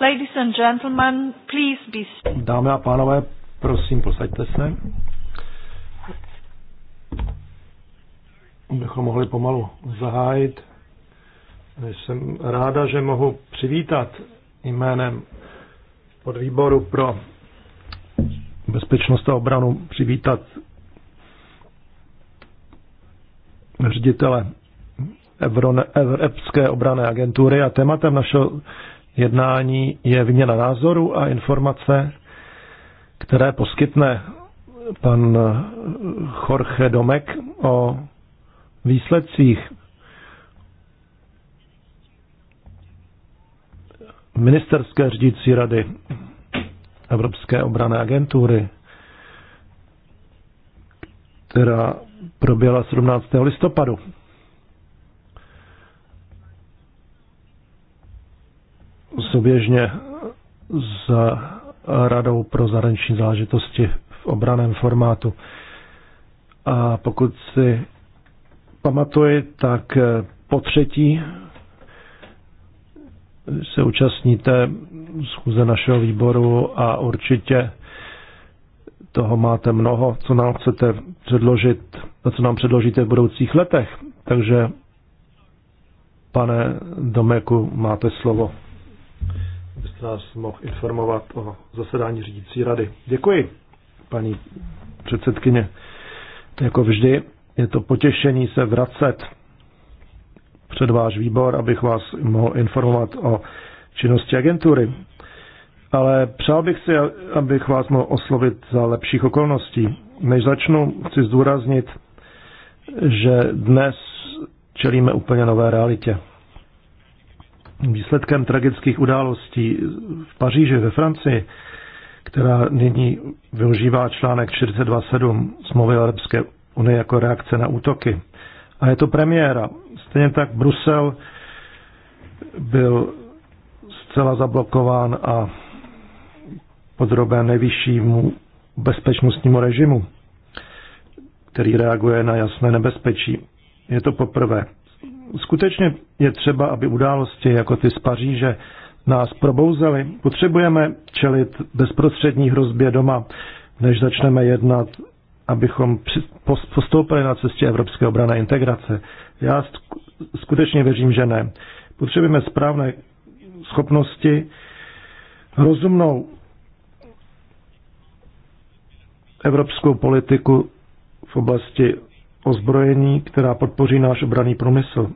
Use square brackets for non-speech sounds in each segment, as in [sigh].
Ladies and gentlemen, please be... Dámy a pánové, prosím, posaďte se. Bychom mohli pomalu zahájit. Jsem ráda, že mohu přivítat jménem podvýboru pro bezpečnost a obranu přivítat ředitele Evropské obrané agentury a tématem našeho jednání je výměna názoru a informace, které poskytne pan Jorge Domek o výsledcích ministerské řídící rady Evropské obrané agentury, která proběhla 17. listopadu. souběžně s Radou pro zahraniční záležitosti v obraném formátu. A pokud si pamatuji, tak po třetí se účastníte schůze našeho výboru a určitě toho máte mnoho, co nám chcete předložit a co nám předložíte v budoucích letech. Takže, pane Domeku, máte slovo byste nás mohl informovat o zasedání řídící rady. Děkuji, paní předsedkyně. jako vždy je to potěšení se vracet před váš výbor, abych vás mohl informovat o činnosti agentury. Ale přál bych si, abych vás mohl oslovit za lepších okolností. Než začnu, chci zdůraznit, že dnes čelíme úplně nové realitě výsledkem tragických událostí v Paříži ve Francii, která nyní využívá článek 42.7 smlouvy Arabské unie jako reakce na útoky. A je to premiéra. Stejně tak Brusel byl zcela zablokován a podroben nejvyššímu bezpečnostnímu režimu, který reaguje na jasné nebezpečí. Je to poprvé skutečně je třeba, aby události jako ty z Paříže nás probouzely. Potřebujeme čelit bezprostřední hrozbě doma, než začneme jednat, abychom postoupili na cestě Evropské obrané integrace. Já skutečně věřím, že ne. Potřebujeme správné schopnosti, rozumnou evropskou politiku v oblasti ozbrojení, která podpoří náš obraný průmysl.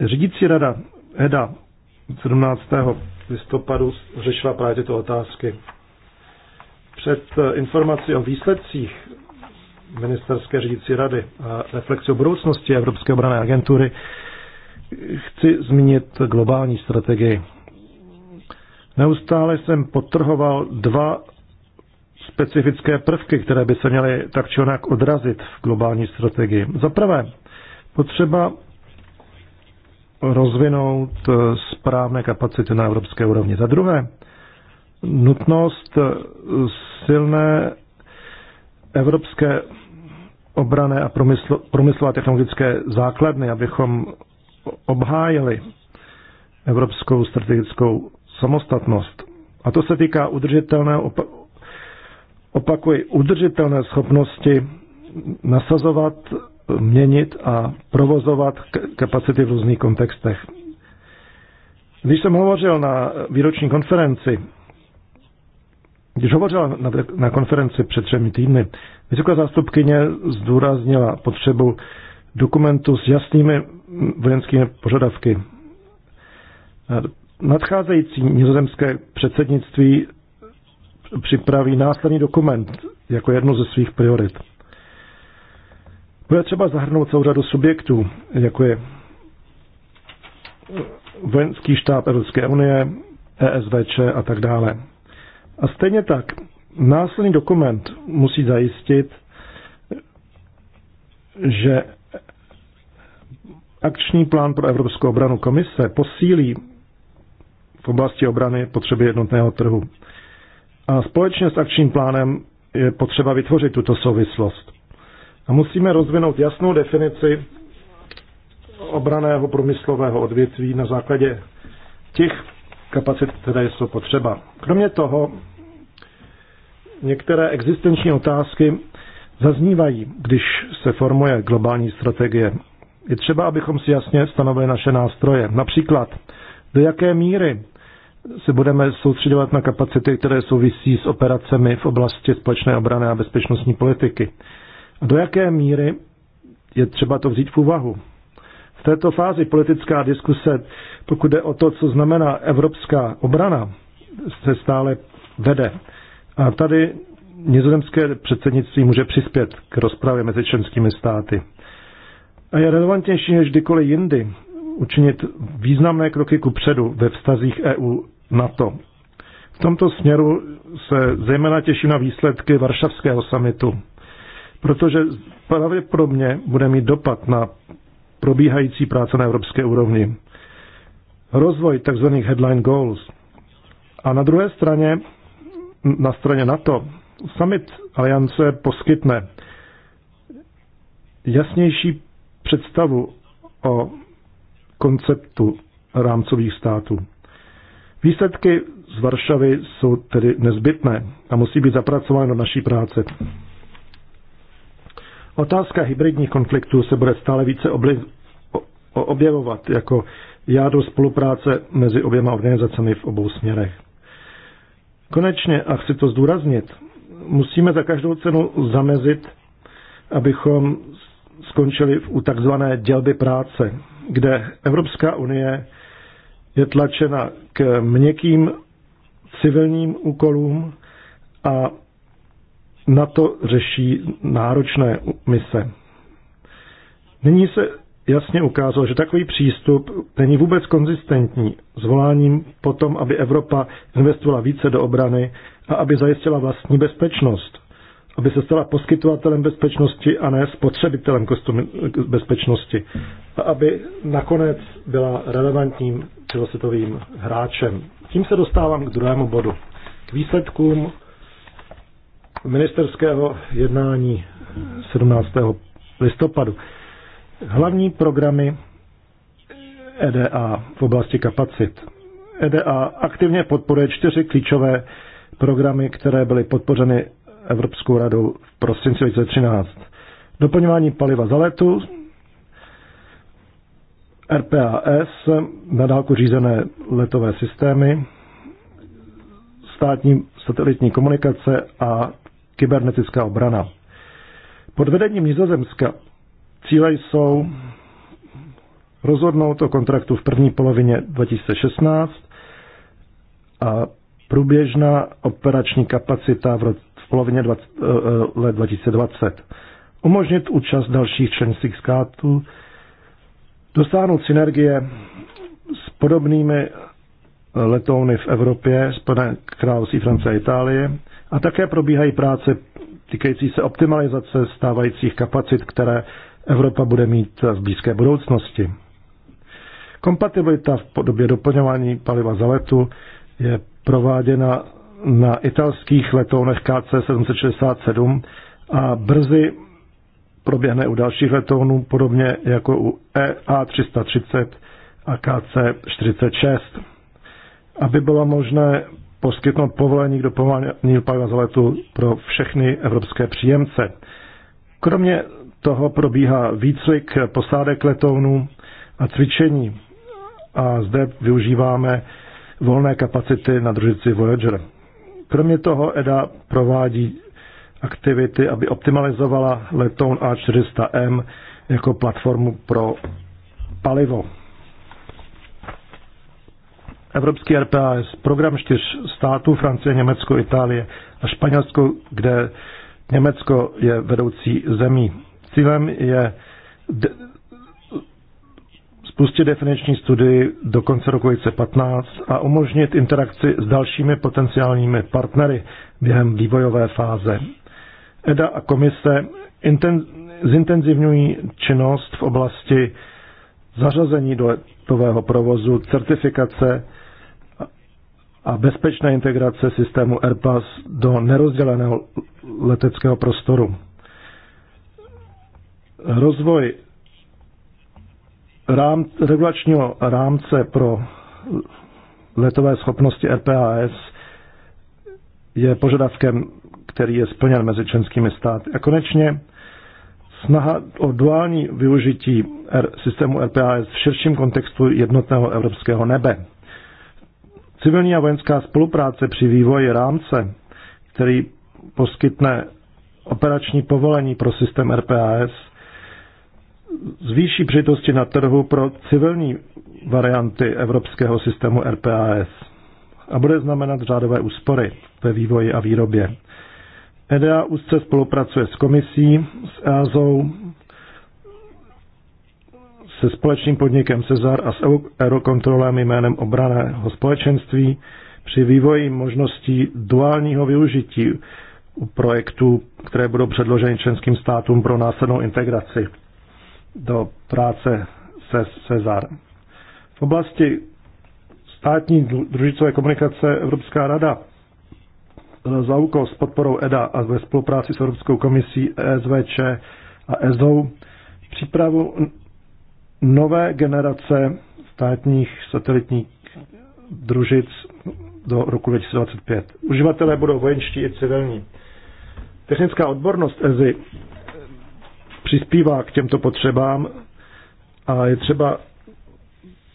Řídící rada EDA 17. listopadu řešila právě tyto otázky. Před eh, informací o výsledcích ministerské řídící rady a reflexi o budoucnosti Evropské obrané agentury chci zmínit globální strategii. Neustále jsem potrhoval dva specifické prvky, které by se měly tak či onak odrazit v globální strategii. Za prvé, potřeba rozvinout eh, správné kapacity na evropské úrovni. Za druhé, nutnost eh, silné evropské obrané a průmyslové technologické základny, abychom obhájili evropskou strategickou samostatnost. A to se týká udržitelného opakuji, udržitelné schopnosti nasazovat, měnit a provozovat kapacity v různých kontextech. Když jsem hovořil na výroční konferenci, když hovořila na, na konferenci před třemi týdny, vysoká zástupkyně zdůraznila potřebu dokumentu s jasnými vojenskými požadavky. Nadcházející nizozemské předsednictví připraví následný dokument jako jednu ze svých priorit. Bude třeba zahrnout celou řadu subjektů, jako je vojenský štáb Evropské unie, ESVČ a tak dále. A stejně tak, následný dokument musí zajistit, že akční plán pro evropskou obranu komise posílí v oblasti obrany potřeby jednotného trhu. A společně s akčním plánem je potřeba vytvořit tuto souvislost. A musíme rozvinout jasnou definici obraného průmyslového odvětví na základě těch kapacit, které jsou potřeba. Kromě toho, některé existenční otázky zaznívají, když se formuje globální strategie. Je třeba, abychom si jasně stanovili naše nástroje. Například, do jaké míry se budeme soustředovat na kapacity, které souvisí s operacemi v oblasti společné obrany a bezpečnostní politiky. A do jaké míry je třeba to vzít v úvahu? V této fázi politická diskuse, pokud jde o to, co znamená evropská obrana, se stále vede. A tady nizozemské předsednictví může přispět k rozpravě mezi členskými státy. A je relevantnější než kdykoliv jindy učinit významné kroky ku předu ve vztazích EU NATO. V tomto směru se zejména těším na výsledky Varšavského samitu, protože pravděpodobně bude mít dopad na probíhající práce na evropské úrovni. Rozvoj tzv. headline goals. A na druhé straně, na straně NATO, summit aliance poskytne jasnější představu o konceptu rámcových států. Výsledky z Varšavy jsou tedy nezbytné a musí být zapracovány do naší práce. Otázka hybridních konfliktů se bude stále více objevovat jako jádro spolupráce mezi oběma organizacemi v obou směrech. Konečně, a chci to zdůraznit, musíme za každou cenu zamezit, abychom skončili u takzvané dělby práce, kde Evropská unie je tlačena k měkkým civilním úkolům a na to řeší náročné mise. Nyní se jasně ukázalo, že takový přístup není vůbec konzistentní s voláním potom, aby Evropa investovala více do obrany a aby zajistila vlastní bezpečnost, aby se stala poskytovatelem bezpečnosti a ne spotřebitelem bezpečnosti a aby nakonec byla relevantním celosvětovým hráčem. Tím se dostávám k druhému bodu. K výsledkům ministerského jednání 17. listopadu. Hlavní programy EDA v oblasti kapacit. EDA aktivně podporuje čtyři klíčové programy, které byly podpořeny Evropskou radou v prosinci 2013. Doplňování paliva za letu, RPAS, nadálku řízené letové systémy, státní satelitní komunikace a kybernetická obrana. Pod vedením Nizozemska cíle jsou rozhodnout o kontraktu v první polovině 2016 a průběžná operační kapacita v, polovině 20, eh, eh, let 2020. Umožnit účast dalších členských států dosáhnout synergie s podobnými letouny v Evropě, Spojené království Francie a Itálie. A také probíhají práce týkající se optimalizace stávajících kapacit, které Evropa bude mít v blízké budoucnosti. Kompatibilita v podobě doplňování paliva za letu je prováděna na italských letounech KC 767 a brzy proběhne u dalších letounů, podobně jako u EA330 a KC46. Aby bylo možné poskytnout povolení k dopování paliva z letu pro všechny evropské příjemce. Kromě toho probíhá výcvik posádek letounů a cvičení a zde využíváme volné kapacity na družici Voyager. Kromě toho EDA provádí aktivity, aby optimalizovala letoun A400M jako platformu pro palivo. Evropský RPAS, program čtyř států, Francie, Německo, Itálie a Španělsko, kde Německo je vedoucí zemí. Cílem je de- spustit definiční studii do konce roku 2015 a umožnit interakci s dalšími potenciálními partnery během vývojové fáze EDA a komise inten, zintenzivňují činnost v oblasti zařazení do letového provozu, certifikace a bezpečné integrace systému Airbus do nerozděleného leteckého prostoru. Rozvoj rám, regulačního rámce pro letové schopnosti RPAS je požadavkem který je splněn mezi členskými státy. A konečně snaha o duální využití systému RPAS v širším kontextu jednotného evropského nebe. Civilní a vojenská spolupráce při vývoji rámce, který poskytne operační povolení pro systém RPAS, zvýší přitosti na trhu pro civilní varianty evropského systému RPAS a bude znamenat řádové úspory ve vývoji a výrobě. EDA úzce spolupracuje s komisí, s EASou, se společným podnikem Cezar a s aerokontrolem jménem obraného společenství při vývoji možností duálního využití u projektů, které budou předloženy členským státům pro následnou integraci do práce se Cezar. V oblasti státní družicové komunikace Evropská rada za úkol s podporou EDA a ve spolupráci s Evropskou komisí ESVČ a ESO přípravu nové generace státních satelitních družic do roku 2025. Uživatelé budou vojenští i civilní. Technická odbornost EZI přispívá k těmto potřebám a je třeba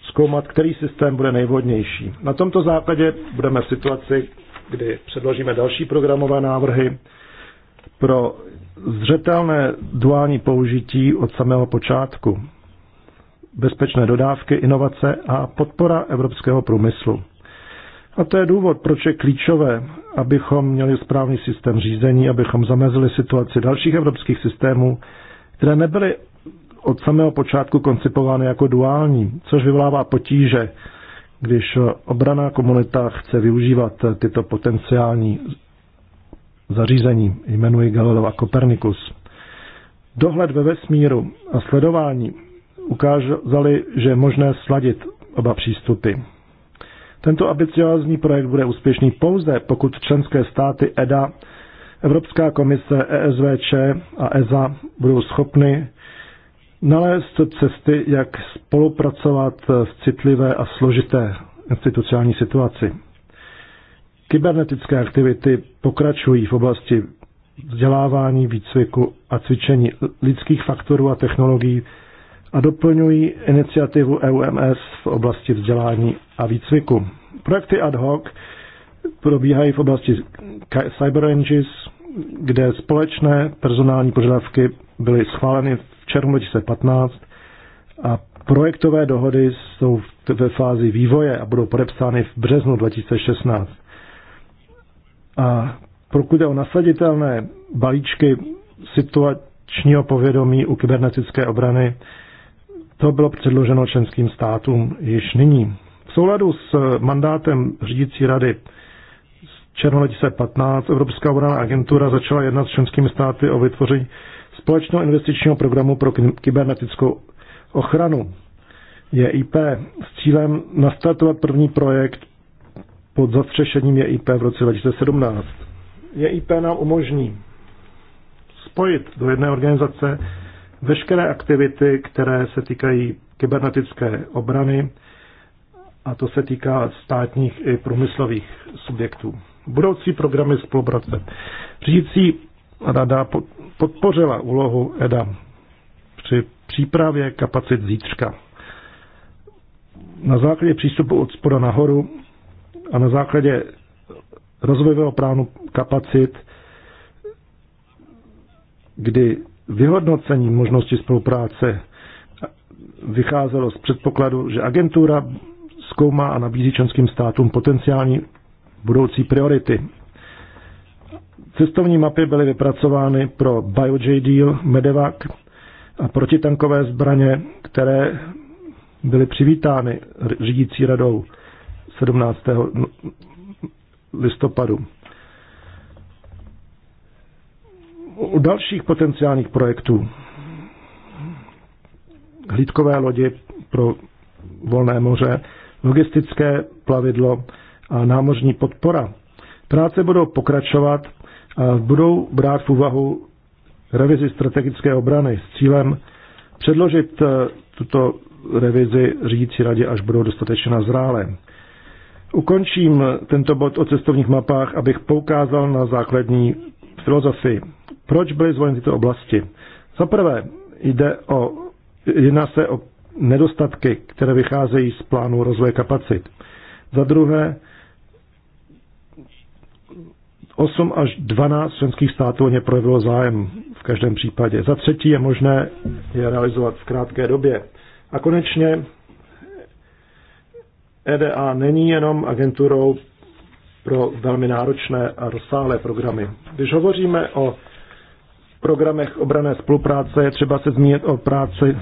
zkoumat, který systém bude nejvhodnější. Na tomto základě budeme v situaci, kdy předložíme další programové návrhy pro zřetelné duální použití od samého počátku. Bezpečné dodávky, inovace a podpora evropského průmyslu. A to je důvod, proč je klíčové, abychom měli správný systém řízení, abychom zamezili situaci dalších evropských systémů, které nebyly od samého počátku koncipovány jako duální, což vyvolává potíže když obraná komunita chce využívat tyto potenciální zařízení, jmenuji Galileo a Kopernikus. Dohled ve vesmíru a sledování ukázali, že je možné sladit oba přístupy. Tento ambiciozní projekt bude úspěšný pouze, pokud členské státy EDA, Evropská komise, ESVČ a ESA budou schopny nalézt cesty, jak spolupracovat v citlivé a složité institucionální situaci. Kybernetické aktivity pokračují v oblasti vzdělávání, výcviku a cvičení lidských faktorů a technologií a doplňují iniciativu EUMS v oblasti vzdělání a výcviku. Projekty ad hoc probíhají v oblasti Cyber Ranges, kde společné personální požadavky byly schváleny v červnu 2015 a projektové dohody jsou ve fázi vývoje a budou podepsány v březnu 2016. A pokud je o nasaditelné balíčky situačního povědomí u kybernetické obrany, to bylo předloženo členským státům již nyní. V souladu s mandátem řídící rady z června 2015 Evropská obranná agentura začala jednat s členskými státy o vytvoření společného investičního programu pro kybernetickou ochranu JIP s cílem nastartovat první projekt pod zastřešením JIP v roce 2017. JIP nám umožní spojit do jedné organizace veškeré aktivity, které se týkají kybernetické obrany, a to se týká státních i průmyslových subjektů. Budoucí programy spolupráce. Řídící rada podpořila úlohu EDA při přípravě kapacit zítřka. Na základě přístupu od spoda nahoru a na základě rozvojového plánu kapacit, kdy vyhodnocení možnosti spolupráce vycházelo z předpokladu, že agentura zkoumá a nabízí členským státům potenciální budoucí priority Cestovní mapy byly vypracovány pro BioJ deal, Medevac a protitankové zbraně, které byly přivítány řídící radou 17. listopadu. U dalších potenciálních projektů hlídkové lodi pro volné moře, logistické plavidlo a námořní podpora. Práce budou pokračovat budou brát v úvahu revizi strategické obrany s cílem předložit eh, tuto revizi řídící radě, až budou dostatečně nazrálé. Ukončím eh, tento bod o cestovních mapách, abych poukázal na základní filozofii. Proč byly zvoleny tyto oblasti? Za prvé, jde o, jedná se o nedostatky, které vycházejí z plánu rozvoje kapacit. Za druhé, 8 až 12 členských států o ně projevilo zájem v každém případě. Za třetí je možné je realizovat v krátké době. A konečně EDA není jenom agenturou pro velmi náročné a rozsáhlé programy. Když hovoříme o programech obrané spolupráce, je třeba se zmínit o práci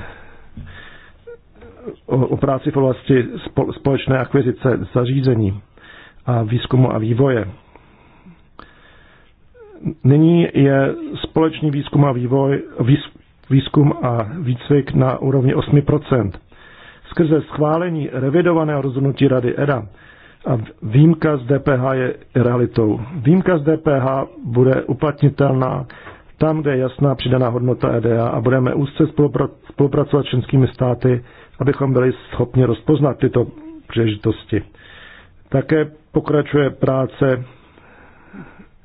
o, o práci v oblasti společné akvizice zařízení a výzkumu a vývoje. Nyní je společný výzkum a vývoj, výzkum a výcvik na úrovni 8%. Skrze schválení revidovaného rozhodnutí Rady EDA a výjimka z DPH je realitou. Výjimka z DPH bude uplatnitelná tam, kde je jasná přidaná hodnota EDA a budeme úzce spolupracovat s členskými státy, abychom byli schopni rozpoznat tyto příležitosti. Také pokračuje práce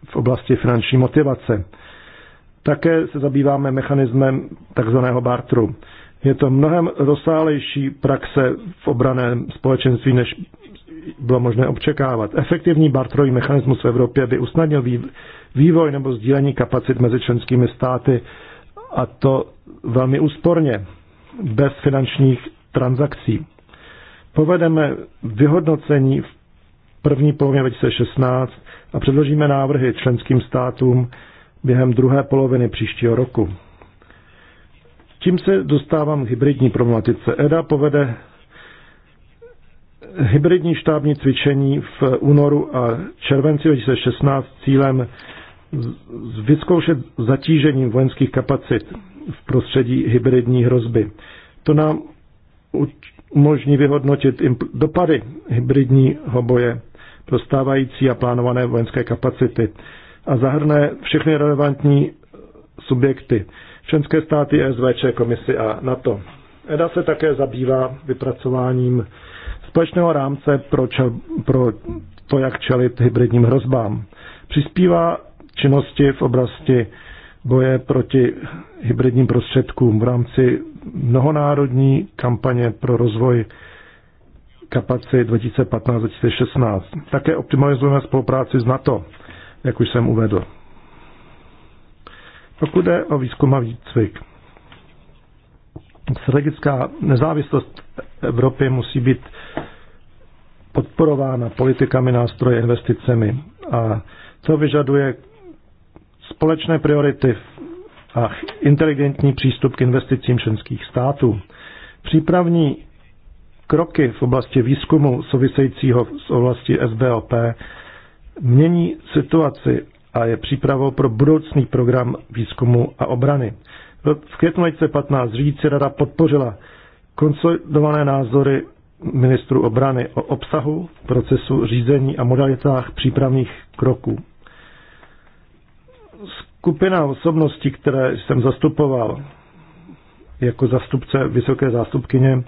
v oblasti finanční motivace. Také se zabýváme mechanismem takzvaného bartru. Je to mnohem rozsálejší praxe v obraném společenství, než bylo možné očekávat. Efektivní bartrový mechanismus v Evropě by usnadnil vývoj nebo sdílení kapacit mezi členskými státy a to velmi úsporně, bez finančních transakcí. Povedeme vyhodnocení v první polovině 2016 a předložíme návrhy členským státům během druhé poloviny příštího roku. Tím se dostávám k hybridní problematice. EDA povede hybridní štábní cvičení v únoru a červenci 2016 cílem vyzkoušet zatížení vojenských kapacit v prostředí hybridní hrozby. To nám umožní vyhodnotit dopady hybridního boje dostávající a plánované vojenské kapacity a zahrne všechny relevantní subjekty, členské státy, SVČ, komisi a NATO. EDA se také zabývá vypracováním společného rámce pro, čel, pro to, jak čelit hybridním hrozbám. Přispívá činnosti v oblasti boje proti hybridním prostředkům v rámci mnohonárodní kampaně pro rozvoj kapacit 2015-2016. Také optimalizujeme spolupráci s NATO, jak už jsem uvedl. Pokud jde o výzkum a výcvik, strategická nezávislost Evropy musí být podporována politikami, nástroje, investicemi. A to vyžaduje společné priority a inteligentní přístup k investicím členských států. Přípravní kroky v oblasti výzkumu souvisejícího s oblasti SBOP mění situaci a je přípravou pro budoucný program výzkumu a obrany. V květnu 2015 řídící rada podpořila konsolidované názory ministru obrany o obsahu, procesu řízení a modalitách přípravných kroků. Skupina osobností, které jsem zastupoval jako zastupce vysoké zástupkyně,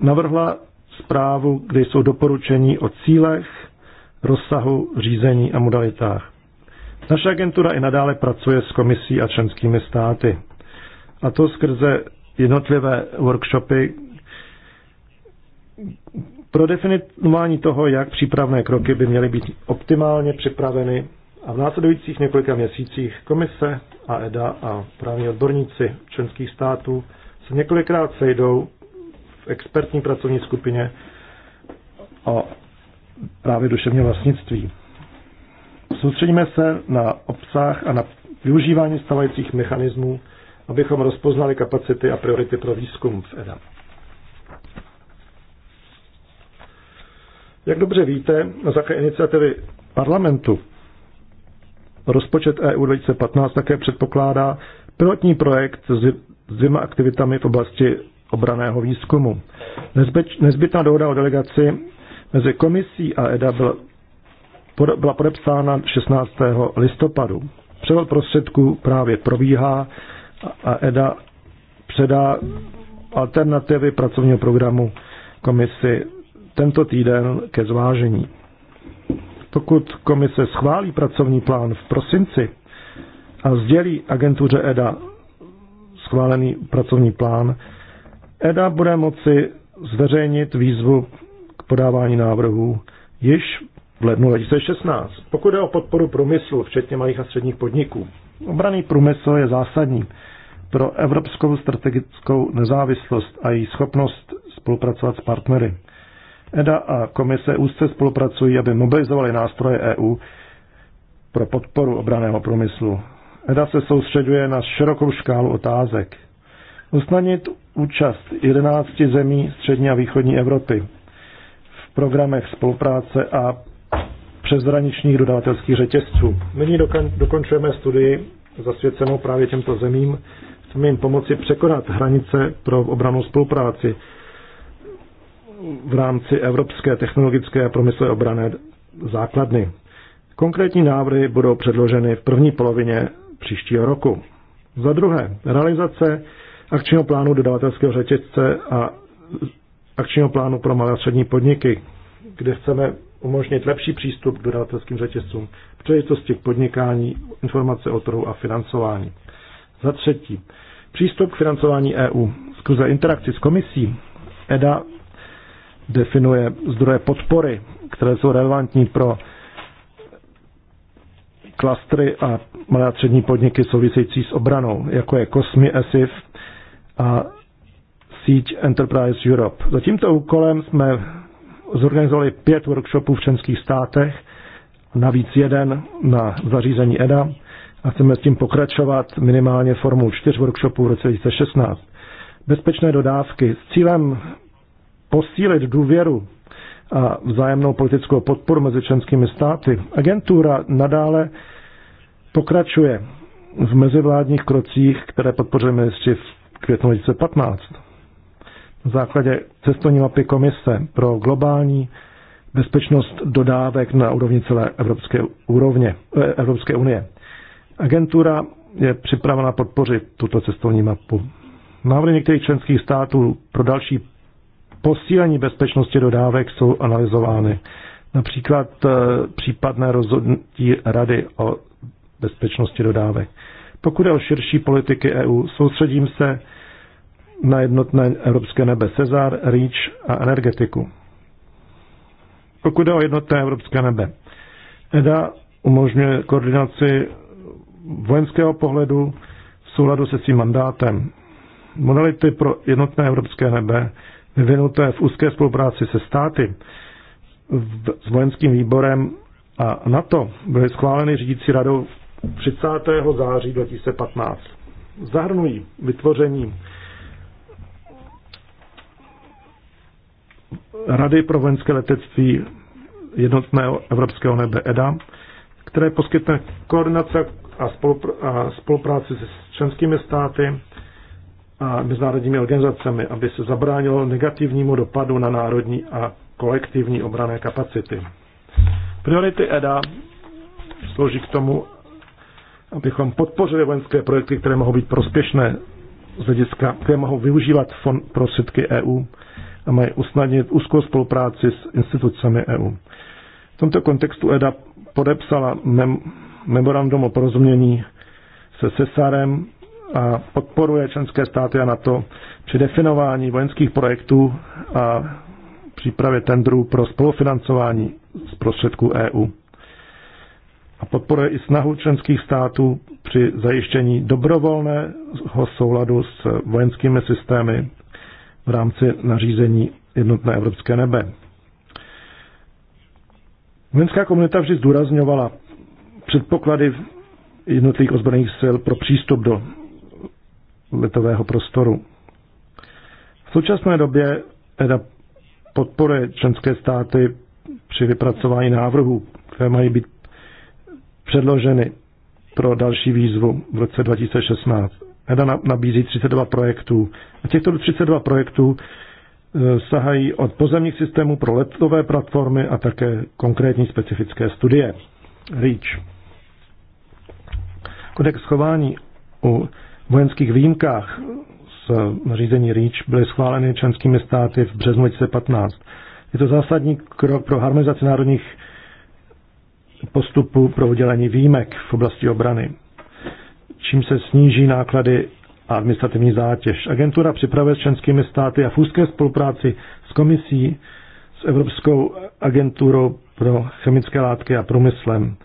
navrhla zprávu, kde jsou doporučení o cílech, rozsahu, řízení a modalitách. Naše agentura i nadále pracuje s komisí a členskými státy. A to skrze jednotlivé workshopy pro definování toho, jak přípravné kroky by měly být optimálně připraveny a v následujících několika měsících komise a EDA a právní odborníci členských států se několikrát sejdou v expertní pracovní skupině o právě duševně vlastnictví. Soustředíme se na obsah a na využívání stávajících mechanismů, abychom rozpoznali kapacity a priority pro výzkum v EDA. Jak dobře víte, na základě iniciativy parlamentu rozpočet EU 2015 také předpokládá pilotní projekt s dvěma aktivitami v oblasti obraného výzkumu. Nezbytná dohoda o delegaci mezi komisí a EDA byla, byla podepsána 16. listopadu. Převod prostředků právě probíhá a EDA předá alternativy pracovního programu komisi tento týden ke zvážení. Pokud komise schválí pracovní plán v prosinci a sdělí agentuře EDA schválený pracovní plán, EDA bude moci zveřejnit výzvu k podávání návrhů již v lednu 2016. Pokud jde o podporu průmyslu, včetně malých a středních podniků, obraný průmysl je zásadní pro evropskou strategickou nezávislost a její schopnost spolupracovat s partnery. EDA a komise úzce spolupracují, aby mobilizovali nástroje EU pro podporu obraného průmyslu. EDA se soustředuje na širokou škálu otázek, usnadnit účast 11 zemí střední a východní Evropy v programech spolupráce a přeshraničních dodavatelských řetězců. Nyní dokončujeme studii zasvěcenou právě těmto zemím. Chceme jim pomoci překonat hranice pro obranou spolupráci v rámci Evropské technologické a promyslové obrané základny. Konkrétní návrhy budou předloženy v první polovině příštího roku. Za druhé, realizace akčního plánu dodavatelského řetězce a akčního plánu pro malé a střední podniky, kde chceme umožnit lepší přístup k dodavatelským řetězcům, příležitosti k podnikání, informace o trhu a financování. Za třetí, přístup k financování EU. Skrze interakci s komisí EDA definuje zdroje podpory, které jsou relevantní pro klastry a malé a střední podniky související s obranou, jako je COSMI, ESIF, a síť Enterprise Europe. Za tímto úkolem jsme zorganizovali pět workshopů v členských státech, navíc jeden na zařízení EDA a chceme s tím pokračovat minimálně formou čtyř workshopů v roce 2016. Bezpečné dodávky s cílem posílit důvěru a vzájemnou politickou podporu mezi členskými státy. Agentura nadále pokračuje v mezivládních krocích, které podpořili ministři v květnu 2015. Na základě cestovní mapy Komise pro globální bezpečnost dodávek na úrovni celé Evropské, úrovně, eh, Evropské unie. Agentura je připravena podpořit tuto cestovní mapu. Návrhy některých členských států pro další posílení bezpečnosti dodávek jsou analyzovány. Například eh, případné rozhodnutí Rady o bezpečnosti dodávek. Pokud je o širší politiky EU, soustředím se na jednotné evropské nebe Cezar, REACH a energetiku. Pokud jde o jednotné evropské nebe, EDA umožňuje koordinaci vojenského pohledu v souladu se svým mandátem. Modality pro jednotné evropské nebe vyvinuté v úzké spolupráci se státy v, s vojenským výborem a NATO byly schváleny řídící radou 30. září 2015. Zahrnují vytvoření Rady pro vojenské letectví jednotného evropského nebe EDA, které poskytne koordinace a, spolupráci s členskými státy a mezinárodními organizacemi, aby se zabránilo negativnímu dopadu na národní a kolektivní obrané kapacity. Priority EDA slouží k tomu, abychom podpořili vojenské projekty, které mohou být prospěšné z hlediska, které mohou využívat fond prostředky EU a mají usnadnit úzkou spolupráci s institucemi EU. V tomto kontextu EDA podepsala mem- memorandum o porozumění se Cesarem a podporuje členské státy a NATO při definování vojenských projektů a přípravě tendrů pro spolufinancování z prostředků EU. A podporuje i snahu členských států při zajištění dobrovolného souladu s vojenskými systémy v rámci nařízení jednotné evropské nebe. Vojenská komunita vždy zdůrazňovala předpoklady jednotlivých ozbrojených sil pro přístup do letového prostoru. V současné době EDA podporuje členské státy při vypracování návrhů, které mají být předloženy pro další výzvu v roce 2016. Rada nabízí 32 projektů. A těchto 32 projektů e, sahají od pozemních systémů pro letové platformy a také konkrétní specifické studie. REACH. Kodex schování u vojenských výjimkách z nařízení REACH byly schváleny členskými státy v březnu 2015. Je to zásadní krok pro harmonizaci národních postupů pro udělení výjimek v oblasti obrany čím se sníží náklady a administrativní zátěž. Agentura připravuje s členskými státy a v úzké spolupráci s komisí, s Evropskou agenturou pro chemické látky a průmyslem.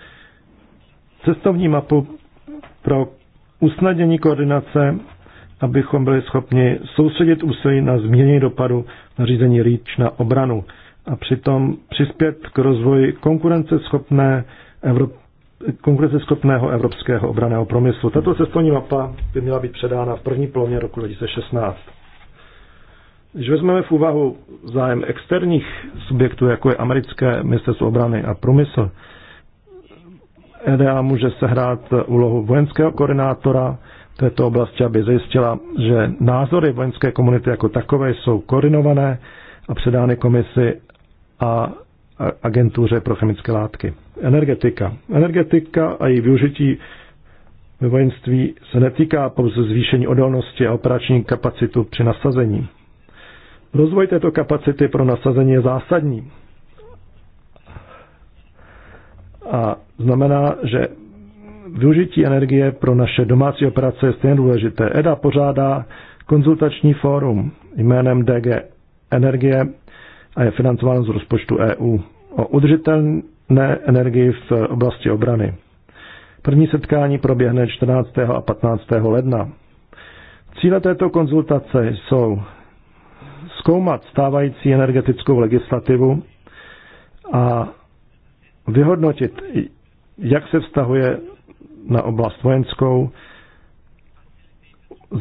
Cestovní mapu pro usnadnění koordinace, abychom byli schopni soustředit úsilí na změnění dopadu na řízení REACH na obranu a přitom přispět k rozvoji konkurenceschopné Evropy konkurenceschopného evropského obraného promyslu. Tato cestovní mapa by měla být předána v první polovině roku 2016. Když vezmeme v úvahu zájem externích subjektů, jako je americké ministerstvo obrany a průmysl, EDA může sehrát úlohu vojenského koordinátora v této oblasti, aby zajistila, že názory vojenské komunity jako takové jsou koordinované a předány komisi a agentuře pro chemické látky energetika. Energetika a její využití ve vojenství se netýká pouze zvýšení odolnosti a operační kapacitu při nasazení. Rozvoj této kapacity pro nasazení je zásadní a znamená, že využití energie pro naše domácí operace je stejně důležité. EDA pořádá konzultační fórum jménem DG Energie a je financován z rozpočtu EU o udržitelný ne energii v oblasti obrany. První setkání proběhne 14. a 15. ledna. Cíle této konzultace jsou zkoumat stávající energetickou legislativu a vyhodnotit, jak se vztahuje na oblast vojenskou,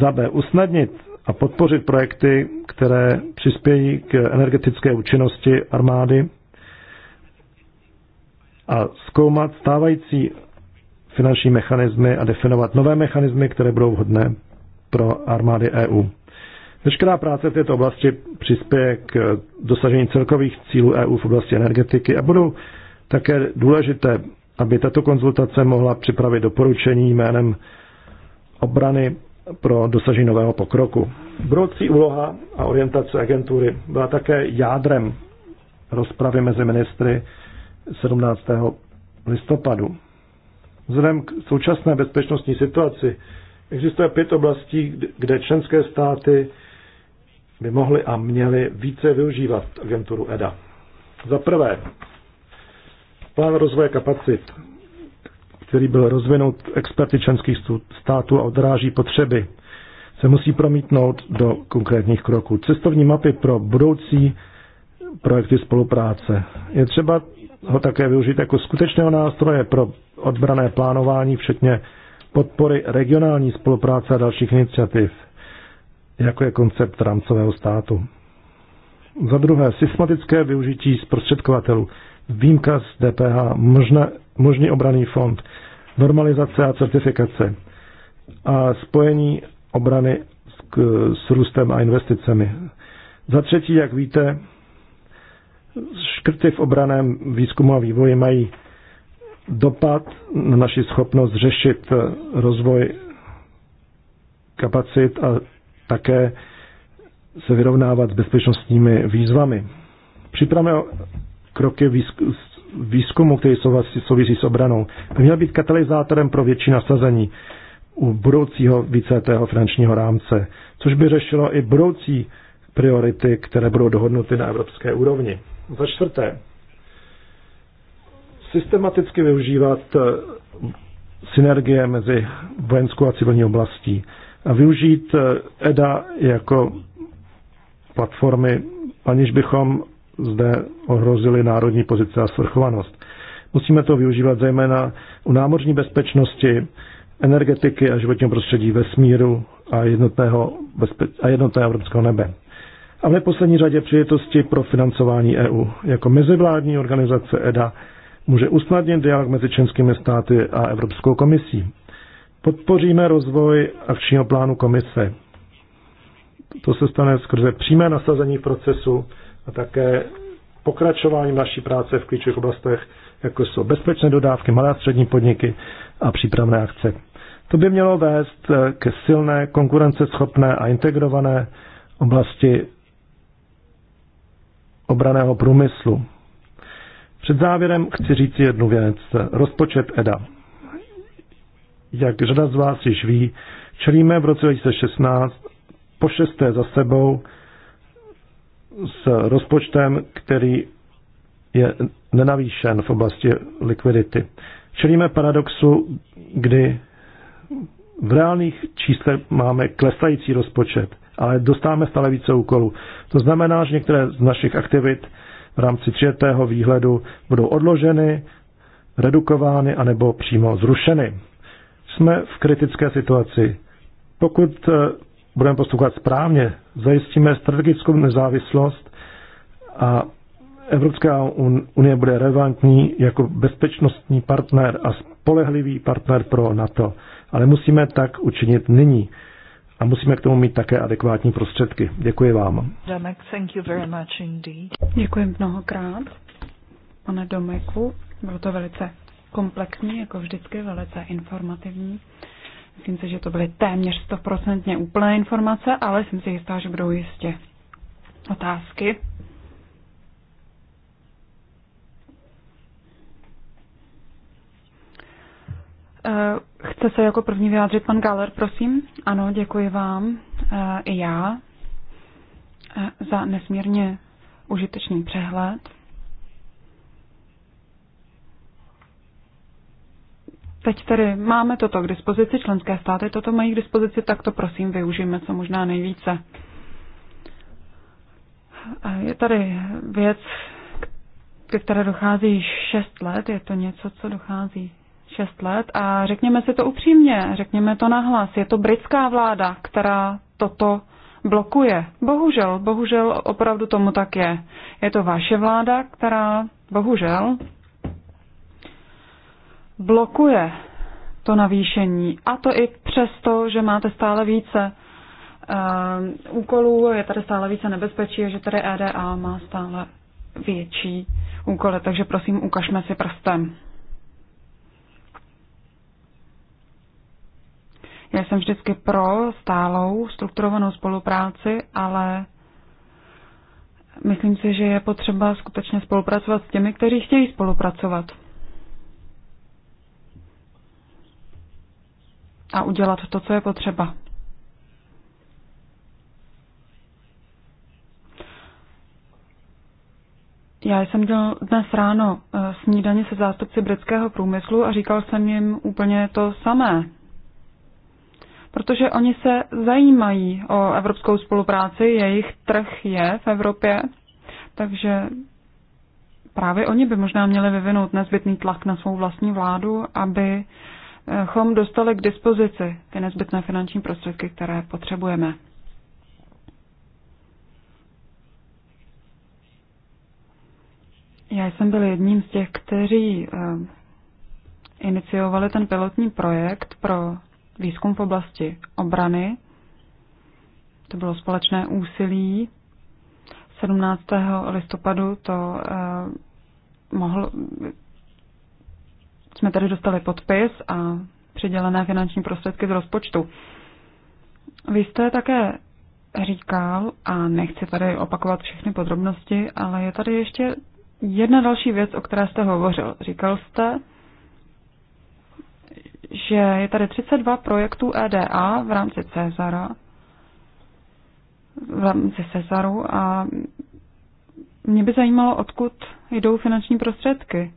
za B usnadnit a podpořit projekty, které přispějí k energetické účinnosti armády a zkoumat stávající finanční mechanismy a definovat nové mechanismy, které budou vhodné pro armády EU. Veškerá práce v této oblasti přispěje k dosažení celkových cílů EU v oblasti energetiky a budou také důležité, aby tato konzultace mohla připravit doporučení jménem obrany pro dosažení nového pokroku. Budoucí úloha a orientace agentury byla také jádrem rozpravy mezi ministry 17. listopadu. Vzhledem k současné bezpečnostní situaci existuje pět oblastí, kde členské státy by mohly a měly více využívat agenturu EDA. Za prvé, plán rozvoje kapacit, který byl rozvinut experty členských států a odráží potřeby, se musí promítnout do konkrétních kroků. Cestovní mapy pro budoucí projekty spolupráce. Je třeba ho také využít jako skutečného nástroje pro odbrané plánování, včetně podpory regionální spolupráce a dalších iniciativ, jako je koncept rámcového státu. Za druhé, systematické využití zprostředkovatelů, výjimka z DPH, možná, možný obraný fond, normalizace a certifikace a spojení obrany s, k, s růstem a investicemi. Za třetí, jak víte, škrty v obraném výzkumu a vývoji mají dopad na naši schopnost řešit eh, rozvoj kapacit a také se vyrovnávat s bezpečnostními výzvami. Připravme kroky výzkumu, který souvisí s obranou, by měl být katalyzátorem pro větší nasazení u budoucího víceletého finančního rámce, což by řešilo i budoucí priority, které budou dohodnuty na evropské úrovni. Za čtvrté, systematicky využívat eh, synergie mezi vojenskou a civilní oblastí a využít EDA eh, e jako platformy, aniž bychom zde ohrozili národní pozice a svrchovanost. Musíme to využívat zejména u námořní bezpečnosti, energetiky a životního prostředí vesmíru a jednotného, bezpe- a jednotného evropského nebe a v neposlední řadě přijetosti pro financování EU. Jako mezivládní organizace EDA může usnadnit dialog mezi členskými státy a Evropskou komisí. Podpoříme rozvoj akčního plánu komise. To se stane skrze přímé nasazení v procesu a také pokračováním naší práce v klíčových oblastech, jako jsou bezpečné dodávky, malé a střední podniky a přípravné akce. To by mělo vést ke silné, konkurenceschopné a integrované oblasti obraného průmyslu. Před závěrem chci říct jednu věc. Rozpočet EDA. Jak řada z vás již ví, čelíme v roce 2016 po šesté za sebou s rozpočtem, který je nenavýšen v oblasti likvidity. Čelíme paradoxu, kdy v reálných číslech máme klesající rozpočet – ale dostáváme stále více úkolů. To znamená, že některé z našich aktivit v rámci třetého výhledu budou odloženy, redukovány anebo přímo zrušeny. Jsme v kritické situaci. Pokud eh, budeme postupovat správně, zajistíme strategickou nezávislost a Evropská unie bude relevantní jako bezpečnostní partner a spolehlivý partner pro NATO. Ale musíme tak učinit nyní a musíme k tomu mít také adekvátní prostředky. Děkuji vám. Domek, thank you very much indeed. Děkuji mnohokrát, pane Domeku. Bylo to velice komplexní, jako vždycky velice informativní. Myslím si, že to byly téměř stoprocentně úplné informace, ale jsem si jistá, že budou jistě otázky Eh, chce se jako první vyjádřit pan Galer, prosím. Ano, děkuji vám eh, i já eh, za nesmírně užitečný přehled. Teď tedy máme toto k dispozici, členské státy toto mají k dispozici, tak to prosím využijeme co možná nejvíce. Je tady věc, ke které dochází již 6 let, je to něco, co dochází 6 let a řekněme si to upřímně, řekněme to nahlas. Je to britská vláda, která toto blokuje. Bohužel, bohužel opravdu tomu tak je. Je to vaše vláda, která bohužel blokuje to navýšení. A to i přesto, že máte stále více uh, úkolů, je tady stále více nebezpečí, že tady EDA má stále větší úkoly. Takže prosím, ukažme si prstem. Já jsem vždycky pro stálou strukturovanou spolupráci, ale myslím si, že je potřeba skutečně spolupracovat s těmi, kteří chtějí spolupracovat. A udělat to, co je potřeba. Já jsem dělal dnes ráno eh, snídaně se zástupci britského průmyslu a říkal jsem jim úplně to samé protože oni se zajímají o evropskou spolupráci, jejich trh je v Evropě, takže právě oni by možná měli vyvinout nezbytný tlak na svou vlastní vládu, aby chom dostali k dispozici ty nezbytné finanční prostředky, které potřebujeme. Já jsem byl jedním z těch, kteří eh, iniciovali ten pilotní projekt pro výzkum v oblasti obrany. To bylo společné úsilí. 17. listopadu to eh, mohl, jsme tady dostali podpis a přidělené finanční prostředky z rozpočtu. Vy jste také říkal, a nechci tady opakovat všechny podrobnosti, ale je tady ještě jedna další věc, o které jste hovořil. Říkal jste, že je tady 32 projektů EDA v rámci Cezara, v rámci Cezaru a mě by zajímalo, odkud jdou finanční prostředky.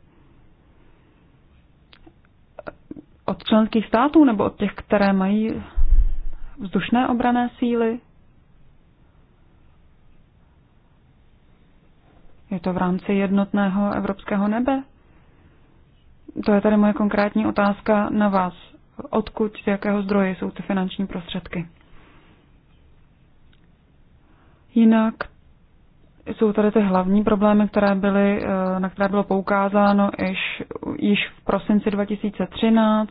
Od členských států nebo od těch, které mají vzdušné obrané síly? Je to v rámci jednotného evropského nebe? To je tady moje konkrétní otázka na vás. Odkud, z jakého zdroje jsou ty finanční prostředky? Jinak jsou tady ty hlavní problémy, které byly, eh, na které bylo poukázáno již, již v prosinci 2013.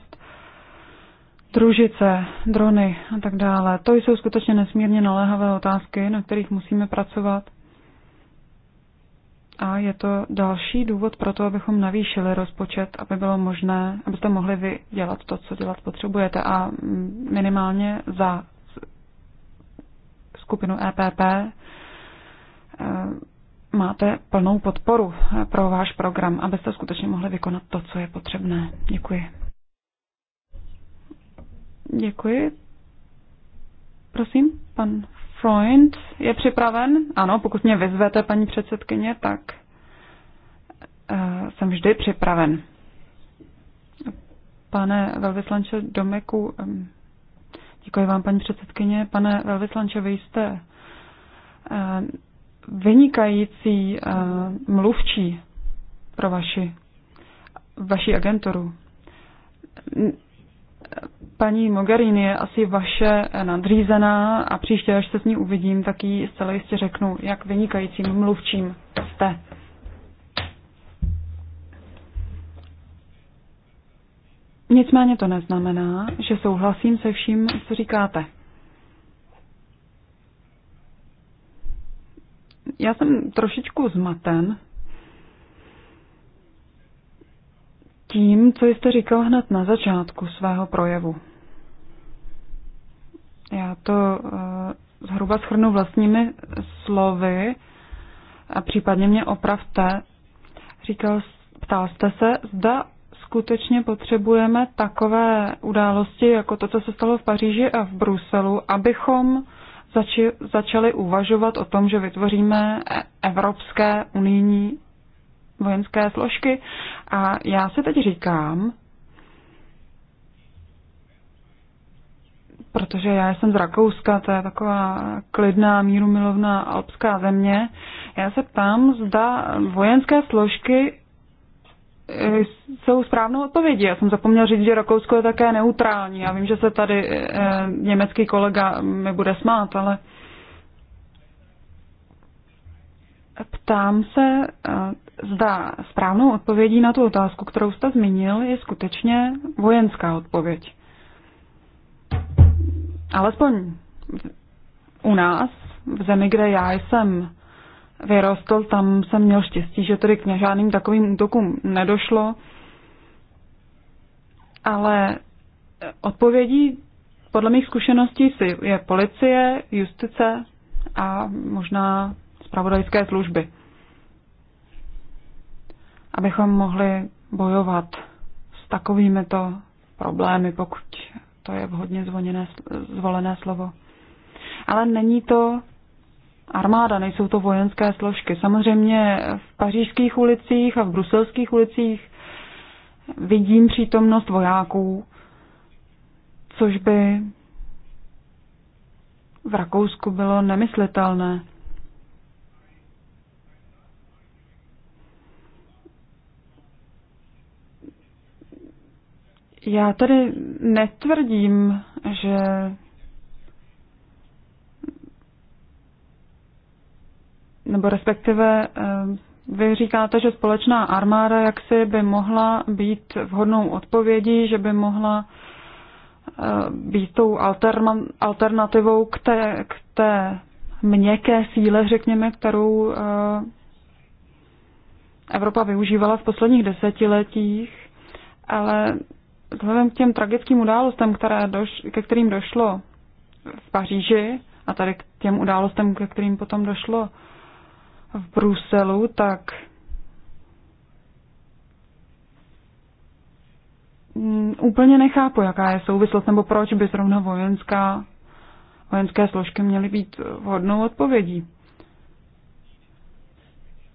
Družice, drony a tak dále. To jsou skutečně nesmírně naléhavé otázky, na kterých musíme pracovat a je to další důvod pro to, abychom navýšili rozpočet, aby bylo možné, abyste mohli vy dělat to, co dělat potřebujete a minimálně za skupinu EPP eh, máte plnou podporu eh, pro váš program, abyste skutečně mohli vykonat to, co je potřebné. Děkuji. Děkuji. Prosím, pan Freund je připraven? Ano, pokud mě vyzvete, paní předsedkyně, tak uh, jsem vždy připraven. Pane velvyslanče Domeku, um, děkuji vám, paní předsedkyně. Pane velvyslanče, vy jste uh, vynikající uh, mluvčí pro vaši, vaši agenturu paní Mogherini je asi vaše nadřízená a příště, až se s ní uvidím, tak jí zcela jistě řeknu, jak vynikajícím mluvčím jste. Nicméně to neznamená, že souhlasím se vším, co říkáte. Já jsem trošičku zmaten, tím, co jste říkal hned na začátku svého projevu. Já to eh, zhruba schrnu vlastními slovy a případně mě opravte. Říkal, ptal jste se, zda skutečně potřebujeme takové události, jako to, co se stalo v Paříži a v Bruselu, abychom zači, začali uvažovat o tom, že vytvoříme e-, evropské unijní vojenské složky. A já se teď říkám, protože já jsem z Rakouska, to je taková klidná, mírumilovná alpská země. Já se ptám, zda vojenské složky eh, jsou správnou odpovědí. Já jsem zapomněl říct, že Rakousko je také neutrální. Já vím, že se tady e, německý kolega mi bude smát, ale ptám se, eh, zda správnou odpovědí na tu otázku, kterou jste zmínil, je skutečně vojenská odpověď. Alespoň u nás, v zemi, kde já jsem vyrostl, tam jsem měl štěstí, že tedy k žádným takovým útokům nedošlo. Ale odpovědí podle mých zkušeností si je policie, justice a možná spravodajské služby abychom mohli bojovat s takovými to problémy, pokud to je vhodně zvoněné, zvolené slovo. Ale není to armáda, nejsou to vojenské složky. Samozřejmě v pařížských ulicích a v bruselských ulicích vidím přítomnost vojáků, což by v Rakousku bylo nemyslitelné. Já tady netvrdím, že nebo respektive eh, vy říkáte, že společná armáda jaksi by mohla být vhodnou odpovědí, že by mohla eh, být tou alternativou k té, k té měkké síle, řekněme, kterou eh, Evropa využívala v posledních desetiletích, ale vzhledem k těm tragickým událostem, které doš, ke kterým došlo v Paříži a tady k těm událostem, ke kterým potom došlo v Bruselu, tak mm, úplně nechápu, jaká je souvislost, nebo proč by zrovna vojenská, vojenské složky měly být vhodnou odpovědí.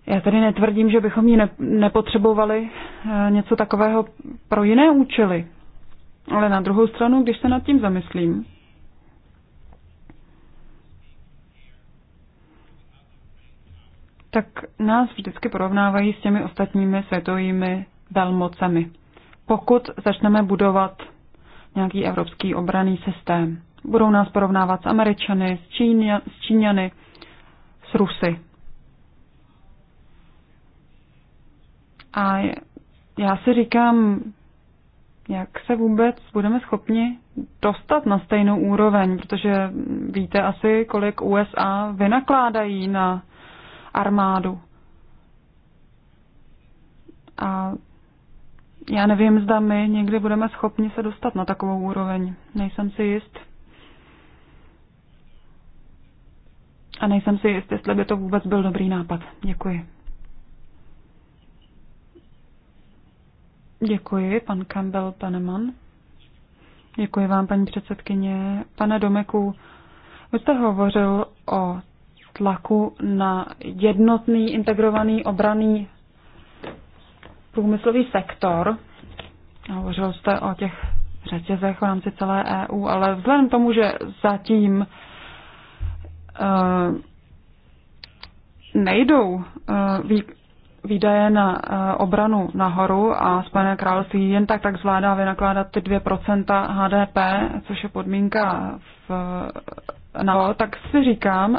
Já tady netvrdím, že bychom ji nepotřebovali eh, něco takového pro jiné účely. Ale na druhou stranu, když se nad tím zamyslím, tak nás vždycky porovnávají s těmi ostatními světovými velmocemi. Pokud začneme budovat nějaký evropský obraný systém, budou nás porovnávat s Američany, s, Číně, s Číňany, s Rusy A já si říkám, jak se vůbec budeme schopni dostat na stejnou úroveň, protože víte asi, kolik USA vynakládají na armádu. A já nevím, zda my někdy budeme schopni se dostat na takovou úroveň. Nejsem si jist. A nejsem si jist, jestli by to vůbec byl dobrý nápad. Děkuji. Děkuji, pan Campbell Paneman. Děkuji vám, paní předsedkyně. Pane Domeku, vy jste hovořil o tlaku na jednotný integrovaný obraný průmyslový sektor. Hovořil jste o těch řetězech v rámci celé EU, ale vzhledem k tomu, že zatím uh, nejdou uh, výdaje na eh, obranu nahoru a Spojené království jen tak tak zvládá vynakládat ty 2% HDP, což je podmínka v No, tak si říkám,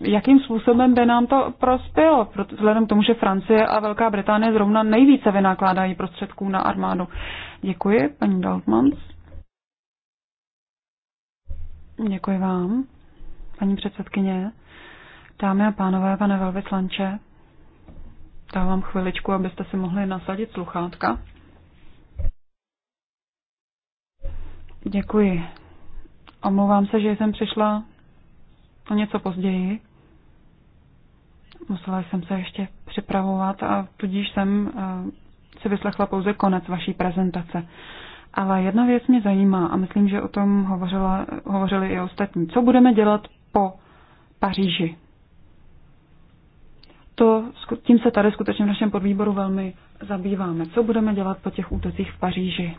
jakým způsobem by nám to prospělo, vzhledem k tomu, že Francie a Velká Británie zrovna nejvíce vynakládají prostředků na armádu. Děkuji, paní Daltmans. Děkuji vám, paní předsedkyně. Dámy a pánové, pane velvyslanče, dávám chviličku, abyste si mohli nasadit sluchátka. Děkuji. Omlouvám se, že jsem přišla o něco později. Musela jsem se ještě připravovat a tudíž jsem eh, si vyslechla pouze konec vaší prezentace. Ale jedna věc mě zajímá a myslím, že o tom hovořila, hovořili i ostatní. Co budeme dělat po Paříži? to, tím se tady skutečně v našem podvýboru velmi zabýváme. Co budeme dělat po těch útocích v Paříži?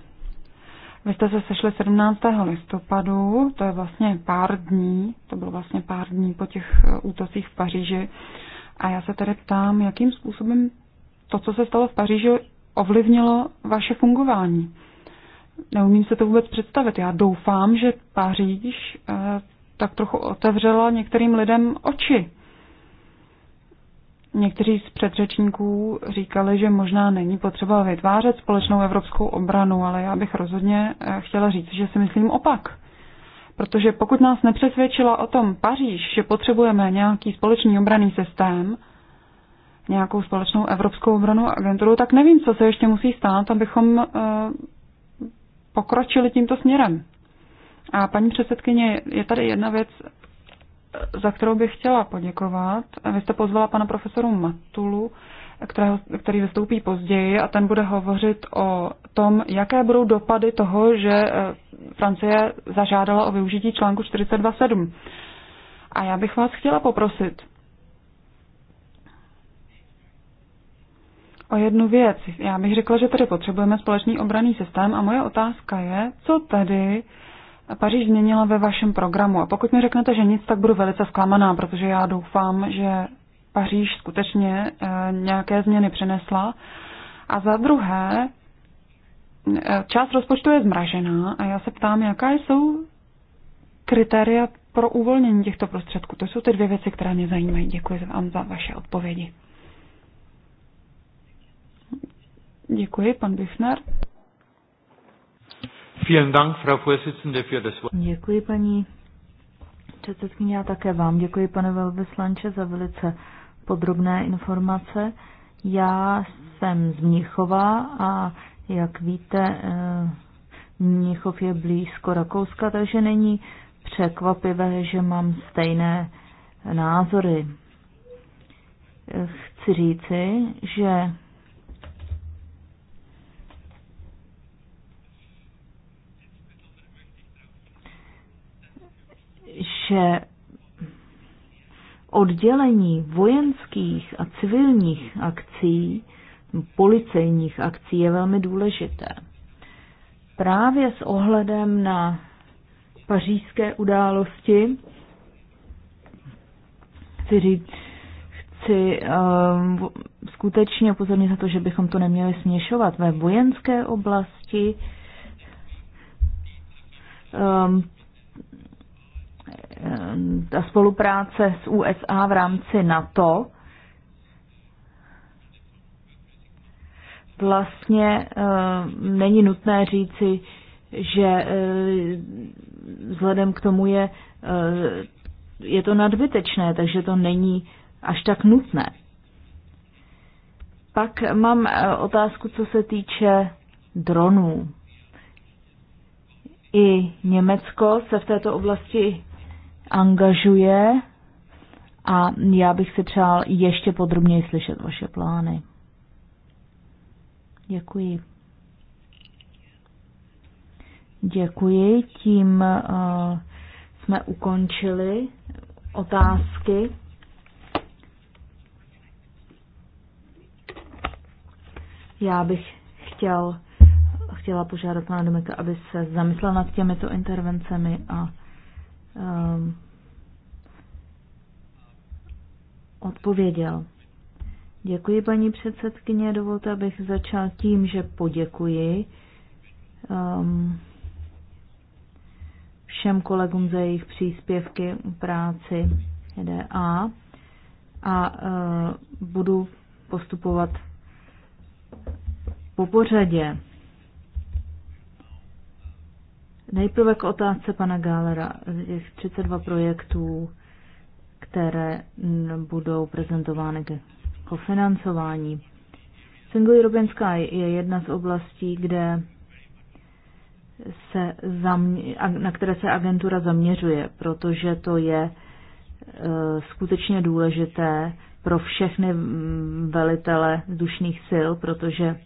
Vy jste se sešli 17. listopadu, to je vlastně pár dní, to bylo vlastně pár dní po těch eh, útocích v Paříži. A já se tady ptám, jakým způsobem to, co se stalo v Paříži, ovlivnilo vaše fungování. Neumím se to vůbec představit. Já doufám, že Paříž eh, tak trochu otevřela některým lidem oči Někteří z předřečníků říkali, že možná není potřeba vytvářet společnou evropskou obranu, ale já bych rozhodně eh, chtěla říct, že si myslím opak. Protože pokud nás nepřesvědčila o tom Paříž, že potřebujeme nějaký společný obraný systém, nějakou společnou evropskou obranu agenturu, tak nevím, co se ještě musí stát, abychom eh, pokročili tímto směrem. A paní předsedkyně, je tady jedna věc, za kterou bych chtěla poděkovat. Vy jste pozvala pana profesoru Matulu, kterého, který vystoupí později a ten bude hovořit o tom, jaké budou dopady toho, že eh, Francie zažádala o využití článku 42.7. A já bych vás chtěla poprosit o jednu věc. Já bych řekla, že tady potřebujeme společný obraný systém a moje otázka je, co tedy Paříž změnila ve vašem programu. A pokud mi řeknete, že nic, tak budu velice zklamaná, protože já doufám, že Paříž skutečně eh, nějaké změny přinesla. A za druhé, eh, část rozpočtu je zmražená a já se ptám, jaká jsou kritéria pro uvolnění těchto prostředků. To jsou ty dvě věci, které mě zajímají. Děkuji vám za vaše odpovědi. Děkuji, pan Bichner. Děkuji, paní předsedkyně, já také vám děkuji, pane velvyslanče, za velice podrobné informace. Já jsem z Mnichova a jak víte, eh, Mnichov je blízko Rakouska, takže není překvapivé, že mám stejné názory. Eh, chci říci, že že oddělení vojenských a civilních akcí, policejních akcí je velmi důležité. Právě s ohledem na pařížské události chci říct, chci uh, skutečně upozornit na to, že bychom to neměli směšovat. Ve vojenské oblasti um, Eh, ta spolupráce s USA v rámci NATO vlastně eh, není nutné říci, že eh, vzhledem k tomu je, je to nadbytečné, takže to není až tak nutné. Pak mám otázku, co se týče dronů. I Německo se v této oblasti angažuje a já bych si přál ještě podrobněji slyšet vaše plány. Děkuji. Děkuji. Tím uh, jsme ukončili otázky. Já bych chtěl, chtěla požádat pana Domeka, aby se zamyslel nad těmito intervencemi a um, odpověděl. Děkuji, paní předsedkyně. Dovolte, abych začal tím, že poděkuji um, všem kolegům za jejich příspěvky práci EDA a uh, budu postupovat po pořadě. Nejprve k otázce pana Gálera. je těch 32 projektů, které budou prezentovány k kofinancování. Single European Sky je jedna z oblastí, kde se zamě, na které se agentura zaměřuje, protože to je e, skutečně důležité pro všechny velitele vzdušných sil, protože e,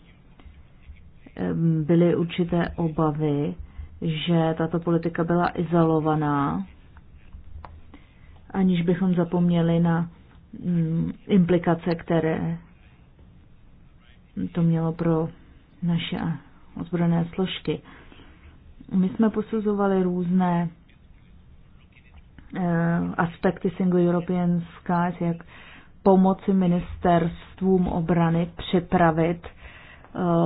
byly určité obavy že tato politika byla izolovaná, aniž bychom zapomněli na mm, implikace, které to mělo pro naše ozbrojené složky. My jsme posuzovali různé eh, aspekty Single European Skies, jak pomoci ministerstvům obrany připravit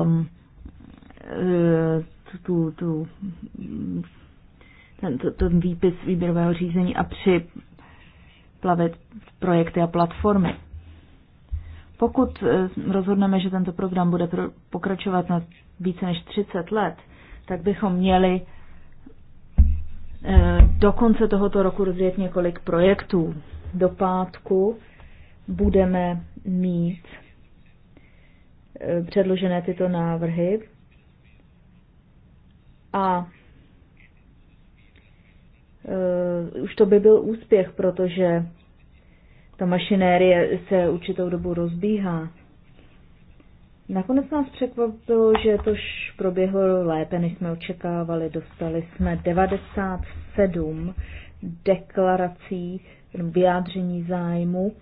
um, tu, tu, ten, to, ten výpis výběrového řízení a při plavit projekty a platformy. Pokud eh, rozhodneme, že tento program bude pokračovat na více než 30 let, tak bychom měli eh, do konce tohoto roku rozjet několik projektů. Do pátku budeme mít eh, předložené tyto návrhy a e, už to by byl úspěch, protože ta mašinérie se určitou dobu rozbíhá. Nakonec nás překvapilo, že tož proběhlo lépe, než jsme očekávali. Dostali jsme 97 deklarací vyjádření zájmu.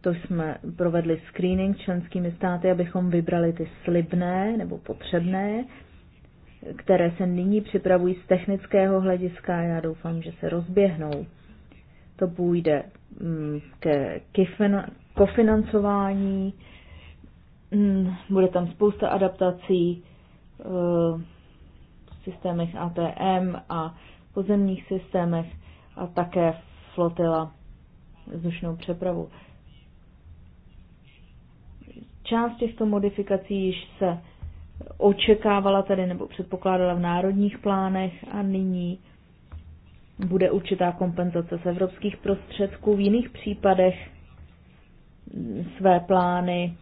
To jsme provedli screening členskými státy, abychom vybrali ty slibné nebo potřebné které se nyní připravují z technického hlediska. Já doufám, že se rozběhnou. To půjde mm, ke kofinancování, mm, bude tam spousta adaptací eh, v systémech ATM a pozemních systémech a také flotila vzdušnou přepravu. Část těchto modifikací již se očekávala tedy nebo předpokládala v národních plánech a nyní bude určitá kompenzace z evropských prostředků. V jiných případech své plány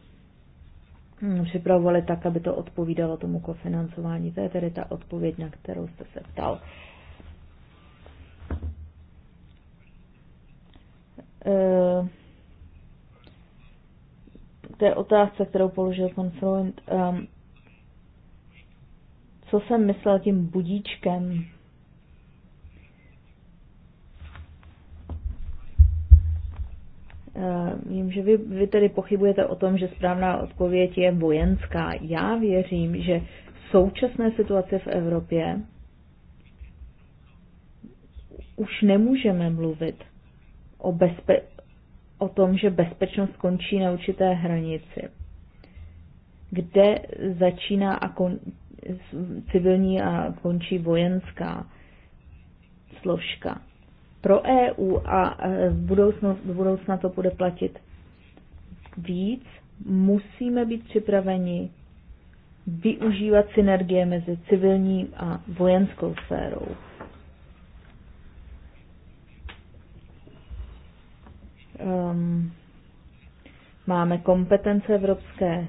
připravovali tak, aby to odpovídalo tomu kofinancování. To je tedy ta odpověď, na kterou jste se ptal. K eh, té otázce, kterou položil pan Freund, um, co jsem myslel tím budíčkem. Eh, vím, že vy, vy tedy pochybujete o tom, že správná odpověď je vojenská. Já věřím, že v současné situaci v Evropě už nemůžeme mluvit o, bezpe- o tom, že bezpečnost končí na určité hranici. Kde začíná a kon- civilní a končí vojenská složka. Pro EU a e, v budoucnu, v budoucna to bude platit víc, musíme být připraveni využívat synergie mezi civilní a vojenskou sférou. Um, máme kompetence Evropské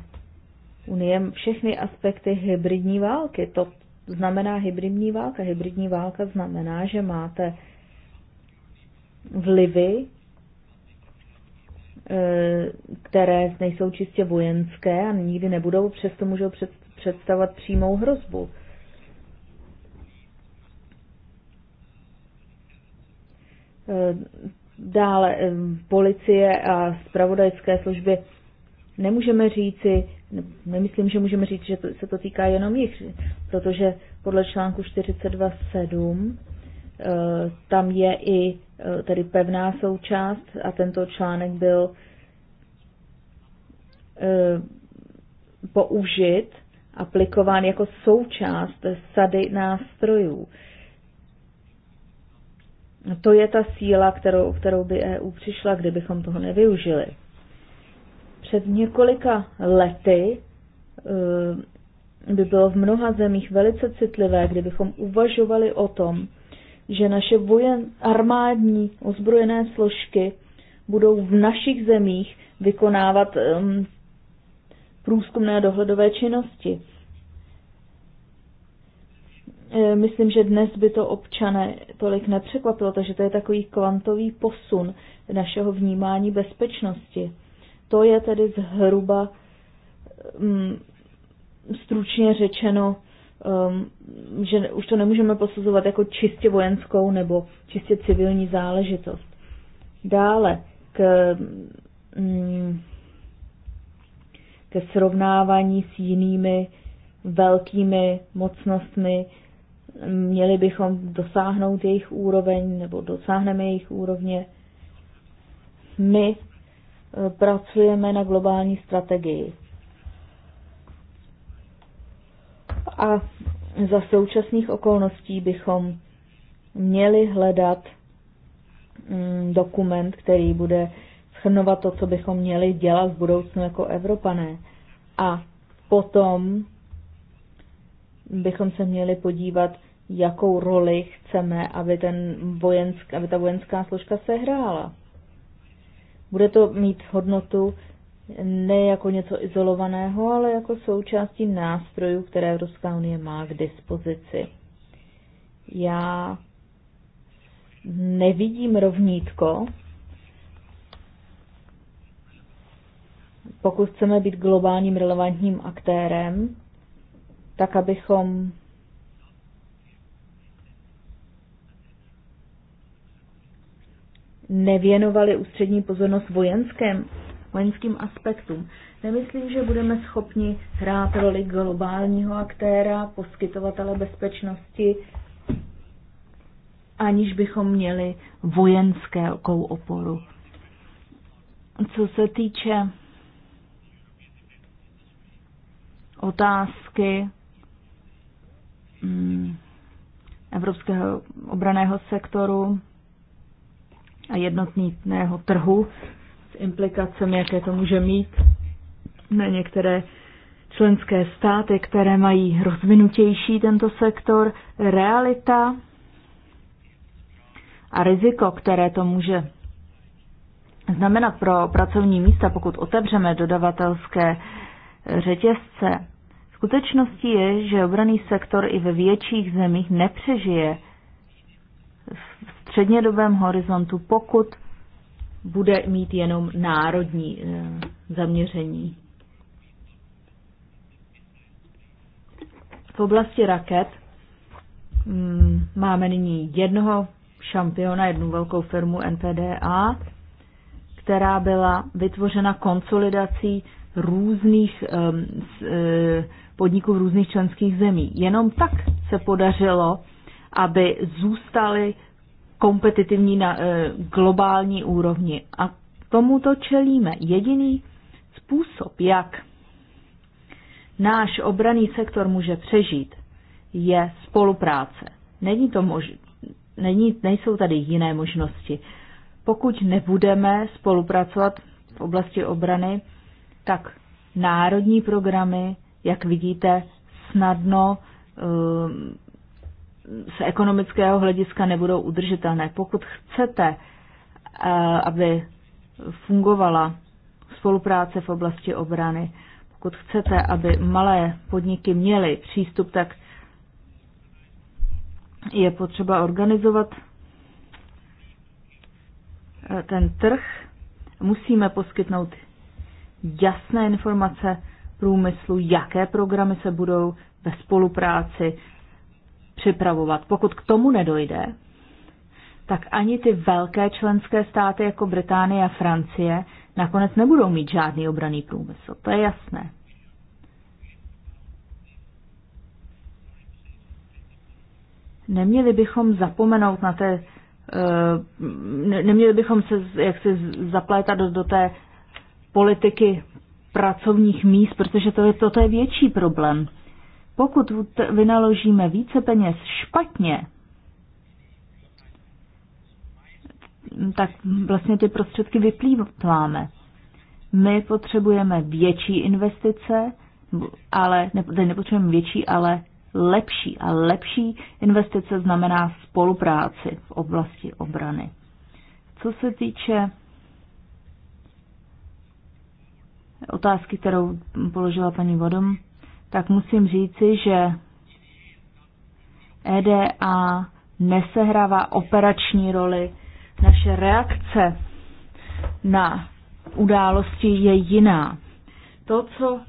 unie všechny aspekty hybridní války. To znamená hybridní válka. Hybridní válka znamená, že máte vlivy, e, které nejsou čistě vojenské a nikdy nebudou, přesto můžou představovat přímou hrozbu. E, dále e, policie a spravodajské služby nemůžeme říci, nemyslím, že můžeme říct, že to, se to týká jenom jich, protože podle článku 42.7 eh, tam je i eh, tedy pevná součást a tento článek byl eh, použit, aplikován jako součást sady nástrojů. To je ta síla, kterou, kterou by EU přišla, kdybychom toho nevyužili. Před několika lety eh, by bylo v mnoha zemích velice citlivé, kdybychom uvažovali o tom, že naše vojen, armádní ozbrojené složky budou v našich zemích vykonávat um, průzkumné dohledové činnosti. E, myslím, že dnes by to občané tolik nepřekvapilo, takže to je takový kvantový posun našeho vnímání bezpečnosti. To je tedy zhruba um, stručně řečeno, um, že už to nemůžeme posuzovat jako čistě vojenskou nebo čistě civilní záležitost. Dále k, um, ke srovnávání s jinými velkými mocnostmi, měli bychom dosáhnout jejich úroveň nebo dosáhneme jejich úrovně. My Eh, pracujeme na globální strategii. A za současných okolností bychom měli hledat mm, dokument, který bude schrnovat to, co bychom měli dělat v budoucnu jako Evropané. A potom bychom se měli podívat, jakou roli chceme, aby, ten vojensk, aby ta vojenská složka sehrála. Bude to mít hodnotu ne jako něco izolovaného, ale jako součástí nástrojů, které Evropská unie má k dispozici. Já nevidím rovnítko. Pokud chceme být globálním relevantním aktérem, tak abychom nevěnovali ústřední pozornost vojenském, vojenským aspektům. Nemyslím, že budeme schopni hrát roli globálního aktéra, poskytovatele bezpečnosti, aniž bychom měli vojenskou oporu. Co se týče otázky mm, evropského obraného sektoru, a jednotného trhu s implikacemi, jaké to může mít na některé členské státy, které mají rozvinutější tento sektor, realita a riziko, které to může znamenat pro pracovní místa, pokud otevřeme dodavatelské řetězce. Skutečností je, že obraný sektor i ve větších zemích nepřežije v střednědobém horizontu, pokud bude mít jenom národní eh, zaměření. V oblasti raket mm, máme nyní jednoho šampiona, jednu velkou firmu NPDA, která byla vytvořena konsolidací různých eh, podniků v různých členských zemí. Jenom tak se podařilo, aby zůstaly kompetitivní na e, globální úrovni. A tomuto čelíme. Jediný způsob, jak náš obraný sektor může přežít, je spolupráce. Není to mož- není, nejsou tady jiné možnosti. Pokud nebudeme spolupracovat v oblasti obrany, tak národní programy, jak vidíte, snadno ehm, z ekonomického hlediska nebudou udržitelné. Pokud chcete, eh, aby fungovala spolupráce v oblasti obrany, pokud chcete, aby malé podniky měly přístup, tak je potřeba organizovat eh, ten trh. Musíme poskytnout jasné informace průmyslu, jaké programy se budou ve spolupráci připravovat. Pokud k tomu nedojde, tak ani ty velké členské státy jako Británie a Francie nakonec nebudou mít žádný obraný průmysl. To je jasné. Neměli bychom zapomenout na té, eh, neměli bychom se jak se zaplétat do, do té politiky pracovních míst, protože to je, toto je větší problém. Pokud vynaložíme více peněz špatně, tak vlastně ty prostředky vyplýváme. My potřebujeme větší investice, ale ne, nepotřebujeme větší, ale lepší. A lepší investice znamená spolupráci v oblasti obrany. Co se týče otázky, kterou položila paní Vodom, tak musím říci, že EDA nesehrává operační roli. Naše reakce na události je jiná. To, co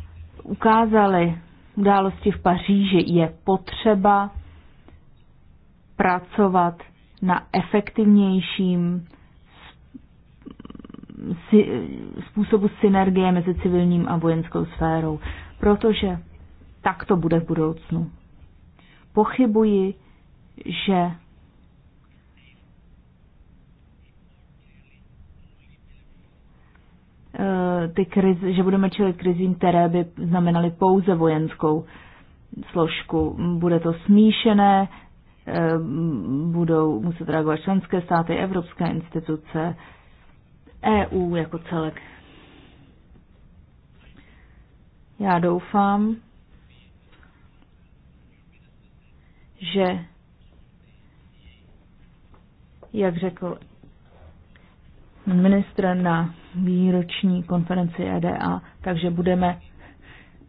ukázali události v Paříži, je potřeba pracovat na efektivnějším způsobu synergie mezi civilním a vojenskou sférou, protože tak to bude v budoucnu. Pochybuji, že eh, ty kriz, že budeme čelit krizím, které by znamenaly pouze vojenskou složku. Bude to smíšené, eh, budou muset reagovat členské státy, evropské instituce, EU jako celek. Já doufám, že, jak řekl ministr na výroční konferenci EDA, takže budeme,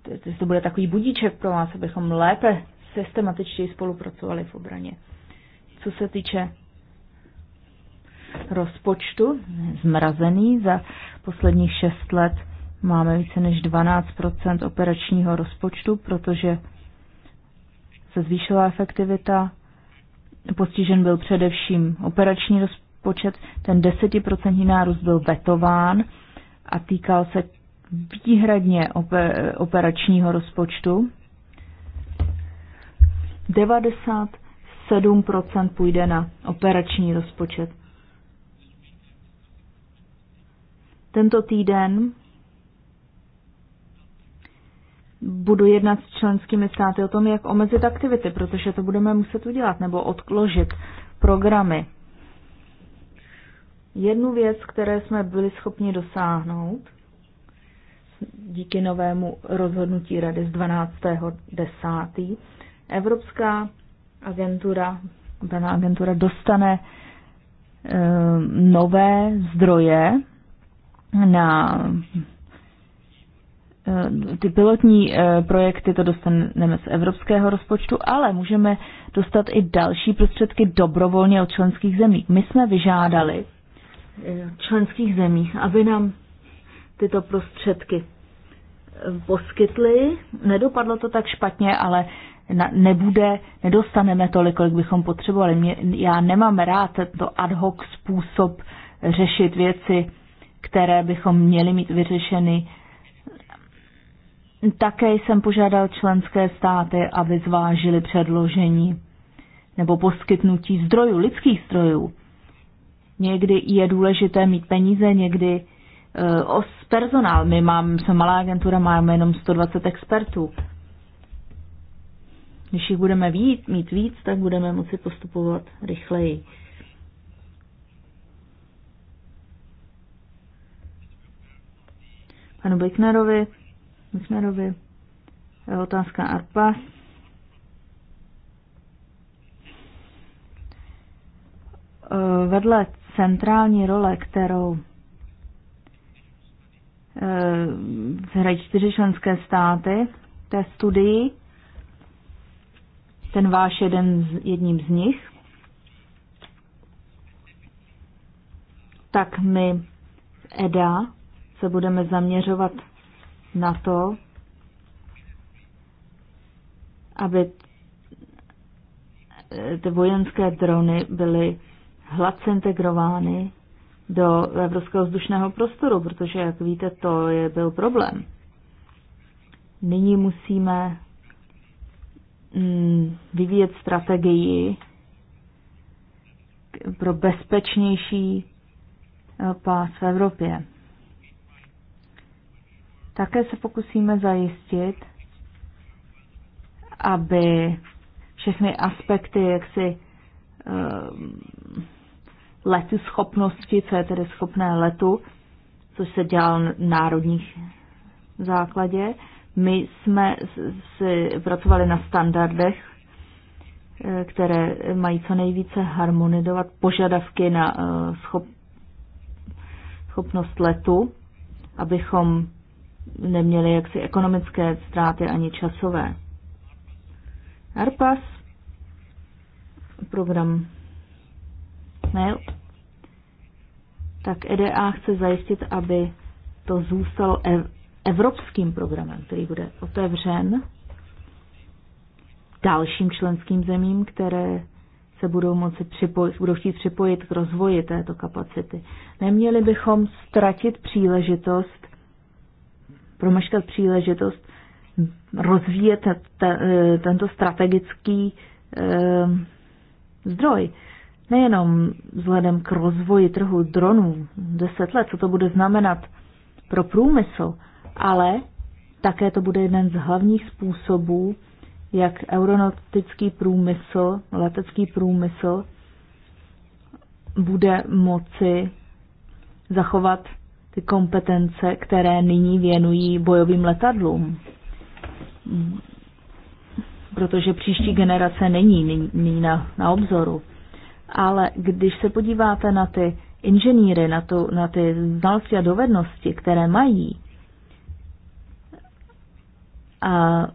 to, to bude takový budíček pro vás, abychom lépe systematičtěji spolupracovali v obraně. Co se týče rozpočtu, zmrazený za posledních šest let, máme více než 12 operačního rozpočtu, protože se zvýšila efektivita. Postižen byl především operační rozpočet. Ten desetiprocentní nárůst byl vetován a týkal se výhradně operačního rozpočtu. 97% půjde na operační rozpočet. Tento týden budu jednat s členskými státy o tom, jak omezit aktivity, protože to budeme muset udělat, nebo odložit programy. Jednu věc, které jsme byli schopni dosáhnout díky novému rozhodnutí Rady z 12.10. Evropská agentura, daná agentura dostane e, nové zdroje na Eh, ty pilotní eh, projekty to dostaneme z evropského rozpočtu, ale můžeme dostat i další prostředky dobrovolně od členských zemí. My jsme vyžádali eh, členských zemích, aby nám tyto prostředky poskytly. Nedopadlo to tak špatně, ale nebude, nedostaneme tolik, kolik bychom potřebovali. Mě, já nemám rád to ad hoc způsob řešit věci, které bychom měli mít vyřešeny také jsem požádal členské státy, aby zvážili předložení nebo poskytnutí zdrojů, lidských zdrojů. Někdy je důležité mít peníze, někdy uh, os personál. My máme, jsme malá agentura, máme jenom 120 expertů. Když jich budeme víc, mít víc, tak budeme moci postupovat rychleji. Panu Bicknerovi. Mechnerovi. Otázka ARPAS. Vedle centrální role, kterou eh, hrají čtyři členské státy té studii, ten váš jeden z, jedním z nich, tak my EDA se budeme zaměřovat na to, aby ty vojenské drony byly hladce integrovány do evropského vzdušného prostoru, protože, jak víte, to je byl problém. Nyní musíme mm, vyvíjet strategii pro bezpečnější pás v Evropě. Také se pokusíme zajistit, aby všechny aspekty jaksi eh, letu schopnosti, co je tedy schopné letu, což se dělá na národních základě. My jsme si pracovali na standardech, eh, které mají co nejvíce harmonizovat požadavky na eh, schop, schopnost letu, abychom neměli jaksi ekonomické ztráty ani časové. ARPAS, program mail, tak EDA chce zajistit, aby to zůstalo evropským programem, který bude otevřen dalším členským zemím, které se budou moci připojit, budou chtít připojit k rozvoji této kapacity. Neměli bychom ztratit příležitost promeškat příležitost rozvíjet e, tento strategický e, zdroj. Nejenom vzhledem k rozvoji trhu dronů, deset let, co to bude znamenat pro průmysl, ale také to bude jeden z hlavních způsobů, jak aeronautický průmysl, letecký průmysl bude moci zachovat ty kompetence, které nyní věnují bojovým letadlům. Protože příští generace není nyní na, na obzoru. Ale když se podíváte na ty inženýry, na, to, na ty znalosti a dovednosti, které mají, a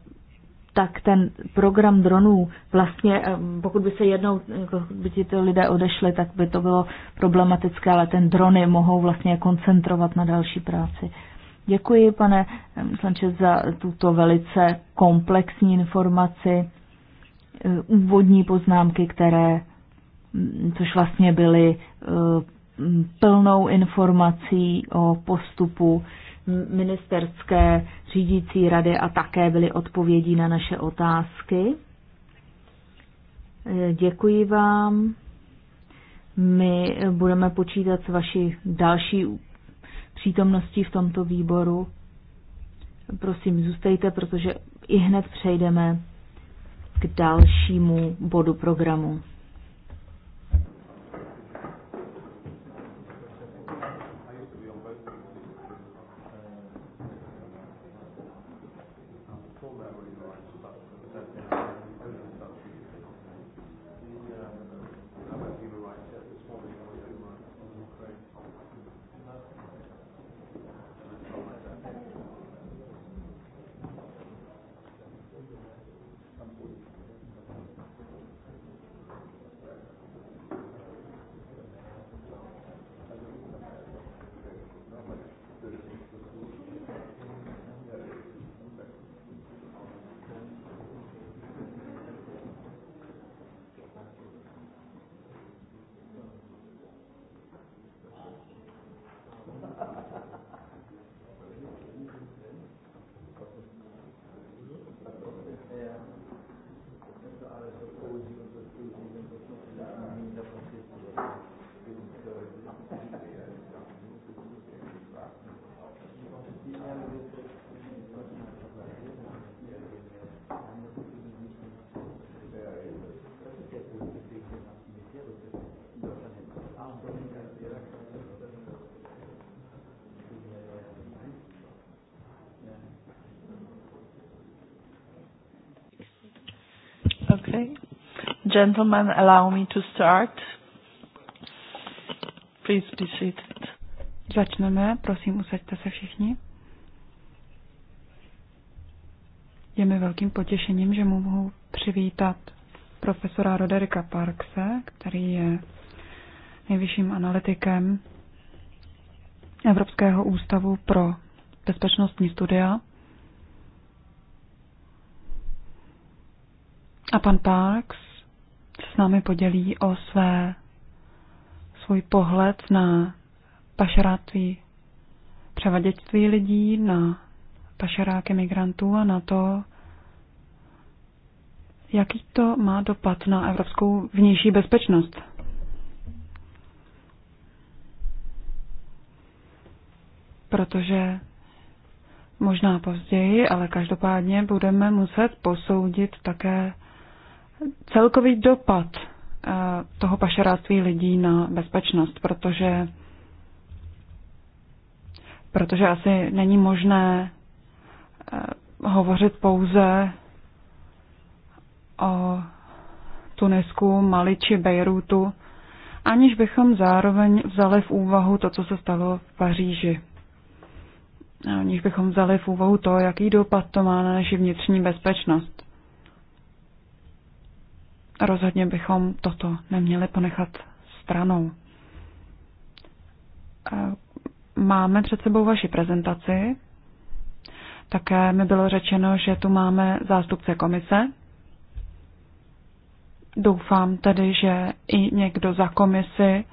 tak ten program dronů vlastně, eh, pokud by se jednou, jako by ti to lidé odešli, tak by to bylo problematické, ale ten drony mohou vlastně koncentrovat na další práci. Děkuji, pane eh, Sanchez, za tuto velice komplexní informaci, eh, úvodní poznámky, které, mm, což vlastně byly mm, plnou informací o postupu ministerské řídící rady a také byly odpovědí na naše otázky. Eh, děkuji vám. My budeme počítat s vaší další přítomností v tomto výboru. Prosím, zůstejte, protože i hned přejdeme k dalšímu bodu programu. gentlemen, allow me to start. Please be seated. Začneme, prosím, usaďte se všichni. Je mi velkým potěšením, že mohu přivítat profesora Roderika Parkse, který je nejvyšším analytikem Evropského ústavu pro bezpečnostní studia. A pan Parks s námi podělí o své, svůj pohled na pašeráctví, převaděčství lidí, na pašeráky migrantů a na to, jaký to má dopad na evropskou vnější bezpečnost. Protože možná později, ale každopádně budeme muset posoudit také celkový dopad eh, toho pašeráctví lidí na bezpečnost, protože, protože asi není možné eh, hovořit pouze o Tunisku, Mali či Bejrútu, aniž bychom zároveň vzali v úvahu to, co se stalo v Paříži. Aniž bychom vzali v úvahu to, jaký dopad to má na naši vnitřní bezpečnost. Rozhodně bychom toto neměli ponechat stranou. Máme před sebou vaši prezentaci. Také mi bylo řečeno, že tu máme zástupce komise. Doufám tedy, že i někdo za komisi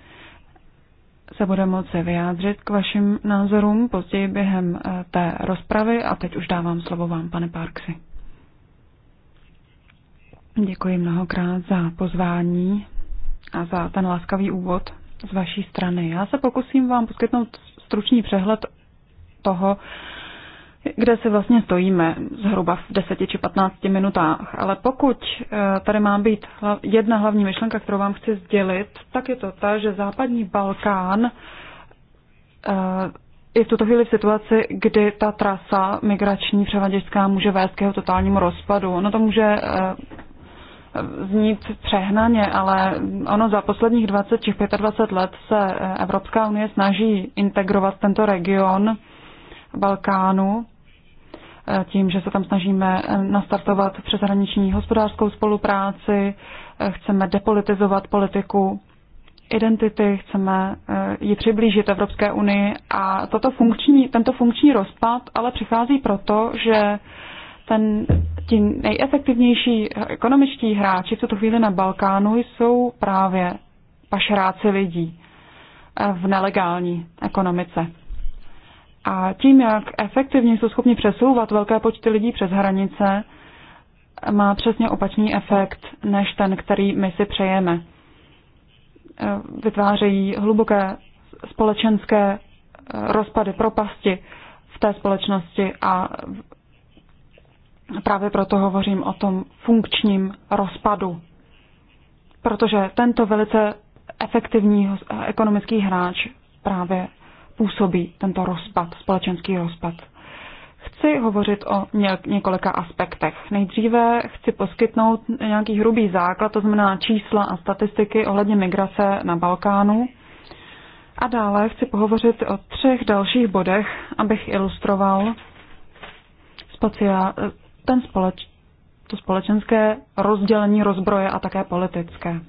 se bude moci vyjádřit k vašim názorům později během eh, té rozpravy a teď už dávám slovo vám, pane Parksi. Děkuji mnohokrát za pozvání a za ten laskavý úvod z vaší strany. Já se pokusím vám poskytnout stručný přehled toho, kde se vlastně stojíme zhruba v 10 či 15 minutách. Ale pokud eh, tady má být jedna hlavní myšlenka, kterou vám chci sdělit, tak je to ta, že západní Balkán eh, je v tuto chvíli v situaci, kdy ta trasa migrační převaděčská může vést k jeho totálnímu rozpadu. Ono to může eh, znít přehnaně, ale ono za posledních 20 či 25 let se Evropská unie snaží integrovat tento region Balkánu eh, tím, že se tam snažíme eh, nastartovat přeshraniční hospodářskou spolupráci, eh, chceme depolitizovat politiku identity, chceme ji přiblížit Evropské unii a toto funkční, tento funkční rozpad ale přichází proto, že ten, ti nejefektivnější ekonomičtí hráči v tuto chvíli na Balkánu jsou právě pašeráci lidí eh, v nelegální ekonomice. A tím, jak efektivně jsou schopni přesouvat velké počty lidí přes hranice, má přesně opačný efekt než ten, který my si přejeme. Eh, vytvářejí hluboké společenské eh, rozpady, propasti v té společnosti a Právě proto hovořím o tom funkčním rozpadu. Protože tento velice efektivní eh, ekonomický hráč právě působí tento rozpad, společenský rozpad. Chci hovořit o několika aspektech. Nejdříve chci poskytnout nějaký hrubý základ, to znamená čísla a statistiky ohledně migrace na Balkánu. A dále chci pohovořit o třech dalších bodech, abych ilustroval ten společ, to společenské rozdělení rozbroje a také politické.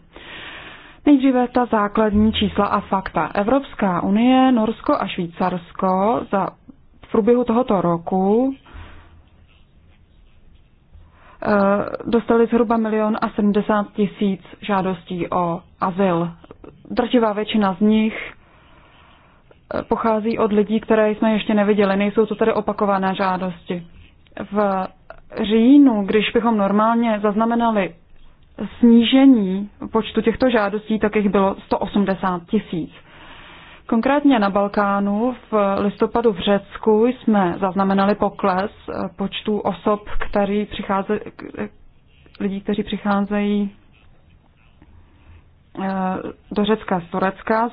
Nejdříve ta základní čísla a fakta. Evropská unie, Norsko a Švýcarsko za v průběhu tohoto roku eh, dostali zhruba milion a 70 tisíc žádostí o azyl. Drtivá většina z nich eh, pochází od lidí, které jsme ještě neviděli. Nejsou to tedy opakované žádosti. V říjnu, když bychom normálně zaznamenali snížení počtu těchto žádostí, tak jich bylo 180 tisíc. Konkrétně na Balkánu v listopadu v Řecku jsme zaznamenali pokles počtu osob, který přicházejí, lidí, kteří přicházejí eh, do Řecka z Turecka.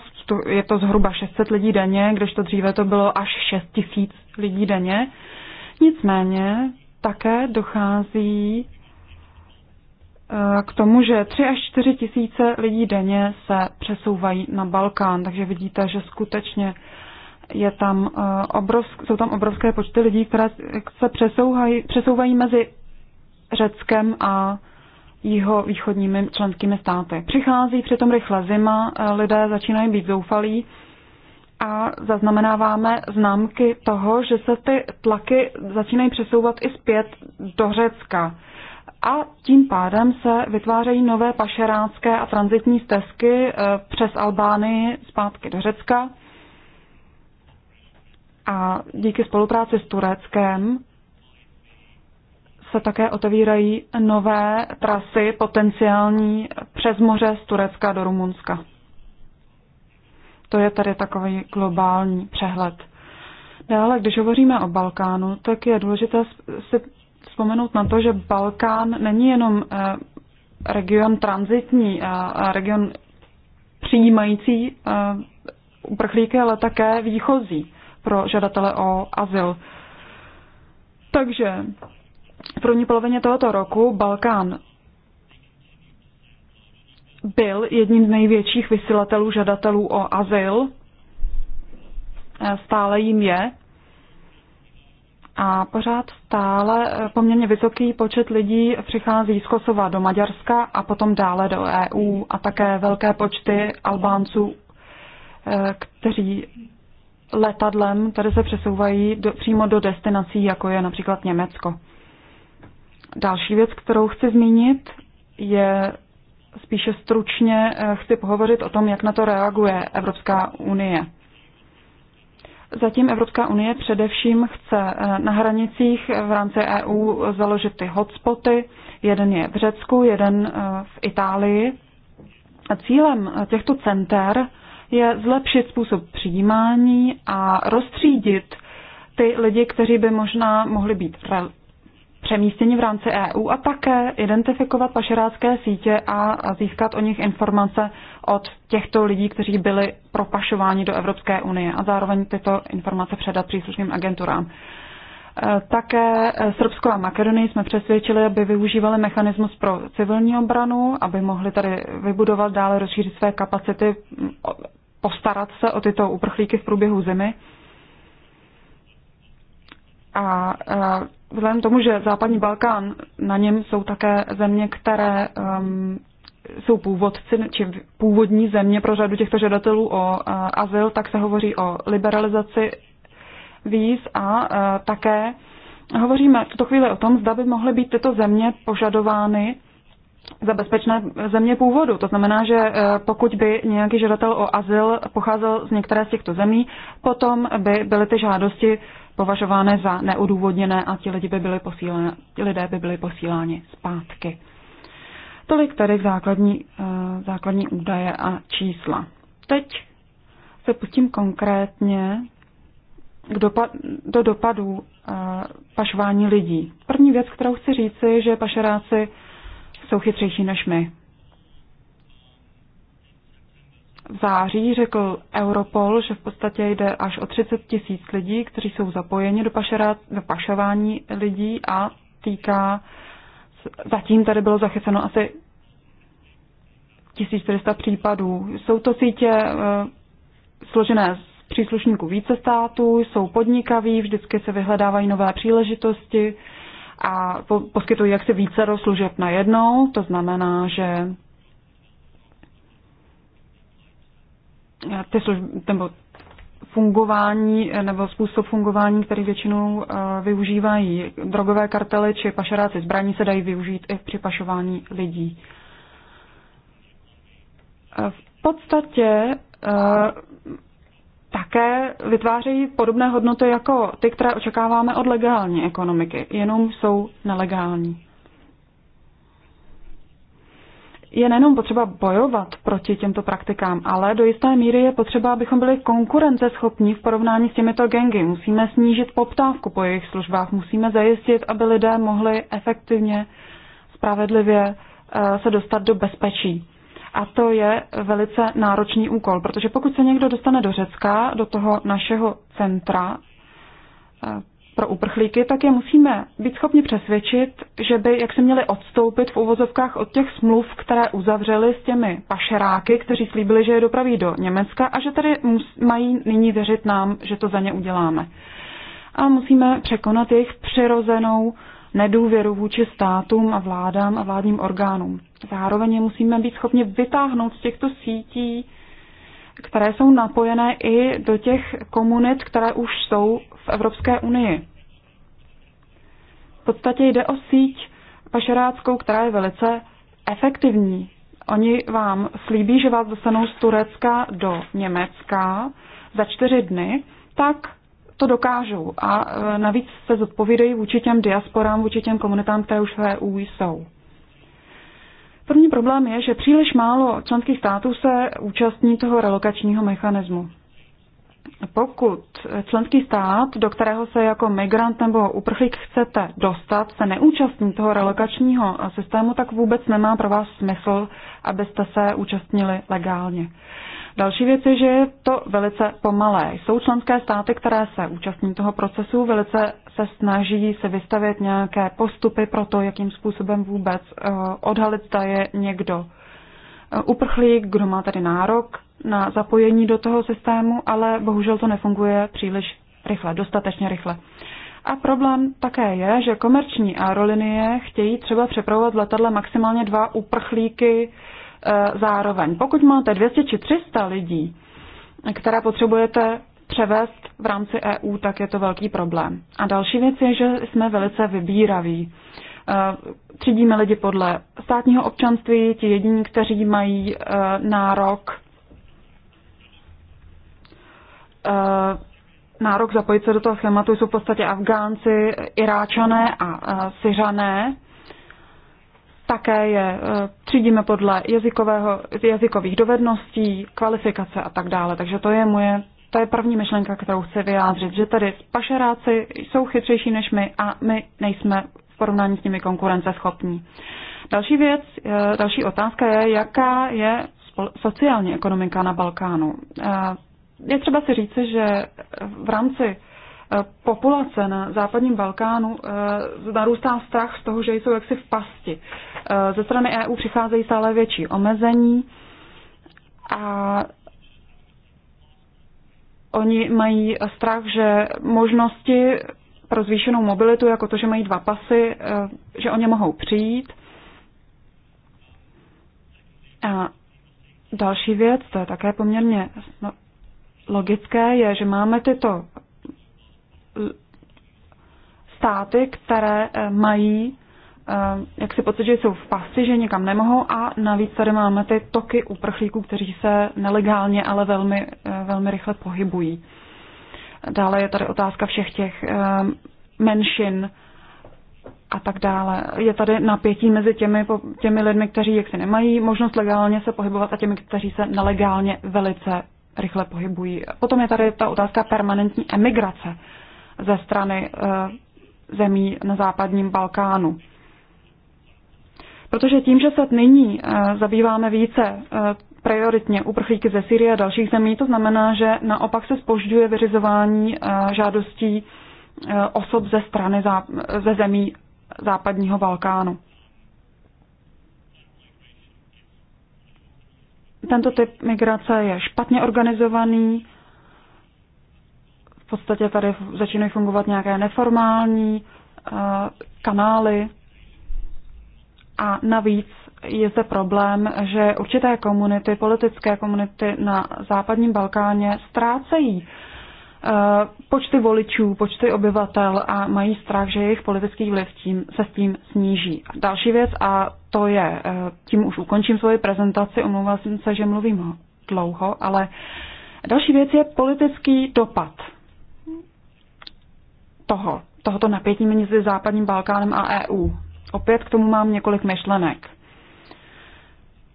Je to zhruba 600 lidí denně, kdežto dříve to bylo až 6 tisíc lidí denně. Nicméně také dochází eh, k tomu, že 3 až 4 tisíce lidí denně se přesouvají na Balkán, takže vidíte, že skutečně je tam eh, obrovsk, jsou tam obrovské počty lidí, které se přesouvají, přesouvají mezi Řeckem a jeho východními členskými státy. Přichází přitom rychle zima, eh, lidé začínají být zoufalí a zaznamenáváme známky toho, že se ty tlaky začínají přesouvat i zpět do Řecka. A tím pádem se vytvářejí nové pašeránské a transitní stezky eh, přes Albánii zpátky do Řecka. A díky spolupráci s Tureckem se také otevírají nové trasy potenciální přes moře z Turecka do Rumunska. To je tady takový globální přehled. Dále, když hovoříme o Balkánu, tak je důležité si vzpomenout na to, že Balkán není jenom eh, region transitní eh, a region přijímající eh, uprchlíky, ale také výchozí pro žadatele o azyl. Takže v první polovině tohoto roku Balkán byl jedním z největších vysílatelů žadatelů o azyl. E, stále jim je. A pořád stále poměrně vysoký počet lidí přichází z Kosova do Maďarska a potom dále do EU a také velké počty Albánců, e, kteří letadlem tady se přesouvají do, přímo do destinací, jako je například Německo. Další věc, kterou chci zmínit, je spíše stručně eh, chci pohovořit o tom, jak na to reaguje Evropská unie. Zatím Evropská unie především chce eh, na hranicích eh, v rámci EU založit ty hotspoty. Jeden je v Řecku, jeden v Itálii. A cílem těchto center je zlepšit způsob přijímání a rozstřídit ty lidi, kteří by možná mohli být přemístění v rámci EU a také identifikovat pašerácké sítě a získat o nich informace od těchto lidí, kteří byli propašováni do Evropské unie a zároveň tyto informace předat příslušným agenturám. E, také Srbsko a Makedonii jsme přesvědčili, aby využívali mechanismus pro civilní obranu, aby mohli tady vybudovat dále, rozšířit své kapacity, postarat se o tyto uprchlíky v průběhu zimy. A e, vzhledem tomu, že západní Balkán, na něm jsou také země, které um, jsou původci či původní země pro řadu těchto žadatelů o uh, azyl, tak se hovoří o liberalizaci víz a uh, také hovoříme v tuto chvíli o tom, zda by mohly být tyto země požadovány za bezpečné země původu. To znamená, že uh, pokud by nějaký žadatel o azyl pocházel z některé z těchto zemí, potom by byly ty žádosti považovány za neodůvodněné a ti, lidi by byli posílené, ti lidé by byli posíláni zpátky. Tolik tedy základní, eh, základní údaje a čísla. Teď se pustím konkrétně k dopad, do dopadů eh, pašování lidí. První věc, kterou chci říci, že pašeráci jsou chytřejší než my. září řekl Europol, že v podstatě jde až o 30 tisíc lidí, kteří jsou zapojeni do, pašera, do pašování lidí a týká, zatím tady bylo zachyceno asi 1400 případů. Jsou to sítě e, složené z příslušníků více států, jsou podnikaví, vždycky se vyhledávají nové příležitosti a po, poskytují jaksi více služeb jednou, To znamená, že ty služby, nebo fungování eh, nebo způsob fungování, který většinou eh, využívají drogové kartely či pašeráci zbraní, se dají využít i při pašování lidí. Eh, v podstatě také vytvářejí podobné hodnoty jako ty, které očekáváme od legální ekonomiky, jenom jsou nelegální je nejenom potřeba bojovat proti těmto praktikám, ale do jisté míry je potřeba, abychom byli konkurenceschopní v porovnání s těmito gengy. Musíme snížit poptávku po jejich službách, musíme zajistit, aby lidé mohli efektivně, spravedlivě eh, se dostat do bezpečí. A to je velice náročný úkol, protože pokud se někdo dostane do Řecka, do toho našeho centra, eh, pro uprchlíky, tak je musíme být schopni přesvědčit, že by jak se měli odstoupit v uvozovkách od těch smluv, které uzavřeli s těmi pašeráky, kteří slíbili, že je dopraví do Německa a že tady mají nyní věřit nám, že to za ně uděláme. A musíme překonat jejich přirozenou nedůvěru vůči státům a vládám a vládním orgánům. Zároveň musíme být schopni vytáhnout z těchto sítí které jsou napojené i do těch komunit, které už jsou v Evropské unii. V podstatě jde o síť pašeráckou, která je velice efektivní. Oni vám slíbí, že vás dostanou z Turecka do Německa za čtyři dny, tak to dokážou a e, navíc se zodpovídají vůči těm diasporám, vůči těm komunitám, které už v EU jsou. První problém je, že příliš málo členských států se účastní toho relokačního mechanismu. Pokud členský stát, do kterého se jako migrant nebo uprchlík chcete dostat, se neúčastní toho relokačního systému, tak vůbec nemá pro vás smysl, abyste se účastnili legálně. Další věc je, že je to velice pomalé. Jsou členské státy, které se účastní toho procesu, velice se snaží se vystavět nějaké postupy pro to, jakým způsobem vůbec eh, odhalit, zda je někdo eh, uprchlík, kdo má tady nárok na zapojení do toho systému, ale bohužel to nefunguje příliš rychle, dostatečně rychle. A problém také je, že komerční aerolinie chtějí třeba přepravovat v letadle maximálně dva uprchlíky Eh, zároveň. Pokud máte 200 či 300 lidí, které potřebujete převést v rámci EU, tak je to velký problém. A další věc je, že jsme velice vybíraví. Eh, třídíme lidi podle státního občanství, ti jediní, kteří mají eh, nárok nárok zapojit se do toho schématu jsou v podstatě Afgánci, Iráčané a Syřané. Také je eh, třídíme podle jazykového, jazykových dovedností, kvalifikace a tak dále. Takže to je moje to je první myšlenka, kterou chci vyjádřit, že tady pašeráci jsou chytřejší než my a my nejsme v porovnání s nimi konkurenceschopní. Další věc, eh, další otázka je, jaká je sociální ekonomika na Balkánu. Eh, je třeba si říci, že v rámci populace na západním Balkánu eh, narůstá strach z toho, že jsou jaksi v pasti. Eh, ze strany EU přicházejí stále větší omezení a oni mají strach, že možnosti pro zvýšenou mobilitu, jako to, že mají dva pasy, eh, že o ně mohou přijít. A další věc, to je také poměrně no, logické, je, že máme tyto státy, které eh, mají eh, jak si pocit, že jsou v pasti, že někam nemohou a navíc tady máme ty toky uprchlíků, kteří se nelegálně, ale velmi, eh, velmi rychle pohybují. Dále je tady otázka všech těch menšin a tak dále. Je tady napětí mezi těmi, těmi lidmi, kteří jaksi nemají možnost legálně se pohybovat a těmi, kteří se nelegálně velice rychle pohybují. Potom je tady ta otázka permanentní emigrace ze strany eh, zemí na západním Balkánu. Protože tím, že se nyní eh, zabýváme více eh, prioritně uprchlíky ze Syrie a dalších zemí, to znamená, že naopak se spožďuje vyřizování žádostí osob ze strany ze zemí západního Balkánu. Tento typ migrace je špatně organizovaný, v podstatě tady začínají fungovat nějaké neformální eh, kanály a navíc je zde problém, že určité komunity, politické komunity na západním Balkáně ztrácejí eh, počty voličů, počty obyvatel a mají strach, že jejich politický vliv tím, se s tím sníží. Další věc, a to je, eh, tím už ukončím svoji prezentaci, omlouvám se, že mluvím dlouho, ale další věc je politický dopad toho, tohoto napětí mezi Západním Balkánem a EU. Opět k tomu mám několik myšlenek.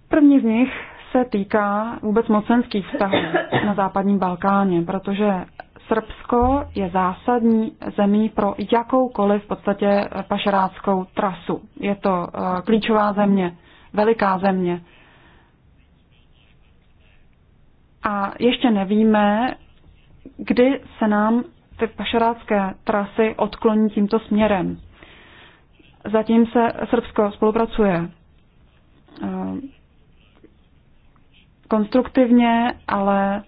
První z nich se týká vůbec mocenských vztahů na západním Balkáně, protože Srbsko je zásadní zemí pro jakoukoliv v podstatě pašeráckou trasu. Je to eh, klíčová země, veliká země. A ještě nevíme, kdy se nám ty pašerácké trasy odkloní tímto směrem. Zatím se Srbsko spolupracuje eh, konstruktivně, ale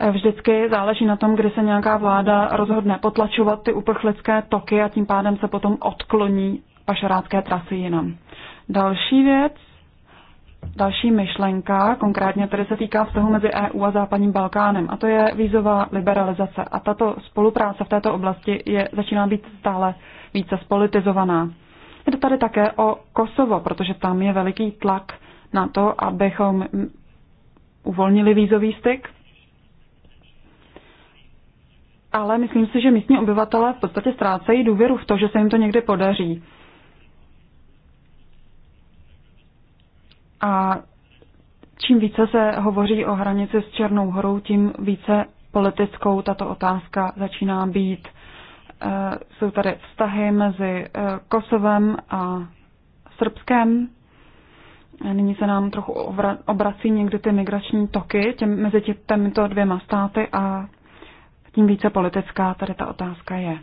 eh, vždycky záleží na tom, kdy se nějaká vláda rozhodne potlačovat ty uprchlické toky a tím pádem se potom odkloní pašerácké trasy jinam. Další věc, další myšlenka, konkrétně tedy se týká vztahu mezi EU a Západním Balkánem, a to je vízová liberalizace. A tato spolupráce v této oblasti je, začíná být stále více spolitizovaná. Jde tady také o Kosovo, protože tam je veliký tlak na to, abychom uvolnili vízový styk. Ale myslím si, že místní obyvatelé v podstatě ztrácejí důvěru v to, že se jim to někdy podaří. A čím více se hovoří o hranici s Černou horou, tím více politickou tato otázka začíná být. Eh, jsou tady vztahy mezi eh, Kosovem a Srbskem. Nyní se nám trochu obrací někdy ty migrační toky těm, mezi těmito dvěma státy a tím více politická tady ta otázka je.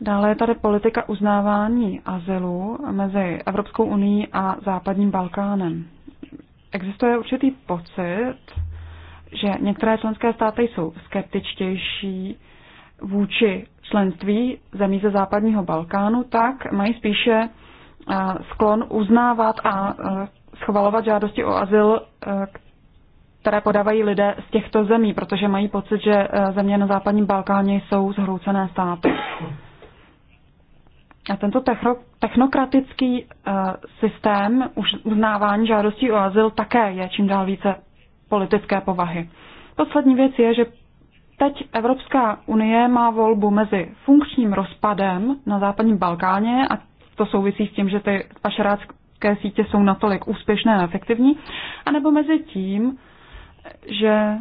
Dále je tady politika uznávání azylu mezi Evropskou unii a Západním Balkánem. Existuje určitý pocit, že některé členské státy jsou skeptičtější vůči členství zemí ze Západního Balkánu, tak mají spíše eh, sklon uznávat a eh, schvalovat žádosti o azyl, eh, které podávají lidé z těchto zemí, protože mají pocit, že země na západním Balkáně jsou zhroucené státy. A tento technokratický eh, systém už uznávání žádostí o azyl také je čím dál více politické povahy. Poslední věc je, že teď Evropská unie má volbu mezi funkčním rozpadem na západním Balkáně a to souvisí s tím, že ty pašerácké sítě jsou natolik úspěšné a efektivní, anebo mezi tím, že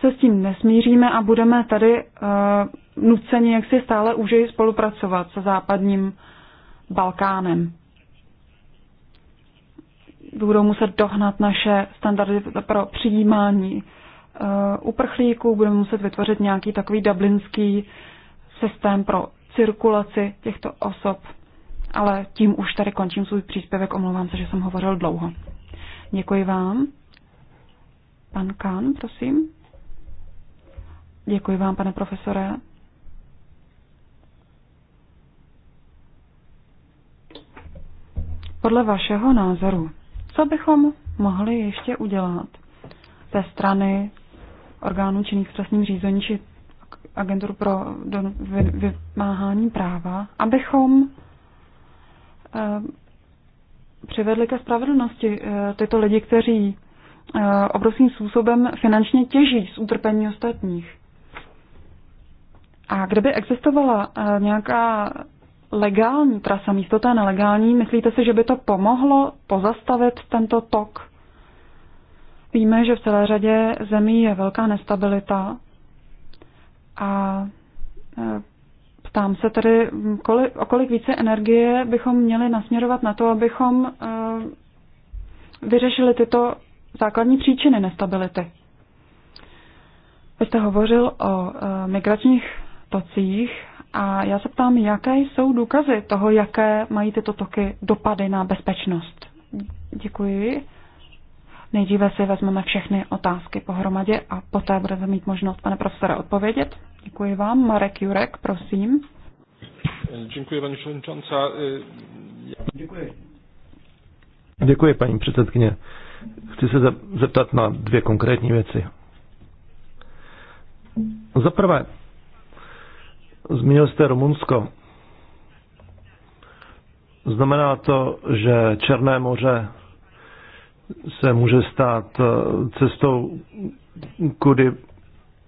se s tím nesmíříme a budeme tady uh, nuceni jaksi stále užeji spolupracovat se západním Balkánem. Budou muset dohnat naše standardy pro přijímání uh, uprchlíků, budeme muset vytvořit nějaký takový dublinský systém pro cirkulaci těchto osob. Ale tím už tady končím svůj příspěvek, omlouvám se, že jsem hovořil dlouho. Děkuji vám. Pan Kán, prosím. Děkuji vám, pane profesore. Podle vašeho názoru, co bychom mohli ještě udělat ze strany orgánů činných v trestním řízení či agenturu pro vymáhání práva, abychom eh, přivedli ke spravedlnosti eh, tyto lidi, kteří Eh, obrovským způsobem finančně těžit z utrpení ostatních. A kdyby existovala eh, nějaká legální trasa místo té nelegální, myslíte si, že by to pomohlo pozastavit tento tok? Víme, že v celé řadě zemí je velká nestabilita a eh, ptám se tedy, o kolik více energie bychom měli nasměrovat na to, abychom vyřešili tyto základní příčiny nestability. Vy jste hovořil o e, migračních tocích a já se ptám, jaké jsou důkazy toho, jaké mají tyto toky dopady na bezpečnost. Děkuji. Nejdříve si vezmeme všechny otázky pohromadě a poté budete mít možnost, pane profesore, odpovědět. Děkuji vám. Marek Jurek, prosím. Děkuji, paní předsedkyně. Děkuji. Děkuji, paní předsedkyně. Chci se zeptat na dvě konkrétní věci. Za prvé, zmínil jste Rumunsko. Znamená to, že Černé moře se může stát eh, cestou, kudy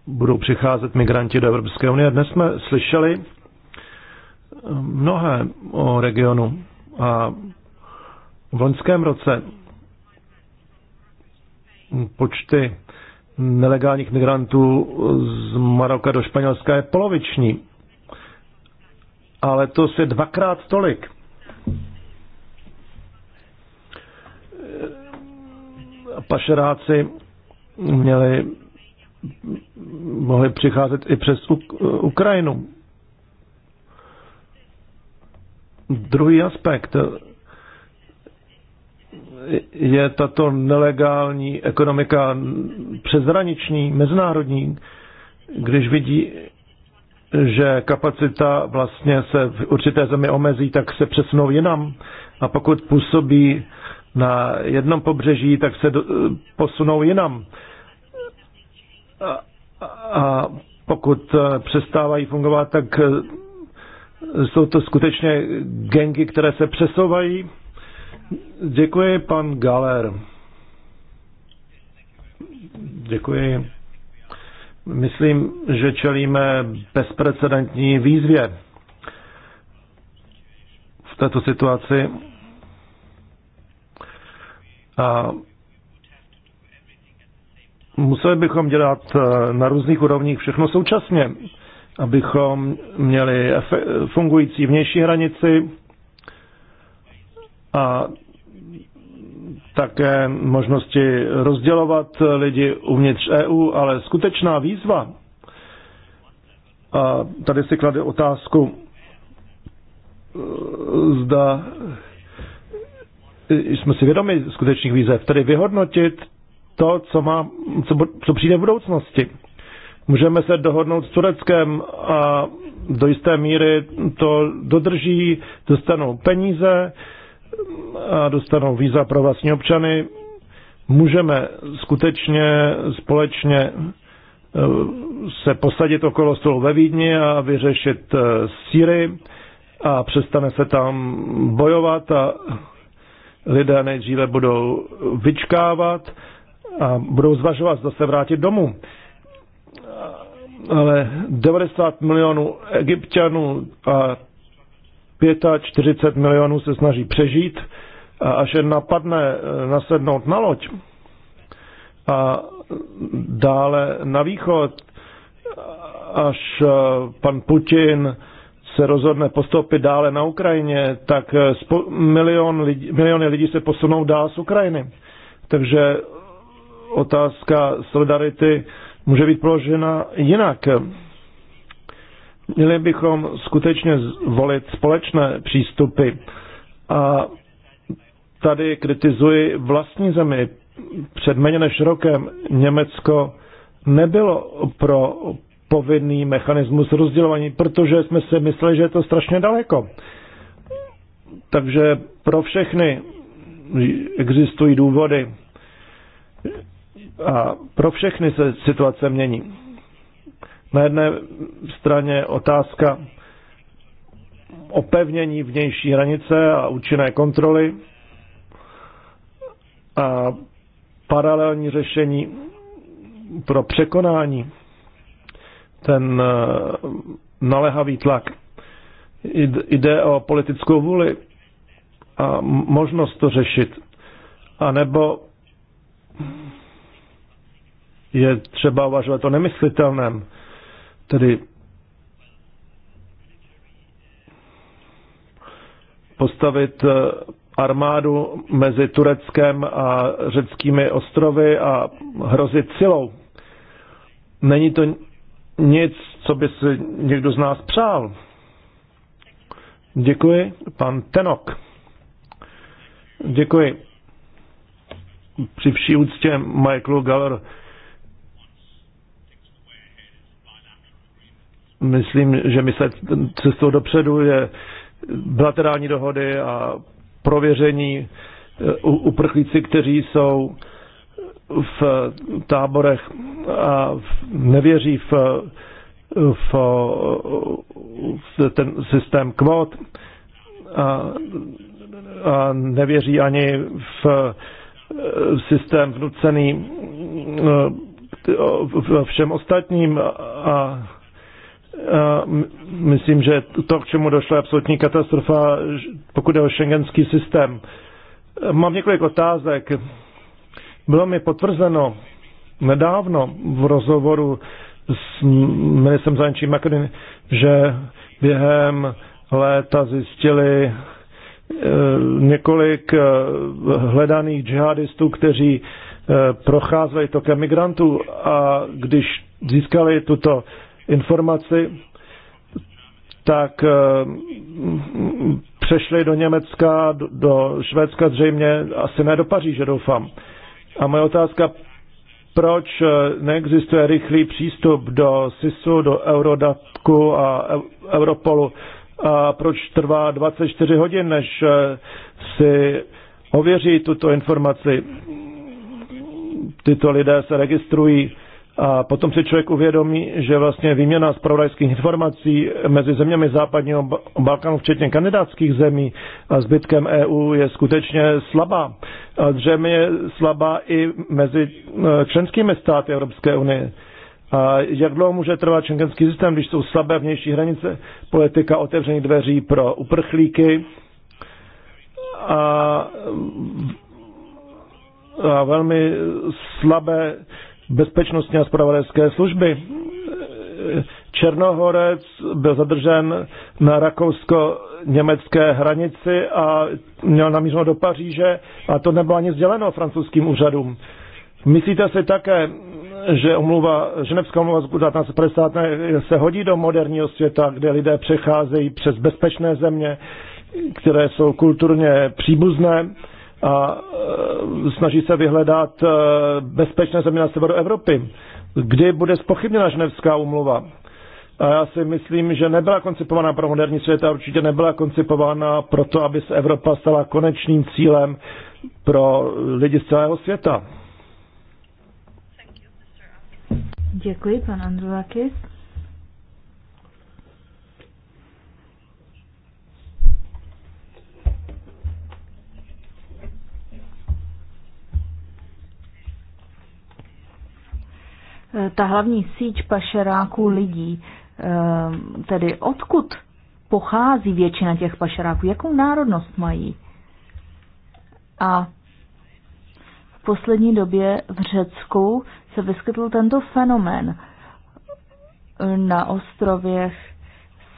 budou přicházet migranti do Evropské unie. Dnes jsme slyšeli eh, mnohé o regionu a v loňském roce počty nelegálních migrantů z Maroka do Španělska je poloviční. Ale to je dvakrát tolik. Pašeráci měli, mohli přicházet i přes Ukrajinu. Druhý aspekt je tato nelegální ekonomika přezraniční, mezinárodní, když vidí, že kapacita vlastně se v určité zemi omezí, tak se přesunou jinam. A pokud působí na jednom pobřeží, tak se do, posunou jinam. A, a pokud eh, přestávají fungovat, tak eh, jsou to skutečně gengy, které se přesouvají Děkuji, pan Galer. Děkuji. Myslím, že čelíme bezprecedentní výzvě v této situaci. A museli bychom dělat eh, na různých úrovních všechno současně, abychom měli fungující vnější hranici, a také možnosti rozdělovat lidi uvnitř EU, ale skutečná výzva, a tady si klade otázku, eh, zda jsme si vědomi skutečných výzev, tedy vyhodnotit to, co, má, co, co přijde v budoucnosti. Můžeme se dohodnout s Tureckem a do jisté míry to dodrží, dostanou peníze, a dostanou víza pro vlastní občany, můžeme skutečně společně eh, se posadit okolo stolu ve Vídni a vyřešit eh, síry a přestane se tam bojovat a lidé nejdříve budou vyčkávat a budou zvažovat, zase se vrátit domů. Ale 90 milionů egyptianů a 45 milionů se snaží přežít a až je napadne eh, nasednout na loď a dále na východ, až eh, pan Putin se rozhodne postoupit dále na Ukrajině, tak eh, milion lidí, miliony lidí se posunou dál z Ukrajiny. Takže otázka solidarity může být položena jinak. Měli bychom skutečně volit společné přístupy. A tady kritizuji vlastní zemi. Před méně než rokem Německo nebylo pro povinný mechanismus rozdělování, protože jsme si mysleli, že je to strašně daleko. Takže pro všechny existují důvody a pro všechny se situace mění. Na jedné straně otázka opevnění vnější hranice a účinné kontroly a paralelní řešení pro překonání ten eh, nalehavý tlak. Jde o politickou vůli a možnost to řešit. A nebo je třeba uvažovat o nemyslitelném. Tedy postavit eh, armádu mezi Tureckem a řeckými ostrovy a hrozit silou. Není to nic, co by si někdo z nás přál. Děkuji, pan Tenok. Děkuji. Při vší úctě Michaelu Galler myslím, že myslet cestou dopředu je bilaterální dohody a prověření eh, uprchlíci, kteří jsou v táborech a nevěří v, v, v ten systém kvót a, a nevěří ani v eh, systém vnucený eh, všem ostatním a myslím, že to, k čemu došlo, je absolutní katastrofa, pokud je o šengenský systém. Mám několik otázek. Bylo mi potvrzeno nedávno v rozhovoru s ministrem zahraničí Makedony, že během léta zjistili e, několik e, hledaných džihadistů, kteří e, procházeli tokem migrantů a když získali tuto informaci, tak eh, přešli do Německa, do Švédska zřejmě, asi ne do Paříže, doufám. A moje otázka, proč eh, neexistuje rychlý přístup do SISu, do Eurodatku a Europolu a proč trvá 24 hodin, než eh, si ověří tuto informaci. Tyto lidé se registrují a potom si člověk uvědomí, že vlastně výměna zpravodajských informací mezi zeměmi západního Balkánu, včetně kandidátských zemí a zbytkem EU, je skutečně slabá. A zřejmě je slabá i mezi e, členskými státy Evropské unie. A jak dlouho může trvat šengenský systém, když jsou slabé vnější hranice, politika otevřených dveří pro uprchlíky a, a velmi slabé bezpečnostní a spravodajské služby. Černohorec byl zadržen na rakousko-německé hranici a měl namířeno do Paříže a to nebylo ani sděleno francouzským úřadům. Myslíte si také, že omluva, ženevská omluva z 1950 se hodí do moderního světa, kde lidé přecházejí přes bezpečné země, které jsou kulturně příbuzné a e, snaží se vyhledat e, bezpečné země na severu Evropy. Kdy bude spochybněna Ženevská umluva? A já si myslím, že nebyla koncipována pro moderní svět a určitě nebyla koncipována pro to, aby se Evropa stala konečným cílem pro lidi z celého světa. Děkuji, pan Andrulakis. ta hlavní síť pašeráků lidí, eh, tedy odkud pochází většina těch pašeráků, jakou národnost mají. A v poslední době v Řecku se vyskytl tento fenomén. Na ostrovech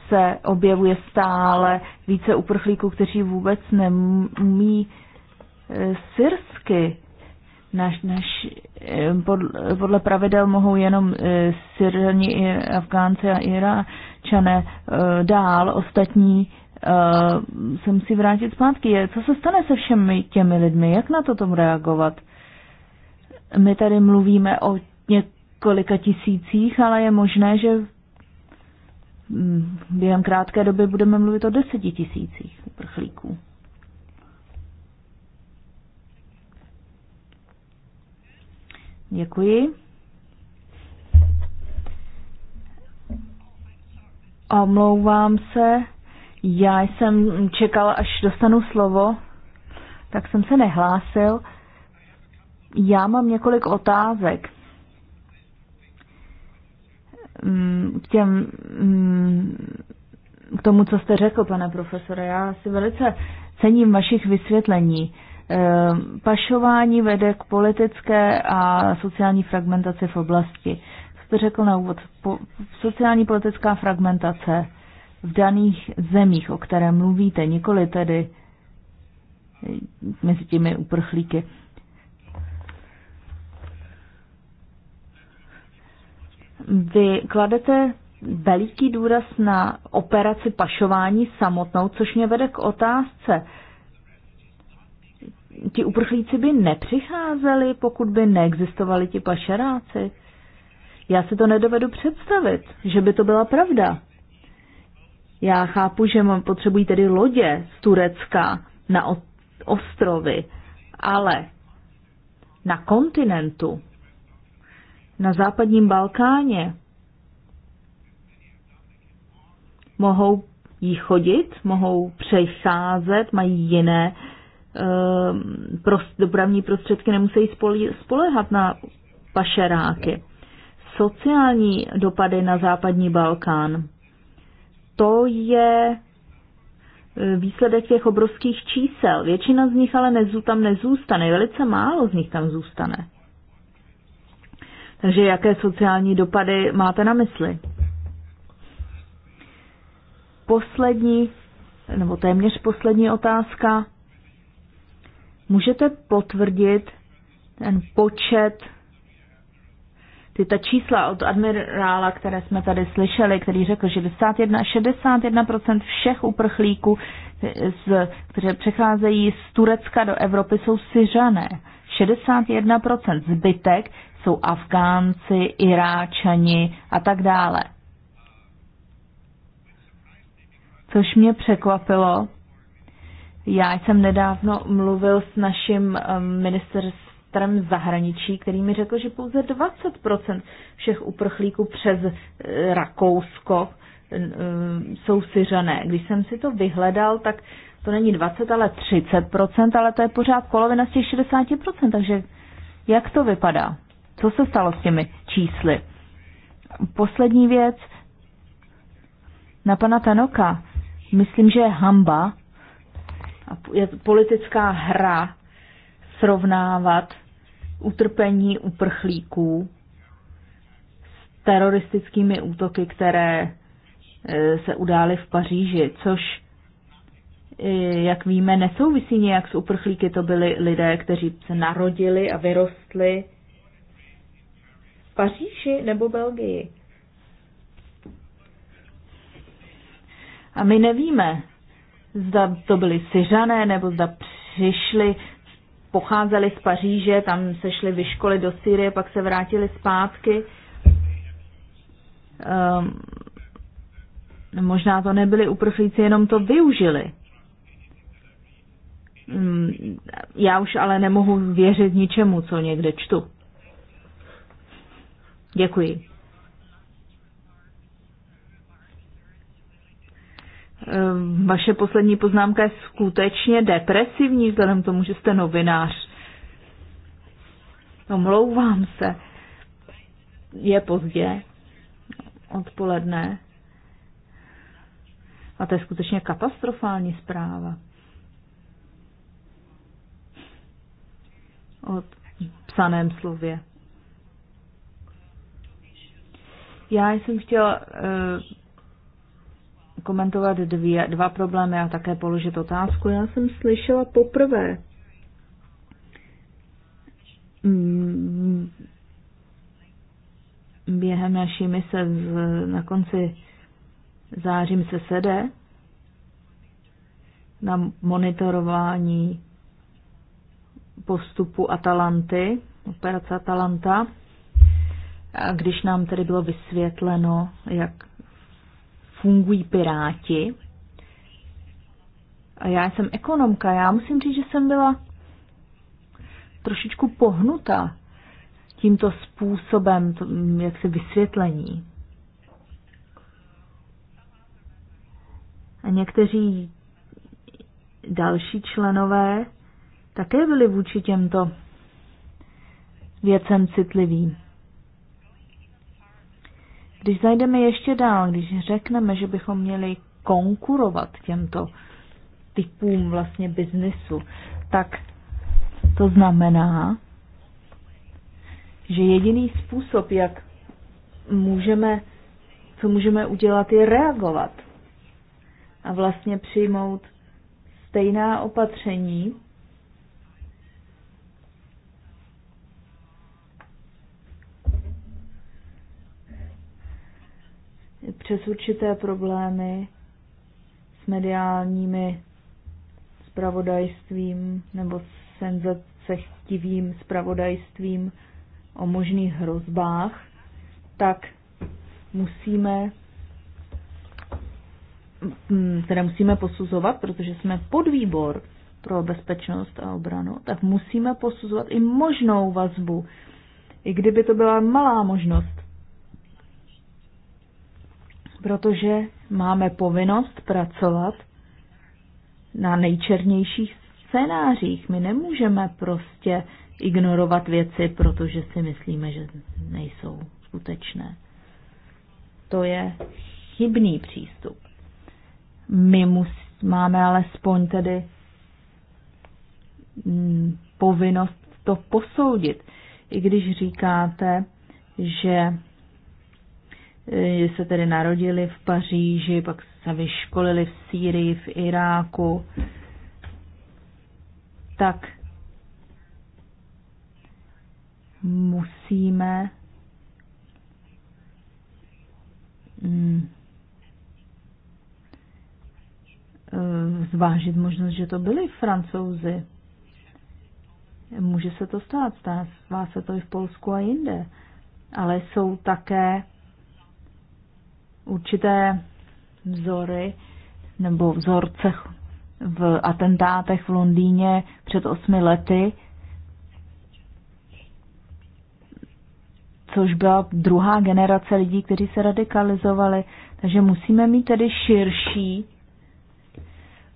se objevuje stále více uprchlíků, kteří vůbec nemí eh, syrsky Naš, naš, eh, podle pravidel mohou jenom eh, Syřani, Afgánci a Iráčané eh, dál, ostatní se musí vrátit zpátky. Co se stane se všemi těmi lidmi? Jak na to tomu reagovat? My tady mluvíme o několika tisících, ale je možné, že mm, během krátké doby budeme mluvit o deseti tisících uprchlíků. Děkuji. Omlouvám se, já jsem čekala, až dostanu slovo, tak jsem se nehlásil. Já mám několik otázek mm, k těm, mm, k tomu, co jste řekl, pane profesore. Já si velice cením vašich vysvětlení. Eh, pašování vede k politické a sociální fragmentaci v oblasti. Co jste řekl na úvod? Po, sociální politická fragmentace v daných zemích, o které mluvíte, nikoli tedy eh, mezi těmi uprchlíky. Vy kladete veliký důraz na operaci pašování samotnou, což mě vede k otázce, ti uprchlíci by nepřicházeli, pokud by neexistovali ti pašeráci. Já si to nedovedu představit, že by to byla pravda. Já chápu, že potřebují tedy lodě z Turecka na ostrovy, ale na kontinentu, na západním Balkáně, mohou jí chodit, mohou přecházet, mají jiné Ehm, dopravní prostředky nemusí spolehat na pašeráky. Sociální dopady na západní Balkán. To je eh, výsledek těch obrovských čísel. Většina z nich ale nezů, tam nezůstane, velice málo z nich tam zůstane. Takže jaké sociální dopady máte na mysli? Poslední, nebo téměř poslední otázka. Můžete potvrdit ten počet, ty ta čísla od admirála, které jsme tady slyšeli, který řekl, že 61, 61% všech uprchlíků, eh, z, které přecházejí z Turecka do Evropy, jsou syřané. 61% zbytek jsou Afgánci, Iráčani a tak dále. Což mě překvapilo, já jsem nedávno mluvil s naším um, ministerstvem zahraničí, který mi řekl, že pouze 20% všech uprchlíků přes eh, Rakousko eh, jsou syřané. Když jsem si to vyhledal, tak to není 20, ale 30%, ale to je pořád polovina z těch 60%. Takže jak to vypadá? Co se stalo s těmi čísly? Poslední věc na pana Tanoka. Myslím, že je hamba, je politická hra srovnávat utrpení uprchlíků s teroristickými útoky, které e, se udály v Paříži, což, e, jak víme, nesouvisí nějak s uprchlíky. To byli lidé, kteří se narodili a vyrostli v Paříži nebo Belgii. A my nevíme, zda to byli Syřané, nebo zda přišli, pocházeli z Paříže, tam se šli vyškolit do Syrie, pak se vrátili zpátky. Um, možná to nebyli uprchlíci, jenom to využili. Um, já už ale nemohu věřit ničemu, co někde čtu. Děkuji. Ehm, vaše poslední poznámka je skutečně depresivní, vzhledem k tomu, že jste novinář. Omlouvám se. Je pozdě. Odpoledne. A to je skutečně katastrofální zpráva. O psaném slově. Já jsem chtěla eh, komentovat dvě, dva problémy a také položit otázku. Já jsem slyšela poprvé mm, během naší mise z, na konci zářím se sede na monitorování postupu Atalanty, operace Atalanta, a když nám tedy bylo vysvětleno, jak fungují piráti. A já jsem ekonomka, já musím říct, že jsem byla trošičku pohnuta tímto způsobem, mm, jak se vysvětlení. A někteří další členové také byli vůči těmto věcem citlivým. Když zajdeme ještě dál, když řekneme, že bychom měli konkurovat těmto typům vlastně biznesu, tak to znamená, že jediný způsob, jak můžeme, co můžeme udělat, je reagovat a vlastně přijmout stejná opatření, přes určité problémy s mediálními spravodajstvím nebo senzacechtivým spravodajstvím o možných hrozbách, tak musíme které mm, musíme posuzovat, protože jsme podvýbor pro bezpečnost a obranu, tak musíme posuzovat i možnou vazbu, i kdyby to byla malá možnost protože máme povinnost pracovat na nejčernějších scénářích. My nemůžeme prostě ignorovat věci, protože si myslíme, že nejsou skutečné. To je chybný přístup. My mus, máme alespoň tedy mm, povinnost to posoudit. I když říkáte, že Eh, se tedy narodili v Paříži, pak se vyškolili v Sýrii, v Iráku, tak musíme mm, eh, zvážit možnost, že to byli francouzi. Může se to stát, stává se to i v Polsku a jinde. Ale jsou také určité vzory nebo vzorce v atentátech v Londýně před osmi lety, což byla druhá generace lidí, kteří se radikalizovali. Takže musíme mít tedy širší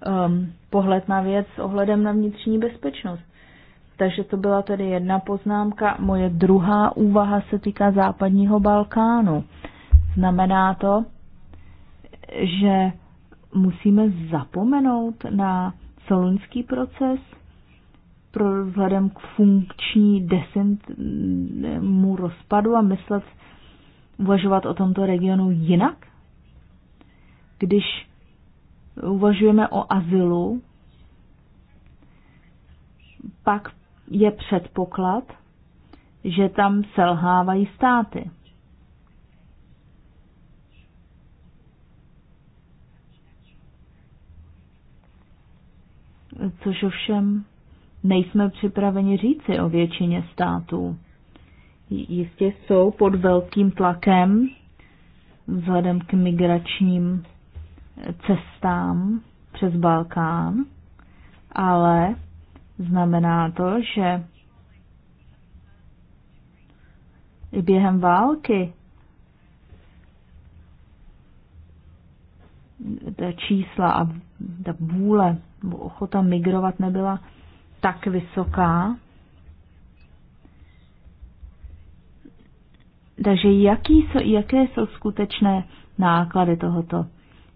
um, pohled na věc s ohledem na vnitřní bezpečnost. Takže to byla tedy jedna poznámka. Moje druhá úvaha se týká západního Balkánu. Uh, Znamená to, že musíme zapomenout na solunský proces pro vzhledem k funkční desentnému rozpadu a myslet, uvažovat o tomto regionu jinak? Když uvažujeme o azylu, pak je předpoklad, že tam selhávají státy. což ovšem nejsme připraveni říci o většině států. Jistě jsou pod velkým tlakem vzhledem k migračním cestám přes Balkán, ale znamená to, že i během války ta čísla a ta vůle nebo ochota migrovat nebyla tak vysoká. Takže jaký, jaké jsou skutečné náklady tohoto?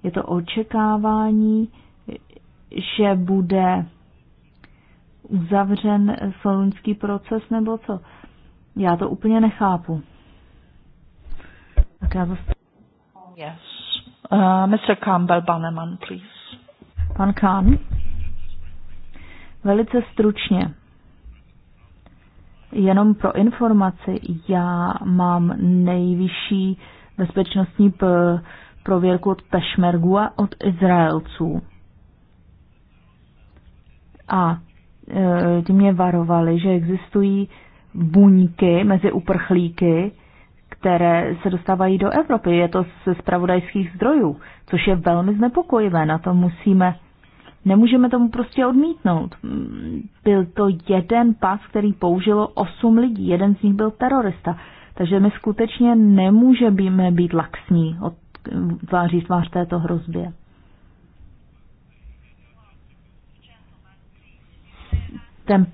Je to očekávání, že bude uzavřen solunský proces nebo co? Já to úplně nechápu. Tak já zase... Yes. Uh, Mr. Campbell Banneman, please. Pan Kahn. Velice stručně. Jenom pro informaci, já mám nejvyšší bezpečnostní prověrku od Pešmergu a od Izraelců. A e, ti mě varovali, že existují buňky mezi uprchlíky, které se dostávají do Evropy. Je to ze spravodajských zdrojů, což je velmi znepokojivé. Na to musíme Nemůžeme tomu prostě odmítnout. Byl to jeden pas, který použilo osm lidí, jeden z nich byl terorista. Takže my skutečně nemůžeme být laxní od tváří tvář této hrozbě. Ten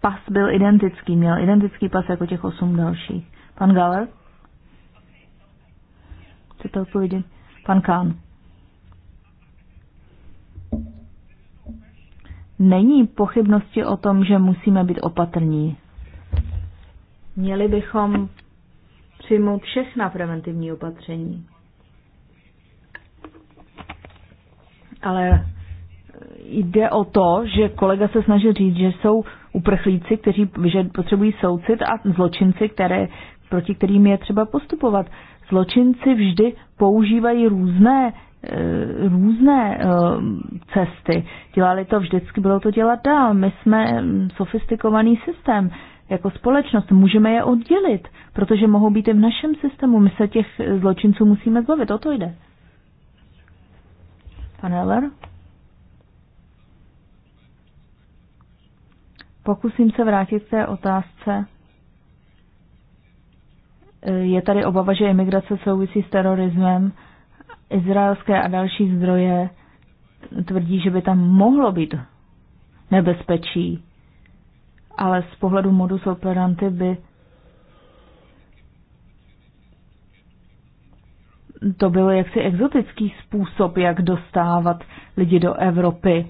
pas byl identický, měl identický pas jako těch osm dalších. Pan Galer? Chcete odpovědět? Pan Kán. není pochybnosti o tom, že musíme být opatrní. Měli bychom přijmout všechna preventivní opatření. Ale eh, jde o to, že kolega se snažil říct, že jsou uprchlíci, kteří že potřebují soucit a zločinci, které, proti kterým je třeba postupovat. Zločinci vždy používají různé Eh, různé eh, cesty. Dělali to vždycky, bylo to dělat dál. My jsme sofistikovaný systém jako společnost. Můžeme je oddělit, protože mohou být i v našem systému. My se těch zločinců musíme zbavit. O to jde. Pane Ler? Pokusím se vrátit k té otázce. Eh, je tady obava, že imigrace souvisí s terorismem izraelské a další zdroje tvrdí, že by tam mohlo být nebezpečí, ale z pohledu modus operandi by to byl jaksi exotický způsob, jak dostávat lidi do Evropy,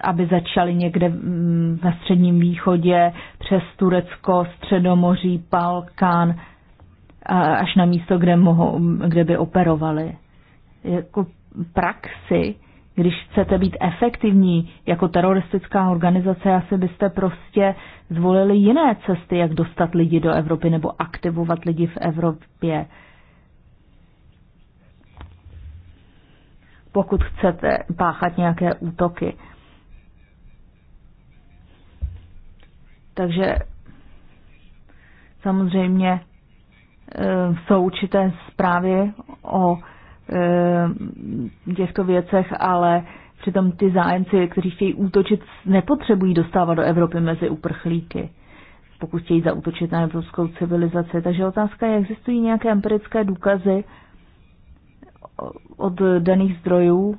aby začali někde mm, na Středním východě, přes Turecko, Středomoří, Balkán, až na místo, kde, mohou, kde by operovali jako praxi, když chcete být efektivní jako teroristická organizace, asi byste prostě zvolili jiné cesty, jak dostat lidi do Evropy nebo aktivovat lidi v Evropě. Pokud chcete páchat nějaké útoky. Takže samozřejmě eh, jsou určité zprávy o Eh, těchto věcech, ale přitom ty zájemci, kteří chtějí útočit, nepotřebují dostávat do Evropy mezi uprchlíky, pokud chtějí zaútočit na evropskou civilizaci. Takže otázka je, existují nějaké empirické důkazy od daných zdrojů,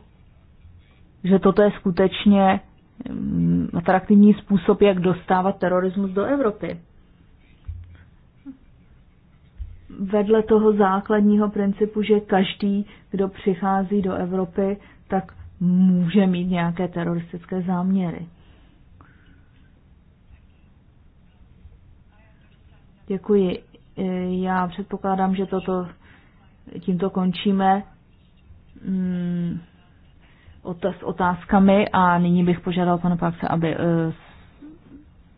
že toto je skutečně mm, atraktivní způsob, jak dostávat terorismus do Evropy vedle toho základního principu, že každý, kdo přichází do Evropy, tak může mít nějaké teroristické záměry. Děkuji. Já předpokládám, že toto tímto končíme mm, s otázkami a nyní bych požádal pana Pákce, aby eh,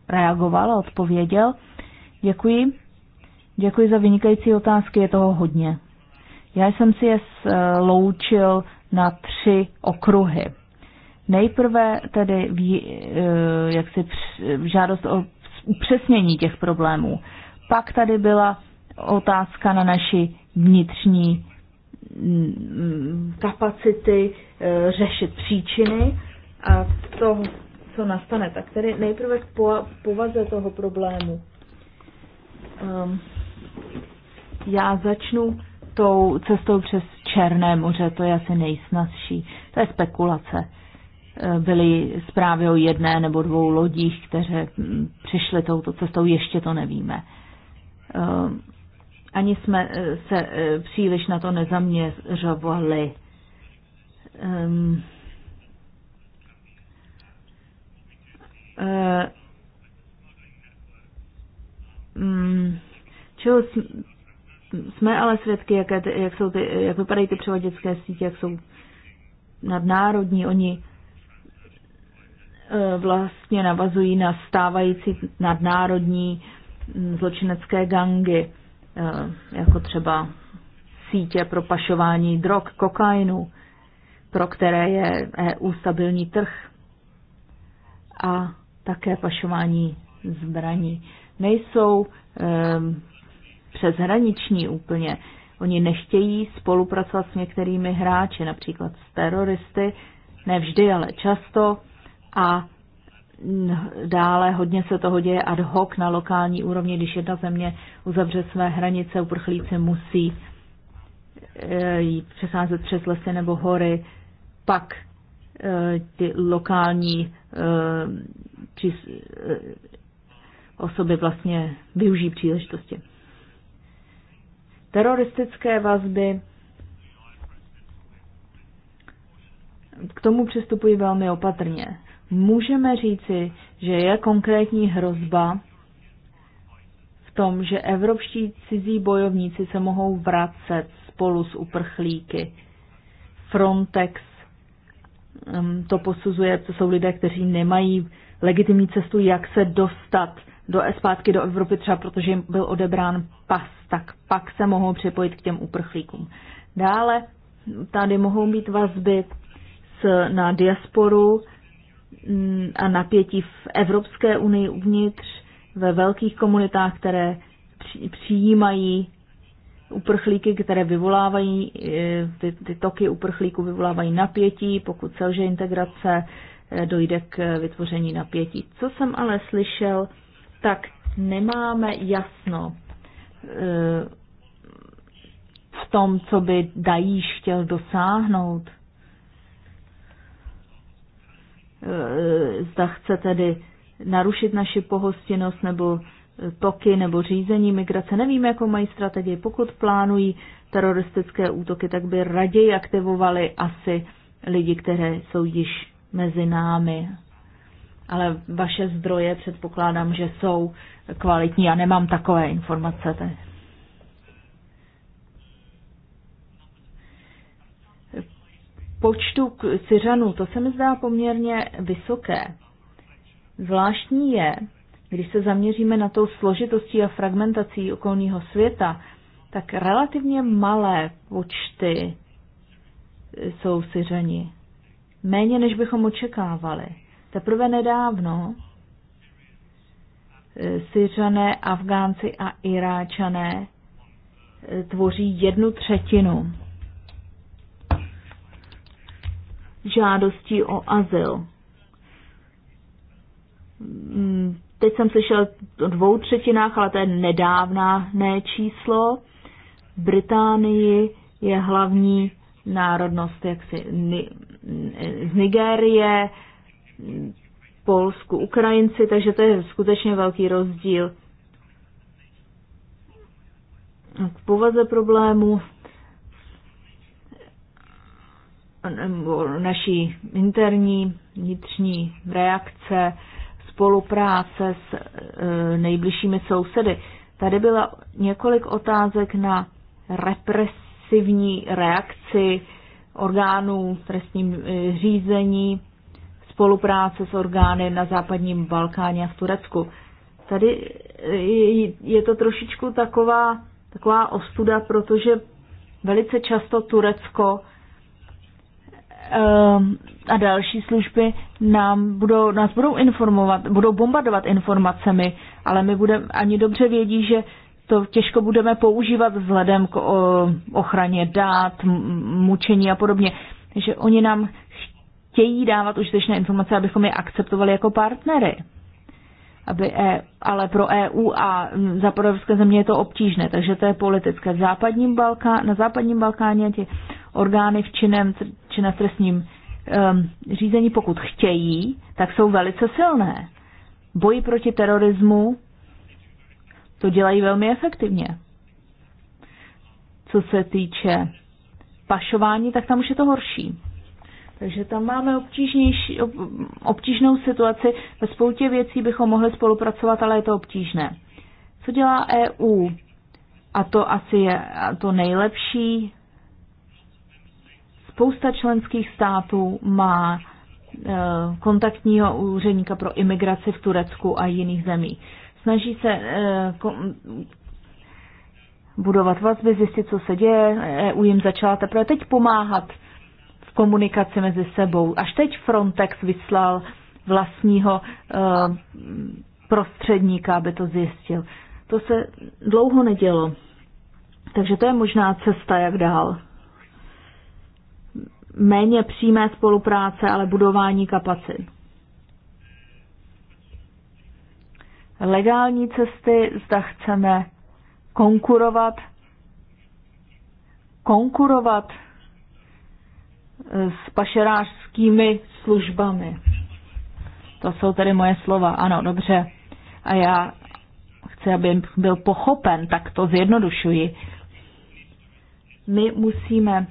reagoval a odpověděl. Děkuji. Děkuji za vynikající otázky, je toho hodně. Já jsem si je sloučil eh, na tři okruhy. Nejprve tedy v, eh, jak si žádost o upřesnění těch problémů. Pak tady byla otázka na naši vnitřní mm, kapacity eh, řešit příčiny a to, co nastane. Tak tedy nejprve k povaze toho problému. Um, já začnu tou cestou přes Černé moře, to je asi nejsnazší. To je spekulace. Eh, byly zprávy o jedné nebo dvou lodích, které hm, přišly touto cestou, ještě to nevíme. Eh, ani jsme eh, se příliš na to nezaměřovali. Ehm, hm, čeho jsme ale svědky, jaké ty, jak, jsou ty, jak vypadají ty převoděcké sítě, jak jsou nadnárodní. Oni e, vlastně navazují na stávající nadnárodní zločinecké gangy, e, jako třeba sítě pro pašování drog, kokainu, pro které je EU stabilní trh a také pašování zbraní. Nejsou přeshraniční úplně. Oni nechtějí spolupracovat s některými hráči, například s teroristy, ne vždy, ale často. A dále hodně se toho děje ad hoc na lokální úrovni, když jedna země uzavře své hranice, uprchlíci musí eh, přesázet přes lesy nebo hory, pak eh, ty lokální eh, osoby vlastně využijí příležitosti teroristické vazby. K tomu přistupuji velmi opatrně. Můžeme říci, že je konkrétní hrozba v tom, že evropští cizí bojovníci se mohou vracet spolu s uprchlíky. Frontex um, to posuzuje, to jsou lidé, kteří nemají legitimní cestu, jak se dostat do, zpátky do Evropy třeba protože jim byl odebrán pas, tak pak se mohou připojit k těm uprchlíkům. Dále tady mohou být vazby s, na diasporu mm, a napětí v Evropské unii uvnitř, ve velkých komunitách, které přijímají uprchlíky, které vyvolávají, e, ty, ty toky uprchlíků vyvolávají napětí, pokud selže integrace, e, dojde k e, vytvoření napětí. Co jsem ale slyšel tak nemáme jasno eh, v tom, co by Dajíš chtěl dosáhnout. Eh, zda chce tedy narušit naši pohostinnost nebo eh, toky nebo řízení migrace. Nevím, jakou mají strategii. Pokud plánují teroristické útoky, tak by raději aktivovali asi lidi, které jsou již mezi námi ale vaše zdroje předpokládám, že jsou kvalitní. Já nemám takové informace. Tady. Počtu Syřanů, to se mi zdá poměrně vysoké. Zvláštní je, když se zaměříme na tou složitostí a fragmentací okolního světa, tak relativně malé počty jsou Syřani. Méně, než bychom očekávali. Teprve nedávno e, Syřané, Afgánci a Iráčané e, tvoří jednu třetinu žádostí o azyl. Mm, teď jsem slyšel o dvou třetinách, ale to je nedávná ne číslo. V Británii je hlavní národnost jaksi z Nigérie, Polsku Ukrajinci, takže to je skutečně velký rozdíl. K povaze problému naší interní vnitřní reakce, spolupráce s e, nejbližšími sousedy. Tady byla několik otázek na represivní reakci orgánů trestním e, řízení, spolupráce s orgány na západním Balkáně a v Turecku. Tady eh, je to trošičku taková, taková ostuda, protože velice často Turecko ehm, a další služby nám budou, nás budou informovat, budou bombardovat informacemi, ale my budeme ani dobře vědí, že to těžko budeme používat vzhledem k ochraně dát, mučení a podobně. Takže oni nám chtějí dávat užitečné informace, abychom je akceptovali jako partnery. Aby e, ale pro EU a zapadovské země je to obtížné, takže to je politické. Západním Balká, na západním Balkáně ti orgány v činem, činem trestním e, řízení, pokud chtějí, tak jsou velice silné. Boji proti terorismu to dělají velmi efektivně. Co se týče pašování, tak tam už je to horší. Takže tam máme obtížnější, obtížnou situaci. Ve spoutě věcí bychom mohli spolupracovat, ale je to obtížné. Co dělá EU? A to asi je to nejlepší. Spousta členských států má e, kontaktního úředníka pro imigraci v Turecku a jiných zemí. Snaží se e, budovat vazby, zjistit, co se děje, EU jim začala teprve teď pomáhat v komunikaci mezi sebou. Až teď Frontex vyslal vlastního eh, prostředníka, aby to zjistil. To se dlouho nedělo. Takže to je možná cesta, jak dál. Méně přímé spolupráce, ale budování kapacit. Legální cesty, zda chceme konkurovat, konkurovat s pašerářskými službami. To jsou tedy moje slova, ano, dobře. A já chci, aby byl pochopen, tak to zjednodušuji. My musíme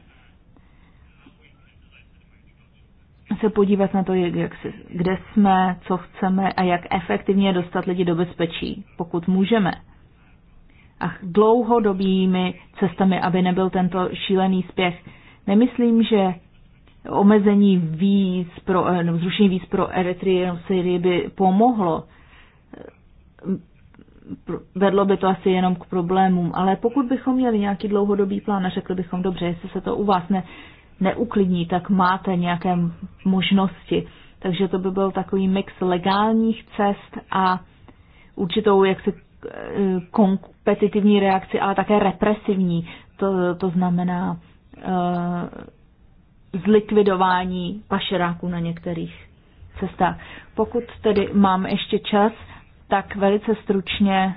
se podívat na to, jak, kde jsme, co chceme a jak efektivně dostat lidi do bezpečí, pokud můžeme. A dlouhodobými cestami, aby nebyl tento šílený spěch. Nemyslím, že omezení víc pro, eh, nebo zrušení víc pro Eritrii a Syrii by pomohlo. Vedlo by to asi jenom k problémům, ale pokud bychom měli nějaký dlouhodobý plán a řekli bychom, dobře, jestli se to u vás ne, neuklidní, tak máte nějaké možnosti. Takže to by byl takový mix legálních cest a určitou jaksi eh, kompetitivní reakci, ale také represivní. To, to znamená eh, zlikvidování pašeráků na některých cestách. Pokud tedy mám ještě čas, tak velice stručně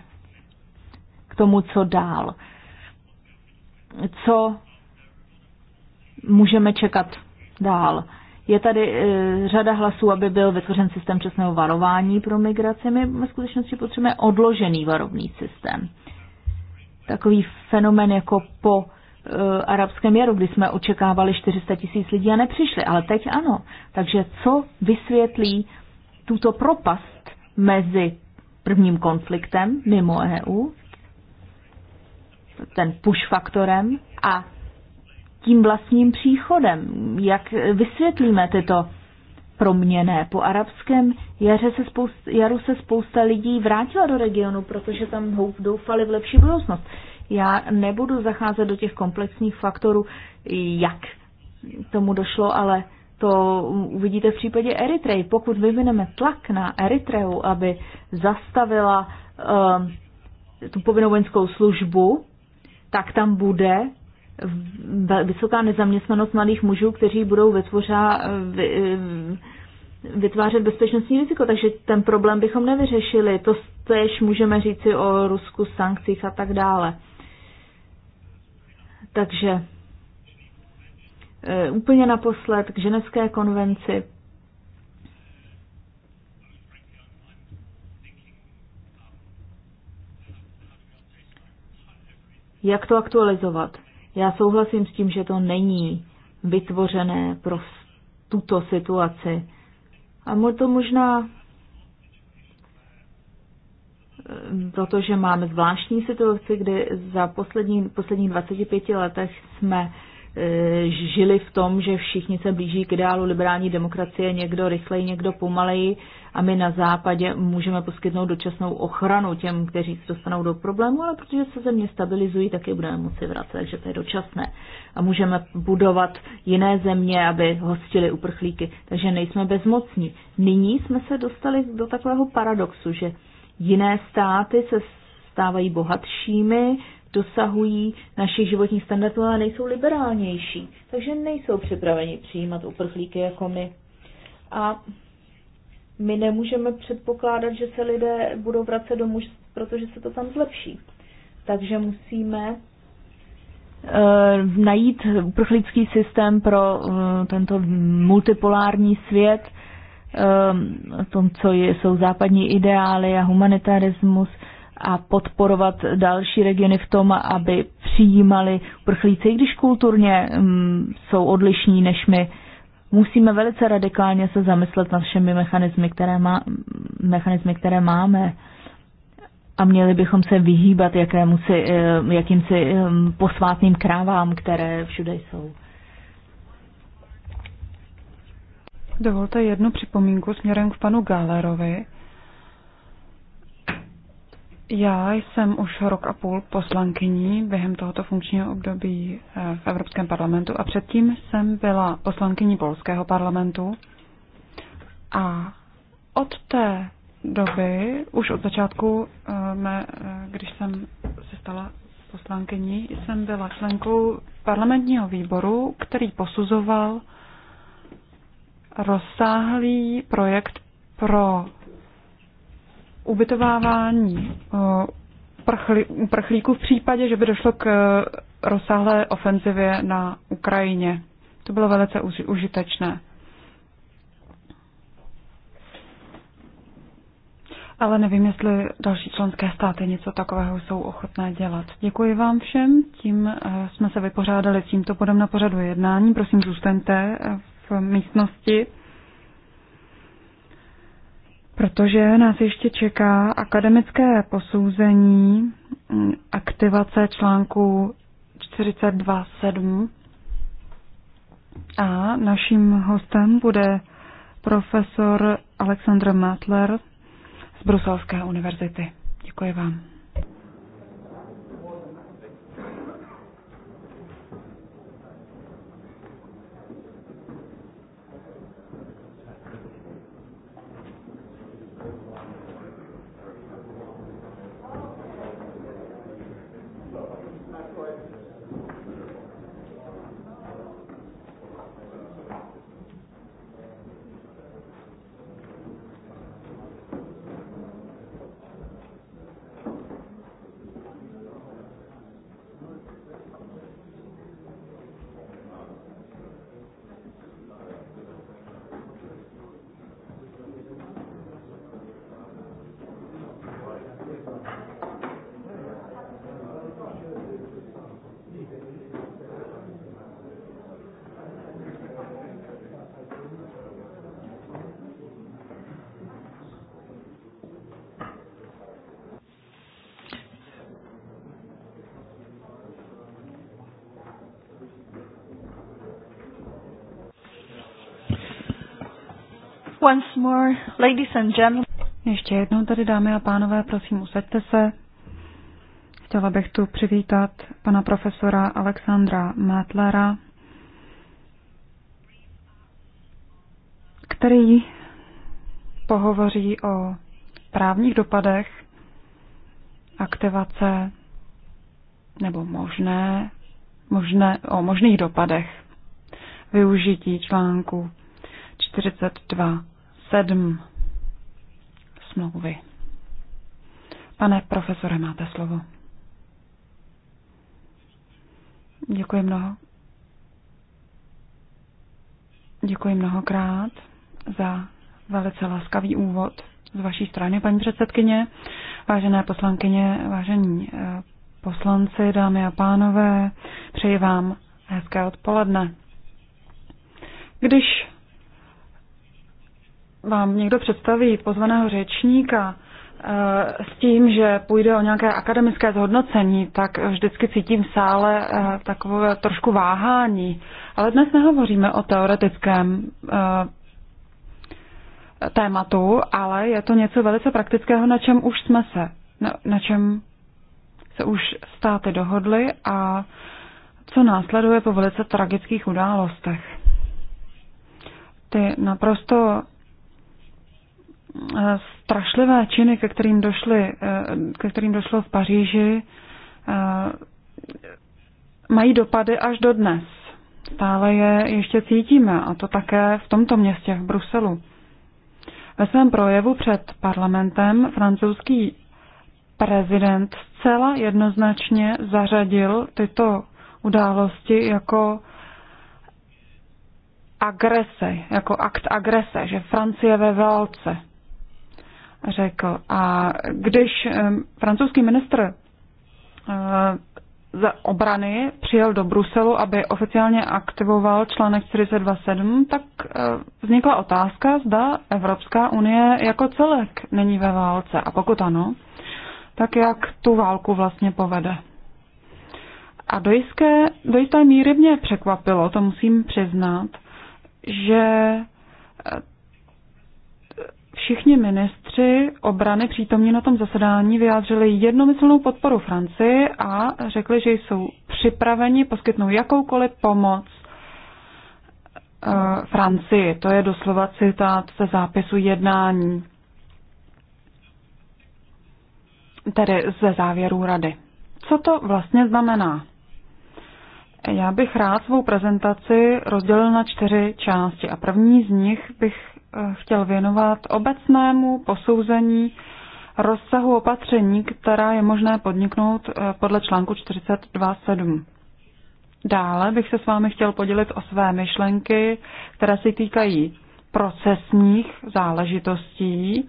k tomu, co dál. Co můžeme čekat dál? Je tady e, řada hlasů, aby byl vytvořen systém časného varování pro migraci. My ve skutečnosti potřebujeme odložený varovný systém. Takový fenomen jako po Eh, arabském jaru, kdy jsme očekávali 400 tisíc lidí a nepřišli, ale teď ano. Takže co vysvětlí tuto propast mezi prvním konfliktem mimo EU, ten push faktorem a tím vlastním příchodem. Jak vysvětlíme tyto proměné? Po arabském jaře se spousta, jaru se spousta lidí vrátila do regionu, protože tam doufali v lepší budoucnost. Já nebudu zacházet do těch komplexních faktorů, jak tomu došlo, ale to uvidíte v případě Eritreji. Pokud vyvineme tlak na Eritreu, aby zastavila um, tu povinnou vojenskou službu, tak tam bude vysoká nezaměstnanost mladých mužů, kteří budou vytvořa, vy, ehm, vytvářet bezpečnostní riziko. Takže ten problém bychom nevyřešili. To tež můžeme říci o Rusku, sankcích a tak dále. Takže eh, úplně naposled k ženevské konvenci. Jak to aktualizovat? Já souhlasím s tím, že to není vytvořené pro tuto situaci. A to možná protože máme zvláštní situaci, kdy za poslední, poslední 25 letech jsme e, žili v tom, že všichni se blíží k ideálu liberální demokracie, někdo rychleji, někdo pomaleji a my na západě můžeme poskytnout dočasnou ochranu těm, kteří se dostanou do problému, ale protože se země stabilizují, tak je budeme moci vracet, takže to je dočasné. A můžeme budovat jiné země, aby hostili uprchlíky, takže nejsme bezmocní. Nyní jsme se dostali do takového paradoxu, že Jiné státy se stávají bohatšími, dosahují našich životních standardů, ale nejsou liberálnější. Takže nejsou připraveni přijímat uprchlíky jako my. A my nemůžeme předpokládat, že se lidé budou vracet domů, protože se to tam zlepší. Takže musíme eh, najít uprchlický systém pro eh, tento multipolární svět, Um, o tom, co je, jsou západní ideály a humanitarismus a podporovat další regiony v tom, aby přijímali prchlíce, i když kulturně um, jsou odlišní než my. Musíme velice radikálně se zamyslet nad všemi mechanizmy, které, má, mechanizmy, které máme a měli bychom se vyhýbat jakému si, eh, jakýmsi eh, posvátným krávám, které všude jsou. Dovolte jednu připomínku směrem k panu Gálerovi. Já jsem už rok a půl poslankyní během tohoto funkčního období eh, v Evropském parlamentu a předtím jsem byla poslankyní Polského parlamentu a od té doby, už od začátku, eh, mé, eh, když jsem se stala poslankyní, jsem byla členkou parlamentního výboru, který posuzoval rozsáhlý projekt pro ubytovávání eh, uprchlíků v případě, že by došlo k eh, rozsáhlé ofenzivě na Ukrajině. To bylo velice užitečné. Ale nevím, jestli další členské státy něco takového jsou ochotné dělat. Děkuji vám všem, tím eh, jsme se vypořádali tímto bodem na pořadu jednání. Prosím, zůstaňte místnosti, protože nás ještě čeká akademické posouzení mm, aktivace článku 42.7 a naším hostem bude profesor Alexandr Matler z Bruselské univerzity. Děkuji vám. Once more, ladies and gentlemen. Ještě jednou tady, dámy a pánové, prosím, usaďte se. Chtěla bych tu přivítat pana profesora Alexandra Matlera, který pohovoří o právních dopadech aktivace nebo možné, možné, o možných dopadech využití článku 42 sedm smlouvy. Pane profesore, máte slovo. Děkuji mnoho. Děkuji mnohokrát za velice laskavý úvod z vaší strany, paní předsedkyně, vážené poslankyně, vážení eh, poslanci, dámy a pánové, přeji vám hezké odpoledne. Když vám někdo představí pozvaného řečníka eh, s tím, že půjde o nějaké akademické zhodnocení, tak vždycky cítím v sále eh, takové trošku váhání. Ale dnes nehovoříme o teoretickém eh, tématu, ale je to něco velice praktického, na čem už jsme se, na čem se už státy dohodly a co následuje po velice tragických událostech. Ty naprosto strašlivé činy, ke kterým, došly, eh, ke kterým došlo v Paříži, eh, mají dopady až do dnes. Stále je ještě cítíme, a to také v tomto městě, v Bruselu. Ve svém projevu před parlamentem francouzský prezident zcela jednoznačně zařadil tyto události jako agrese, jako akt agrese, že Francie ve válce řekl. A když francouzský ministr z obrany přijel do Bruselu, aby oficiálně aktivoval článek 42.7, tak vznikla otázka, zda Evropská unie jako celek není ve válce. A pokud ano, tak jak tu válku vlastně povede. A do jisté, do jisté míry mě překvapilo, to musím přiznat, že všichni ministři obrany přítomní na tom zasedání vyjádřili jednomyslnou podporu Francii a řekli, že jsou připraveni poskytnout jakoukoliv pomoc eh, Francii. To je doslova citát ze zápisu jednání, tedy ze závěrů rady. Co to vlastně znamená? Já bych rád svou prezentaci rozdělil na čtyři části a první z nich bych chtěl věnovat obecnému posouzení rozsahu opatření, která je možné podniknout eh, podle článku 42.7. Dále bych se s vámi chtěl podělit o své myšlenky, které se týkají procesních záležitostí,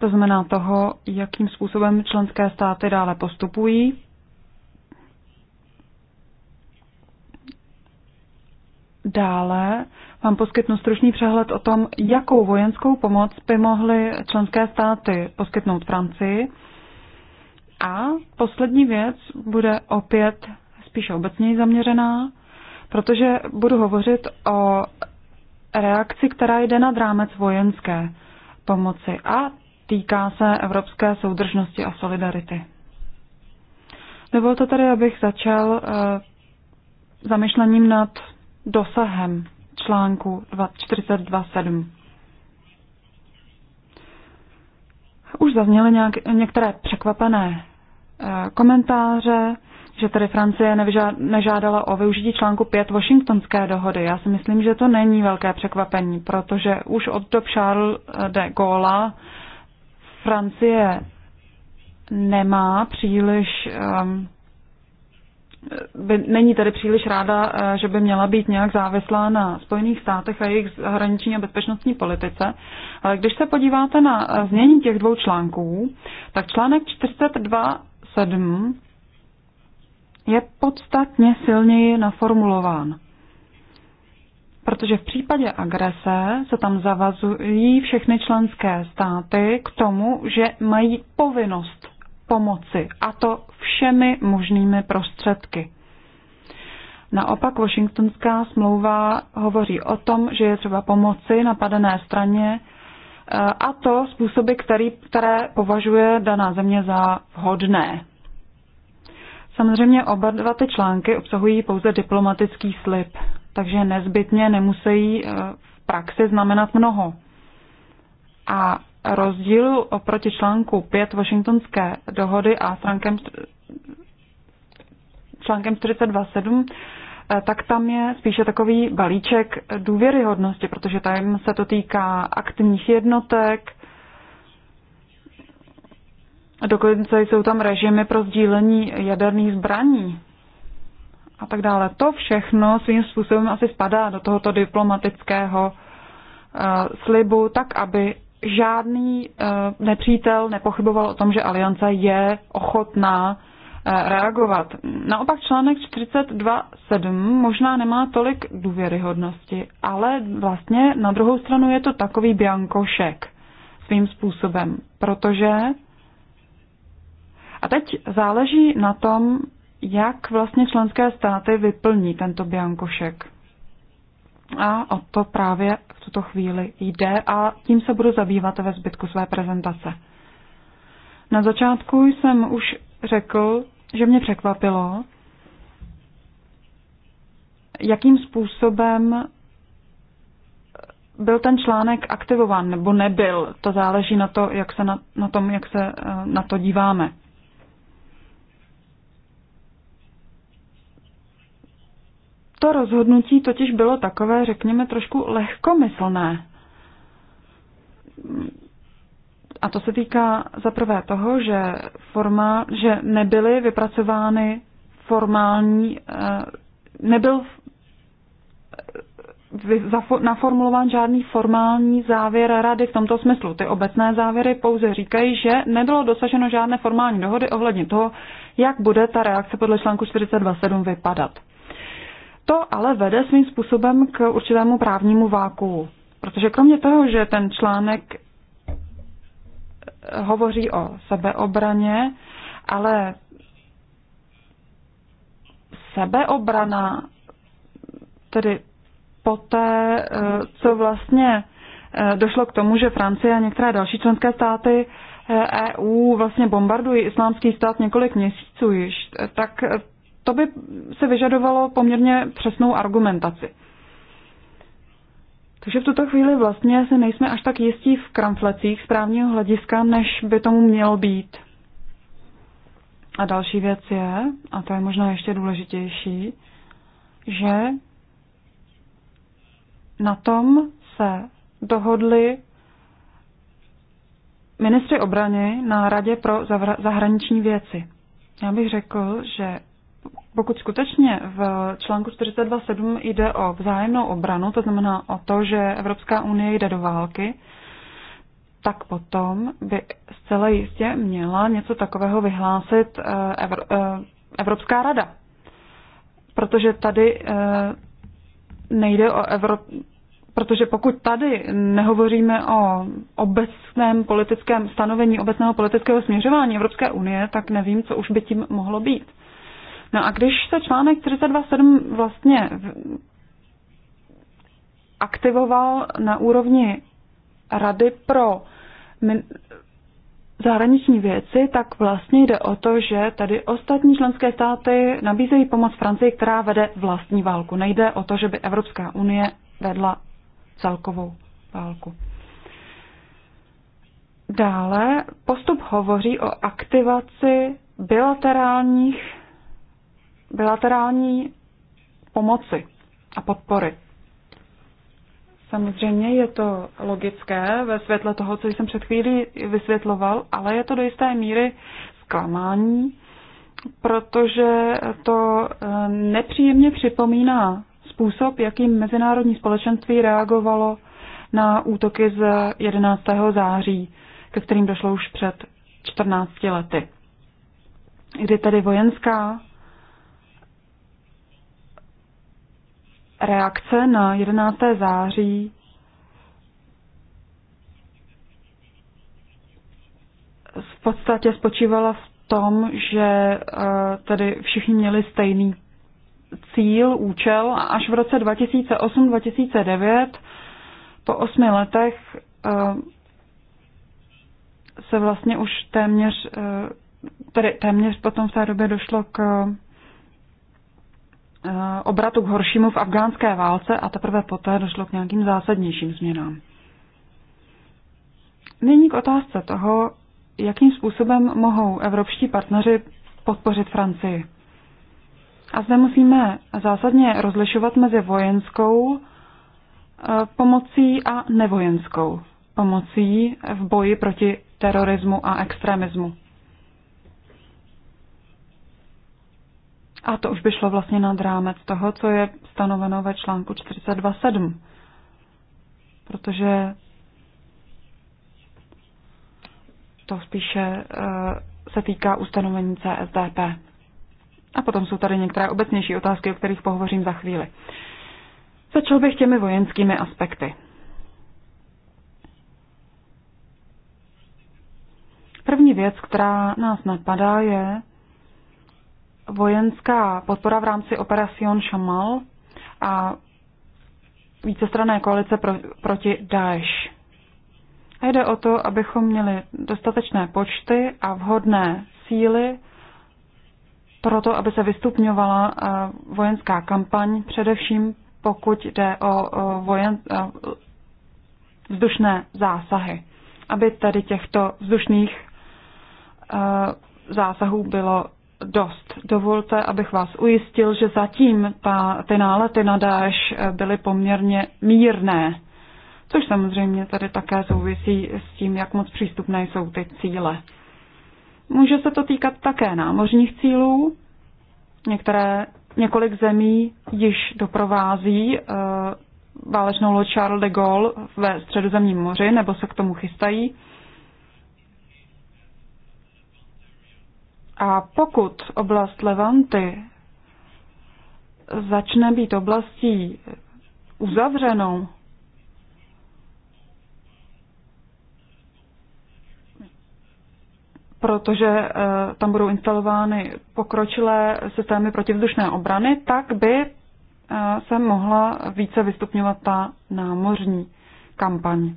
to znamená toho, jakým způsobem členské státy dále postupují Dále vám poskytnu stručný přehled o tom, jakou vojenskou pomoc by mohly členské státy poskytnout Francii. A poslední věc bude opět spíše obecněji zaměřená, protože budu hovořit o reakci, která jde nad rámec vojenské pomoci a týká se evropské soudržnosti a solidarity. Dovolte tedy, abych začal eh, zamyšlením nad dosahem článku 42.7. Už zazněly nějak, některé překvapené e, komentáře, že tady Francie nežádala o využití článku 5 Washingtonské dohody. Já si myslím, že to není velké překvapení, protože už od dob Charles eh, de Gaulle Francie nemá příliš um, by, není tedy příliš ráda, eh, že by měla být nějak závislá na Spojených státech a jejich zahraniční a bezpečnostní politice. Ale když se podíváte na eh, změní těch dvou článků, tak článek 42.7 je podstatně silněji naformulován. Protože v případě agrese se tam zavazují všechny členské státy k tomu, že mají povinnost pomoci, a to všemi možnými prostředky. Naopak Washingtonská smlouva hovoří o tom, že je třeba pomoci napadené straně eh, a to způsoby, který, které považuje daná země za vhodné. Samozřejmě oba dva ty články obsahují pouze diplomatický slib, takže nezbytně nemusí eh, v praxi znamenat mnoho. A rozdílu oproti článku 5 Washingtonské dohody a článkem, článkem 42.7, eh, tak tam je spíše takový balíček důvěryhodnosti, protože tam se to týká aktivních jednotek, dokonce jsou tam režimy pro sdílení jaderných zbraní a tak dále. To všechno svým způsobem asi spadá do tohoto diplomatického eh, slibu, tak aby žádný eh, nepřítel nepochyboval o tom, že aliance je ochotná eh, reagovat. Naopak článek 42.7 možná nemá tolik důvěryhodnosti, ale vlastně na druhou stranu je to takový biankošek svým způsobem, protože a teď záleží na tom, jak vlastně členské státy vyplní tento biankošek. A o to právě v tuto chvíli jde a tím se budu zabývat ve zbytku své prezentace. Na začátku jsem už řekl, že mě překvapilo, jakým způsobem byl ten článek aktivován nebo nebyl. To záleží na, to, jak se na, na tom, jak se eh, na to díváme. to rozhodnutí totiž bylo takové, řekněme, trošku lehkomyslné. A to se týká zaprvé toho, že, forma, že nebyly vypracovány formální, eh, nebyl eh, naformulován žádný formální závěr rady v tomto smyslu. Ty obecné závěry pouze říkají, že nebylo dosaženo žádné formální dohody ohledně toho, jak bude ta reakce podle článku 42.7 vypadat. To ale vede svým způsobem k určitému právnímu váku. Protože kromě toho, že ten článek eh, hovoří o sebeobraně, ale sebeobrana, tedy poté, eh, co vlastně eh, došlo k tomu, že Francie a některé další členské státy EU e vlastně bombardují islámský stát několik měsíců již, tak to by se vyžadovalo poměrně přesnou argumentaci. Takže v tuto chvíli vlastně se nejsme až tak jistí v kramflecích správního právního hlediska, než by tomu mělo být. A další věc je, a to je možná ještě důležitější, že na tom se dohodli ministři obrany na Radě pro zahraniční věci. Já bych řekl, že pokud skutečně v článku 42.7 jde o vzájemnou obranu, to znamená o to, že Evropská unie jde do války, tak potom by zcela jistě měla něco takového vyhlásit eh, eh, Evropská rada. Protože tady eh, nejde o Evropu. Protože pokud tady nehovoříme o obecném politickém stanovení, obecného politického směřování Evropské unie, tak nevím, co už by tím mohlo být. No a když se článek 42.7 vlastně aktivoval na úrovni Rady pro zahraniční věci, tak vlastně jde o to, že tady ostatní členské státy nabízejí pomoc Francii, která vede vlastní válku. Nejde o to, že by Evropská unie vedla celkovou válku. Dále postup hovoří o aktivaci bilaterálních bilaterální pomoci a podpory. Samozřejmě je to logické ve světle toho, co jsem před chvílí vysvětloval, ale je to do jisté míry zklamání, protože to eh, nepříjemně připomíná způsob, jakým mezinárodní společenství reagovalo na útoky z 11. září, ke kterým došlo už před 14 lety, kdy tedy vojenská reakce na 11. září v podstatě spočívala v tom, že eh, tedy všichni měli stejný cíl, účel a až v roce 2008-2009 po osmi letech eh, se vlastně už téměř, eh, tedy téměř potom v té době došlo k Eh, obratu k horšímu v afgánské válce a teprve poté došlo k nějakým zásadnějším změnám. Nyní k otázce toho, jakým způsobem mohou evropští partneři podpořit Francii. A zde musíme zásadně rozlišovat mezi vojenskou eh, pomocí a nevojenskou pomocí v boji proti terorismu a extremismu. A to už by šlo vlastně nad rámec toho, co je stanoveno ve článku 42.7. Protože to spíše eh, se týká ustanovení CSDP. A potom jsou tady některé obecnější otázky, o kterých pohovořím za chvíli. Začal bych těmi vojenskými aspekty. První věc, která nás napadá, je, vojenská podpora v rámci Operacion Shamal a vícestranné koalice pro, proti Daesh. A jde o to, abychom měli dostatečné počty a vhodné síly pro to, aby se vystupňovala eh, vojenská kampaň, především pokud jde o vojen, eh, vzdušné zásahy. Aby tady těchto vzdušných eh, zásahů bylo dost. Dovolte, abych vás ujistil, že zatím ta, ty nálety na Dáš eh, byly poměrně mírné, což samozřejmě tady také souvisí s tím, jak moc přístupné jsou ty cíle. Může se to týkat také námořních cílů. Některé, několik zemí již doprovází e, válečnou loď Charles de Gaulle ve středozemním moři, nebo se k tomu chystají. A pokud oblast Levanty začne být oblastí uzavřenou, protože eh, tam budou instalovány pokročilé systémy protivzdušné obrany, tak by eh, se mohla více vystupňovat ta námořní kampaň.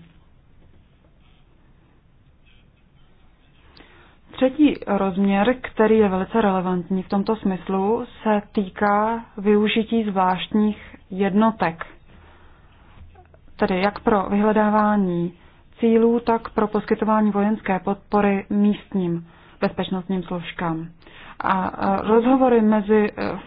Třetí rozměr, který je velice relevantní v tomto smyslu, se týká využití zvláštních jednotek, tedy jak pro vyhledávání cílů, tak pro poskytování vojenské podpory místním bezpečnostním složkám. A e, rozhovory, mezi, e,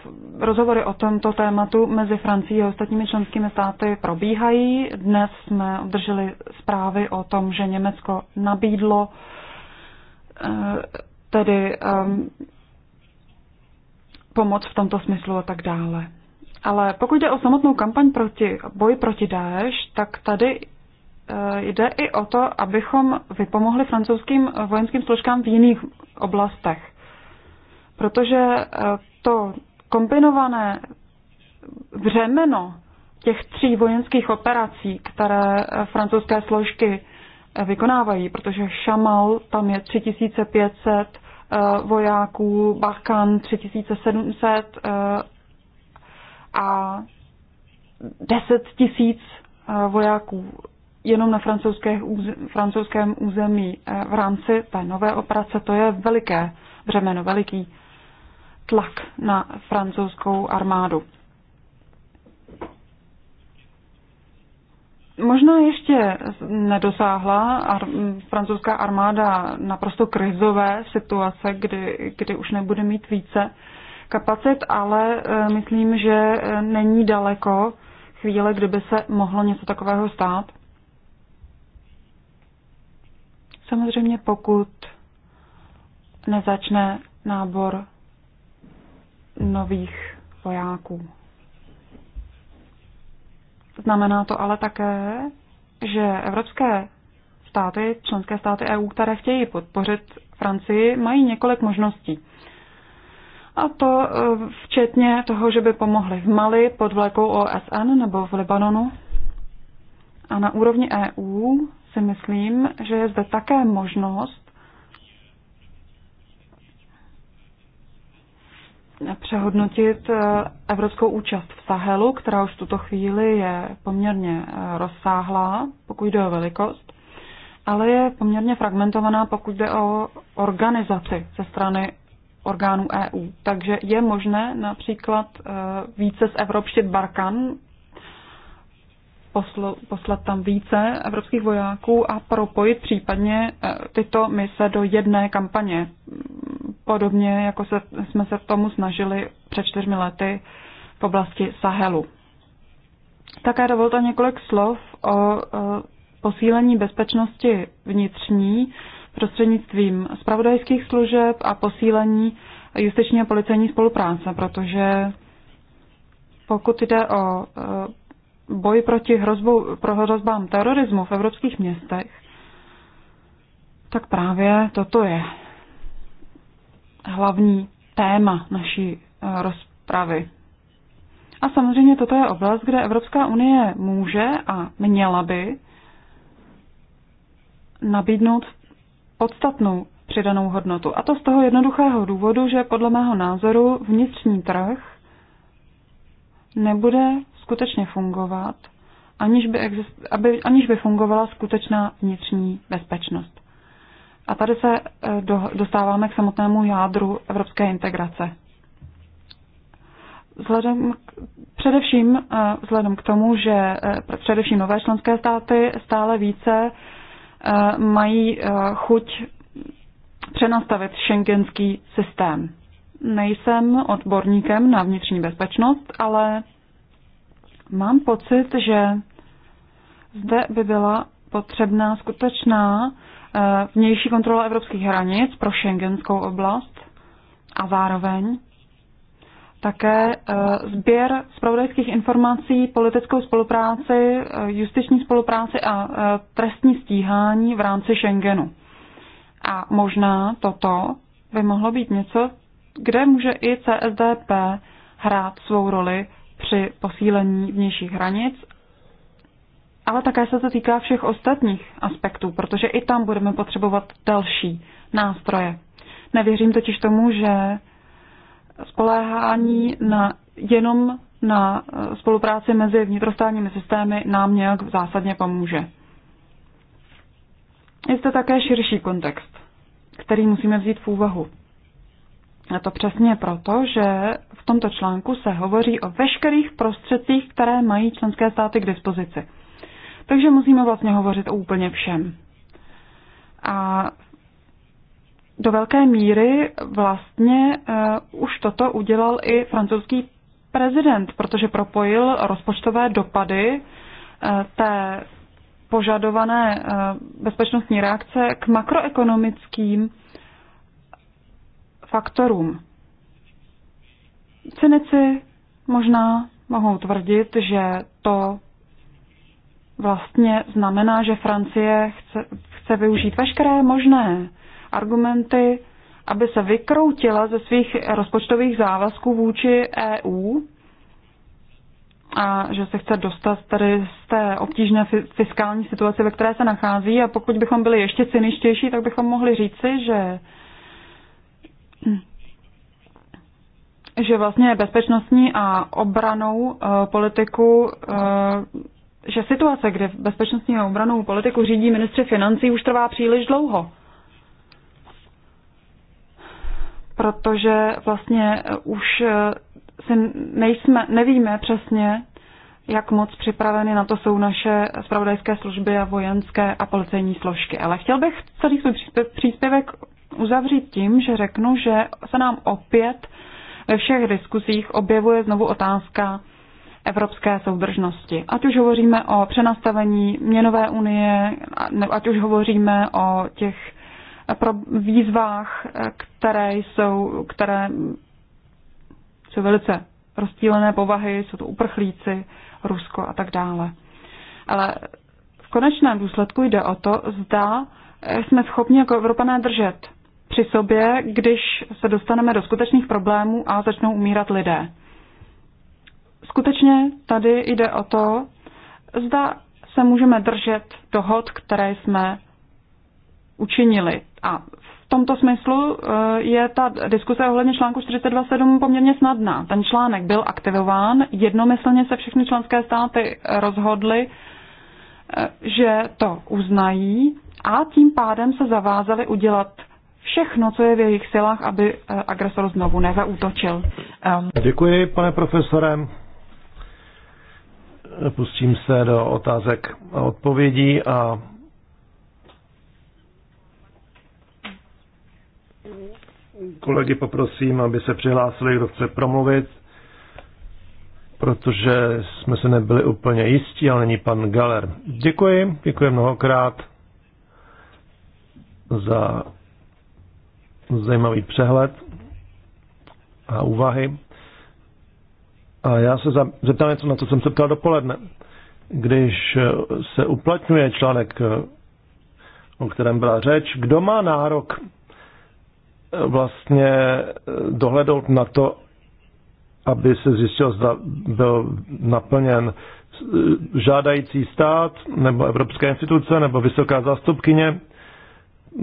rozhovory o tomto tématu mezi Francií a ostatními členskými státy probíhají. Dnes jsme obdrželi zprávy o tom, že Německo nabídlo uh, Eh, tedy pomoc v tomto smyslu a tak dále. Ale pokud jde o samotnou kampaň proti boji proti Daesh, tak tady eh, jde i o to, abychom vypomohli francouzským vojenským složkám v jiných oblastech. Protože eh, to kombinované břemeno těch tří vojenských operací, které francouzské složky vykonávají, protože Šamal tam je 3500 eh, vojáků, Bakan 3700 eh, a 10 tisíc eh, vojáků jenom na francouzském území v rámci té nové operace. To je veliké břemeno, veliký tlak na francouzskou armádu. Možná ještě nedosáhla ar- francouzská armáda naprosto krizové situace, kdy, kdy už nebude mít více kapacit, ale e, myslím, že e, není daleko chvíle, kdyby se mohlo něco takového stát. Samozřejmě pokud nezačne nábor nových vojáků. Znamená to ale také, že evropské státy, členské státy EU, které chtějí podpořit Francii, mají několik možností. A to e, včetně toho, že by pomohli v Mali pod vlekou OSN nebo v Libanonu. A na úrovni EU si myslím, že je zde také možnost přehodnotit eh, evropskou účast v Sahelu, která už v tuto chvíli je poměrně eh, rozsáhlá, pokud jde o velikost, ale je poměrně fragmentovaná, pokud jde o organizaci ze strany orgánů EU. Takže je možné například eh, více zevropštit Barkan, poslo, poslat tam více evropských vojáků a propojit případně eh, tyto mise do jedné kampaně. Podobně jako se, jsme se tomu snažili před čtyřmi lety v oblasti Sahelu. Také dovolte několik slov o eh, posílení bezpečnosti vnitřní prostřednictvím spravodajských služeb a posílení justiční a policejní spolupráce, protože pokud jde o eh, boji proti hrozbou, pro hrozbám terorismu v evropských městech, tak právě toto je hlavní téma naší eh, rozpravy. A samozřejmě toto je oblast, kde Evropská unie může a měla by nabídnout podstatnou přidanou hodnotu. A to z toho jednoduchého důvodu, že podle mého názoru vnitřní trh nebude skutečně fungovat, aniž by, exist, aby, aniž by fungovala skutečná vnitřní bezpečnost. A tady se eh, do, dostáváme k samotnému jádru evropské integrace. Vzhledem k, především eh, vzhledem k tomu, že eh, především nové členské státy stále více mají chuť přenastavit šengenský systém. Nejsem odborníkem na vnitřní bezpečnost, ale Mám pocit, že zde by byla potřebná skutečná eh, vnější kontrola evropských hranic pro šengenskou oblast a zároveň také eh, sběr zpravodajských informací, politickou spolupráci, eh, justiční spolupráci a trestní stíhání v rámci Schengenu. A možná toto by mohlo být něco, kde může i CSDP hrát svou roli při posílení vnějších hranic, ale také se to týká všech ostatních aspektů, protože i tam budeme potřebovat další nástroje. Nevěřím totiž tomu, že spoléhání na, jenom na eh, spolupráci mezi vnitrostátními systémy nám nějak zásadně pomůže. Je to také širší kontext, který musíme vzít v úvahu. A to přesně proto, že v tomto článku se hovoří o veškerých prostředcích, které mají členské státy k dispozici. Takže musíme vlastně hovořit o úplně všem. A do velké míry vlastně uh, už toto udělal i francouzský prezident, protože propojil rozpočtové dopady uh, té požadované uh, bezpečnostní reakce k makroekonomickým faktorům. Cynici možná mohou tvrdit, že to vlastně znamená, že Francie chce, chce využít veškeré možné argumenty, aby se vykroutila ze svých rozpočtových závazků vůči EU a že se chce dostat tady z té obtížné fiskální situace, ve které se nachází. A pokud bychom byli ještě cyničtější, tak bychom mohli říci, že že vlastně bezpečnostní a obranou eh, politiku eh, že situace, kde bezpečnostní a obranou politiku řídí ministři financí, už trvá příliš dlouho. Protože vlastně eh, už si nejsme, nevíme přesně, jak moc připraveny na to jsou naše spravodajské služby a vojenské a policejní složky. Ale chtěl bych celý svůj příspěvek uzavřít tím, že řeknu, že se nám opět ve všech diskuzích objevuje znovu otázka evropské soudržnosti. Ať už hovoříme o přenastavení měnové unie, ať už hovoříme o těch výzvách, které jsou, které jsou velice rozstílené povahy, jsou to uprchlíci, Rusko a tak dále. Ale v konečném důsledku jde o to, zda jsme schopni jako Evropané držet při sobě, když se dostaneme do skutečných problémů a začnou umírat lidé. Skutečně tady jde o to, zda se můžeme držet dohod, které jsme učinili. A v tomto smyslu eh, je ta diskuse ohledně článku 42.7 poměrně snadná. Ten článek byl aktivován, jednomyslně se všechny členské státy rozhodly, eh, že to uznají a tím pádem se zavázali udělat všechno, co je v jejich silách, aby eh, agresor znovu nezautočil. Děkuji, pane profesore. Pustím se do otázek a odpovědí a kolegy poprosím, aby se přihlásili, kdo chce promluvit, protože jsme se nebyli úplně jistí, ale není pan Galer. Děkuji, děkuji mnohokrát za zajímavý přehled a úvahy. A já se zeptám něco, na co jsem se ptal dopoledne. Když eh, se uplatňuje článek, eh, o kterém byla řeč, kdo má nárok eh, vlastně dohledout na to, aby se zjistil, zda byl naplněn žádající stát nebo evropské instituce nebo vysoká zástupkyně,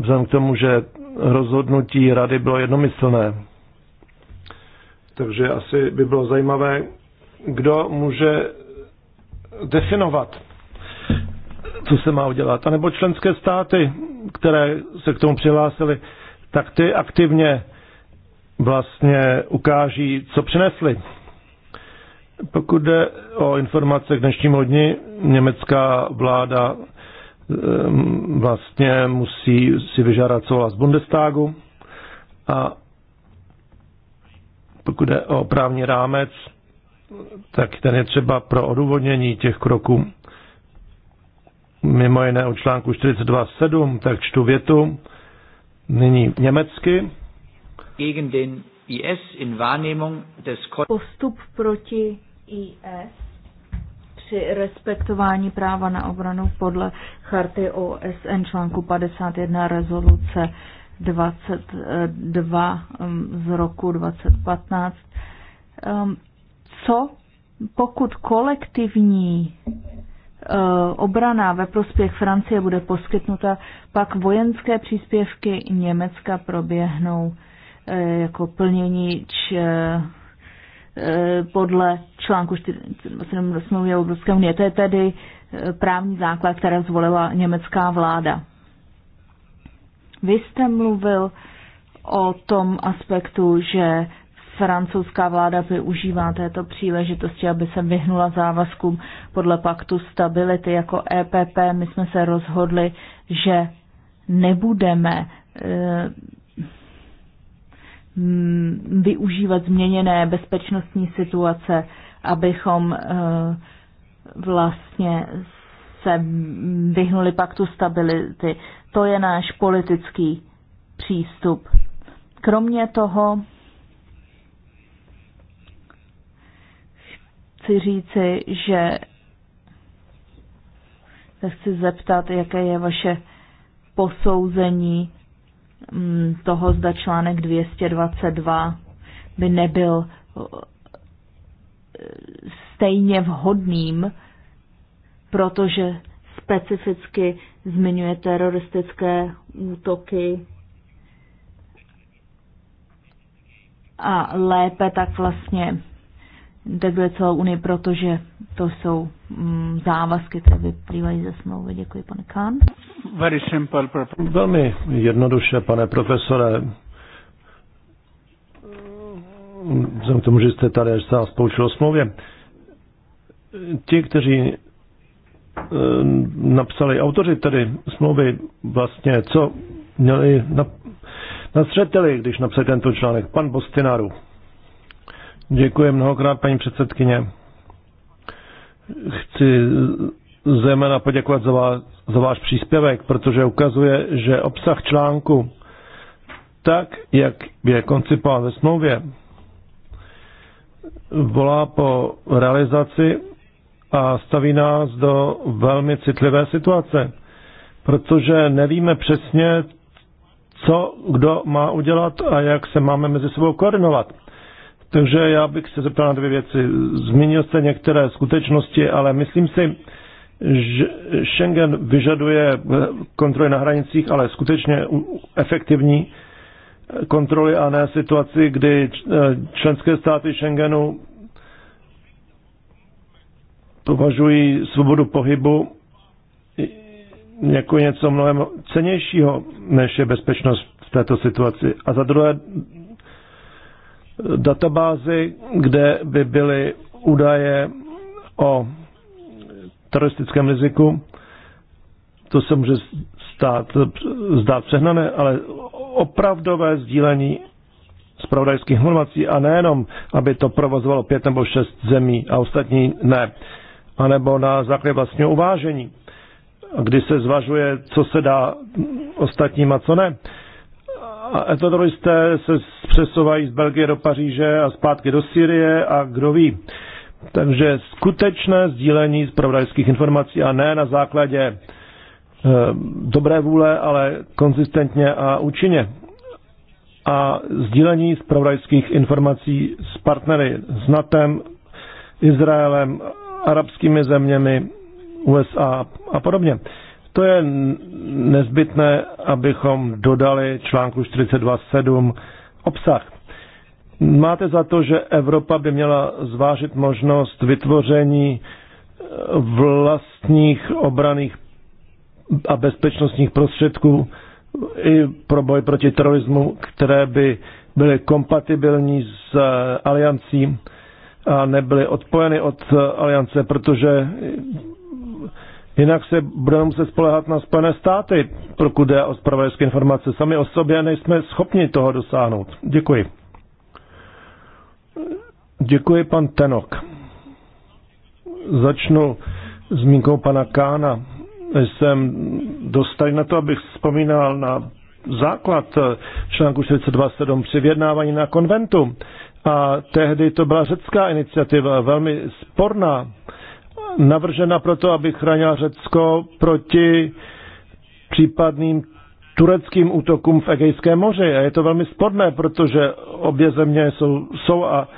vzhledem k tomu, že rozhodnutí rady bylo jednomyslné. Takže asi by bylo zajímavé, kdo může definovat, co se má udělat. A nebo členské státy, které se k tomu přihlásily, tak ty aktivně vlastně ukáží, co přinesli. Pokud jde o informace k dnešnímu dni, německá vláda Ehm, vlastně musí si vyžádat souhlas Bundestagu a pokud je o právní rámec, tak ten je třeba pro odůvodnění těch kroků. Mimo jiné u článku 42.7, tak čtu větu nyní německy. Gegen den IS in Wahrnehmung des Postup proti IS při respektování práva na obranu podle charty OSN článku 51 rezoluce 22 um, z roku 2015. Um, co pokud kolektivní uh, obrana ve prospěch Francie bude poskytnuta, pak vojenské příspěvky Německa proběhnou eh, jako plnění či Eh, podle článku 47 Evropské unie. To je tedy eh, právní základ, které zvolila německá vláda. Vy jste mluvil o tom aspektu, že francouzská vláda využívá této příležitosti, aby se vyhnula závazkům podle paktu stability. Jako EPP my jsme se rozhodli, že nebudeme eh, Mm, využívat změněné bezpečnostní situace, abychom eh, vlastně se vyhnuli paktu stability. To je náš politický přístup. Kromě toho chci říci, že se chci zeptat, jaké je vaše posouzení Mm, toho, zda článek 222 by nebyl eh, stejně vhodným, protože specificky zmiňuje teroristické útoky a lépe tak vlastně integruje celou Unii, protože to jsou mm, závazky, které vyplývají ze smlouvy. Děkuji, pane Kahn. Very simple Velmi jednoduše, pane profesore. Vzhledem k tomu, že jste tady, až se nás poučil o smlouvě. Ti, kteří eh, napsali autoři tedy smlouvy vlastně, co měli na, na střeteli, když napsali tento článek. Pan Bostinaru. Děkuji mnohokrát, paní předsedkyně. Chci eh, zejména poděkovat za vás, za váš příspěvek, protože ukazuje, že obsah článku tak, jak je koncipován ve smlouvě, volá po realizaci a staví nás do velmi citlivé situace, protože nevíme přesně, co kdo má udělat a jak se máme mezi sebou koordinovat. Takže já bych se zeptal na dvě věci. Zmínil jste některé skutečnosti, ale myslím si, Schengen vyžaduje eh, kontroly na hranicích, ale skutečně efektivní kontroly a ne situaci, kdy eh, členské státy Schengenu považují svobodu pohybu jako něco mnohem cenějšího, než je bezpečnost v této situaci. A za druhé, databázy, kde by byly údaje o teroristickém riziku. To se může stát, zdát přehnané, ale opravdové sdílení zpravodajských informací a nejenom, aby to provozovalo pět nebo šest zemí a ostatní ne, anebo na základě vlastního uvážení, kdy se zvažuje, co se dá ostatním a co ne. A etodoristé se přesouvají z Belgie do Paříže a zpátky do Syrie a kdo ví, takže skutečné sdílení zpravodajských informací a ne na základě eh, dobré vůle, ale konzistentně a účinně. A sdílení zpravodajských informací s partnery, s NATEM, Izraelem, arabskými zeměmi, USA a podobně. To je nezbytné, abychom dodali článku 42.7 obsah. Máte za to, že Evropa by měla zvážit možnost vytvoření eh, vlastních obraných a bezpečnostních prostředků i pro boj proti terorismu, které by byly kompatibilní s eh, aliancí a nebyly odpojeny od eh, aliance, protože jinak se budeme muset spolehat na Spojené státy, pokud jde o spravodajské informace. Sami o sobě nejsme schopni toho dosáhnout. Děkuji. Děkuji, pan Tenok. Začnu zmínkou pana Kána. Jsem dostal na to, abych vzpomínal na základ článku 42.7 při vyjednávání na konventu. A tehdy to byla řecká iniciativa, velmi sporná, navržena proto, aby chránila Řecko proti případným tureckým útokům v Egejském moři. A je to velmi sporné, protože obě země jsou, jsou a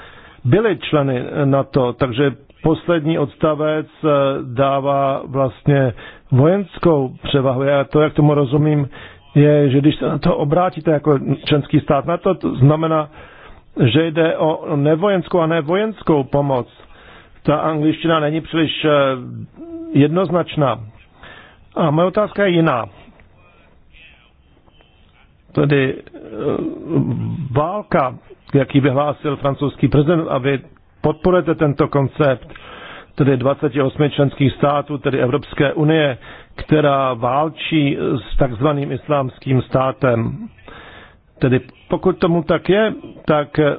byly členy NATO, takže poslední odstavec eh, dává vlastně vojenskou převahu. Já to, jak tomu rozumím, je, že když se na to obrátíte jako členský stát na to, to znamená, že jde o nevojenskou a nevojenskou pomoc. Ta angličtina není příliš eh, jednoznačná. A moje otázka je jiná tedy eh, válka, jaký vyhlásil francouzský prezident, a vy podporujete tento koncept, tedy 28 členských států, tedy Evropské unie, která válčí s takzvaným islámským státem. Tedy pokud tomu tak je, tak eh,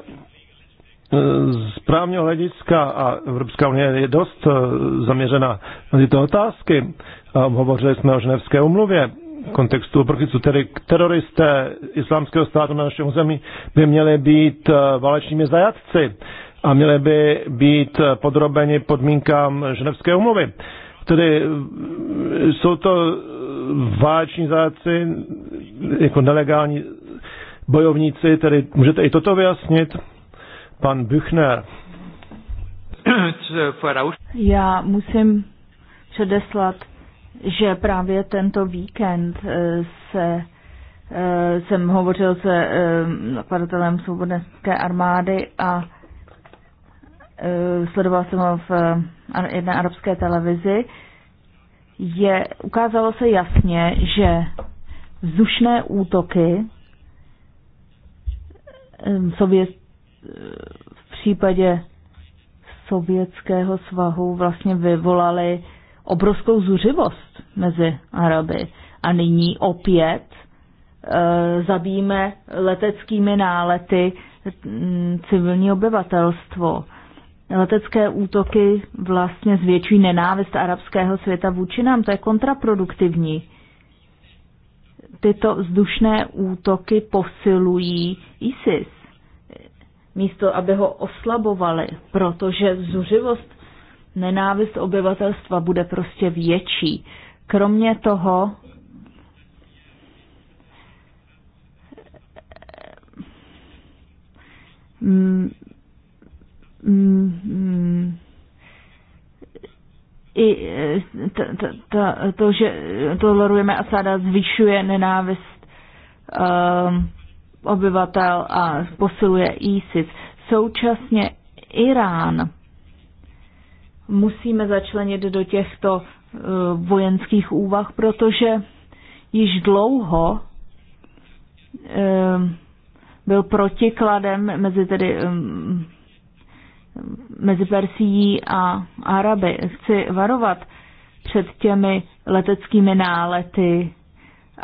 z právního hlediska, a Evropská unie je dost eh, zaměřena na tyto otázky, hovořili jsme o ženevské umluvě, kontextu uprchlíců, tedy teroristé islámského státu na našem území by měli být eh, válečními zajatci a měli by být eh, podrobeni podmínkám ženevské umluvy. Tedy eh, jsou to váleční zajatci, jako nelegální bojovníci, tedy můžete i toto vyjasnit, pan Büchner. [coughs] Já musím předeslat že právě tento víkend eh, se eh, jsem hovořil se eh, zakladatelem svobodné armády a sledoval jsem ho v jedné arabské televizi, je, ukázalo se jasně, že vzdušné útoky sovět, v případě Sovětského svahu vlastně vyvolaly obrovskou zuřivost mezi Araby. A nyní opět e, eh, zabíme leteckými nálety mm, civilní obyvatelstvo. Letecké útoky vlastně zvětšují nenávist arabského světa vůči nám. To je kontraproduktivní. Tyto vzdušné útoky posilují ISIS, místo aby ho oslabovali, protože zuřivost nenávist obyvatelstva bude prostě větší. Kromě toho, mm, mm, i t, t, t, to, že tolerujeme Asada, zvyšuje nenávist um, obyvatel a posiluje ISIS. Současně Irán musíme začlenit do těchto eh, vojenských úvah, protože již dlouho eh, byl protikladem mezi tedy mezi Persií a Araby. Chci varovat před těmi leteckými nálety,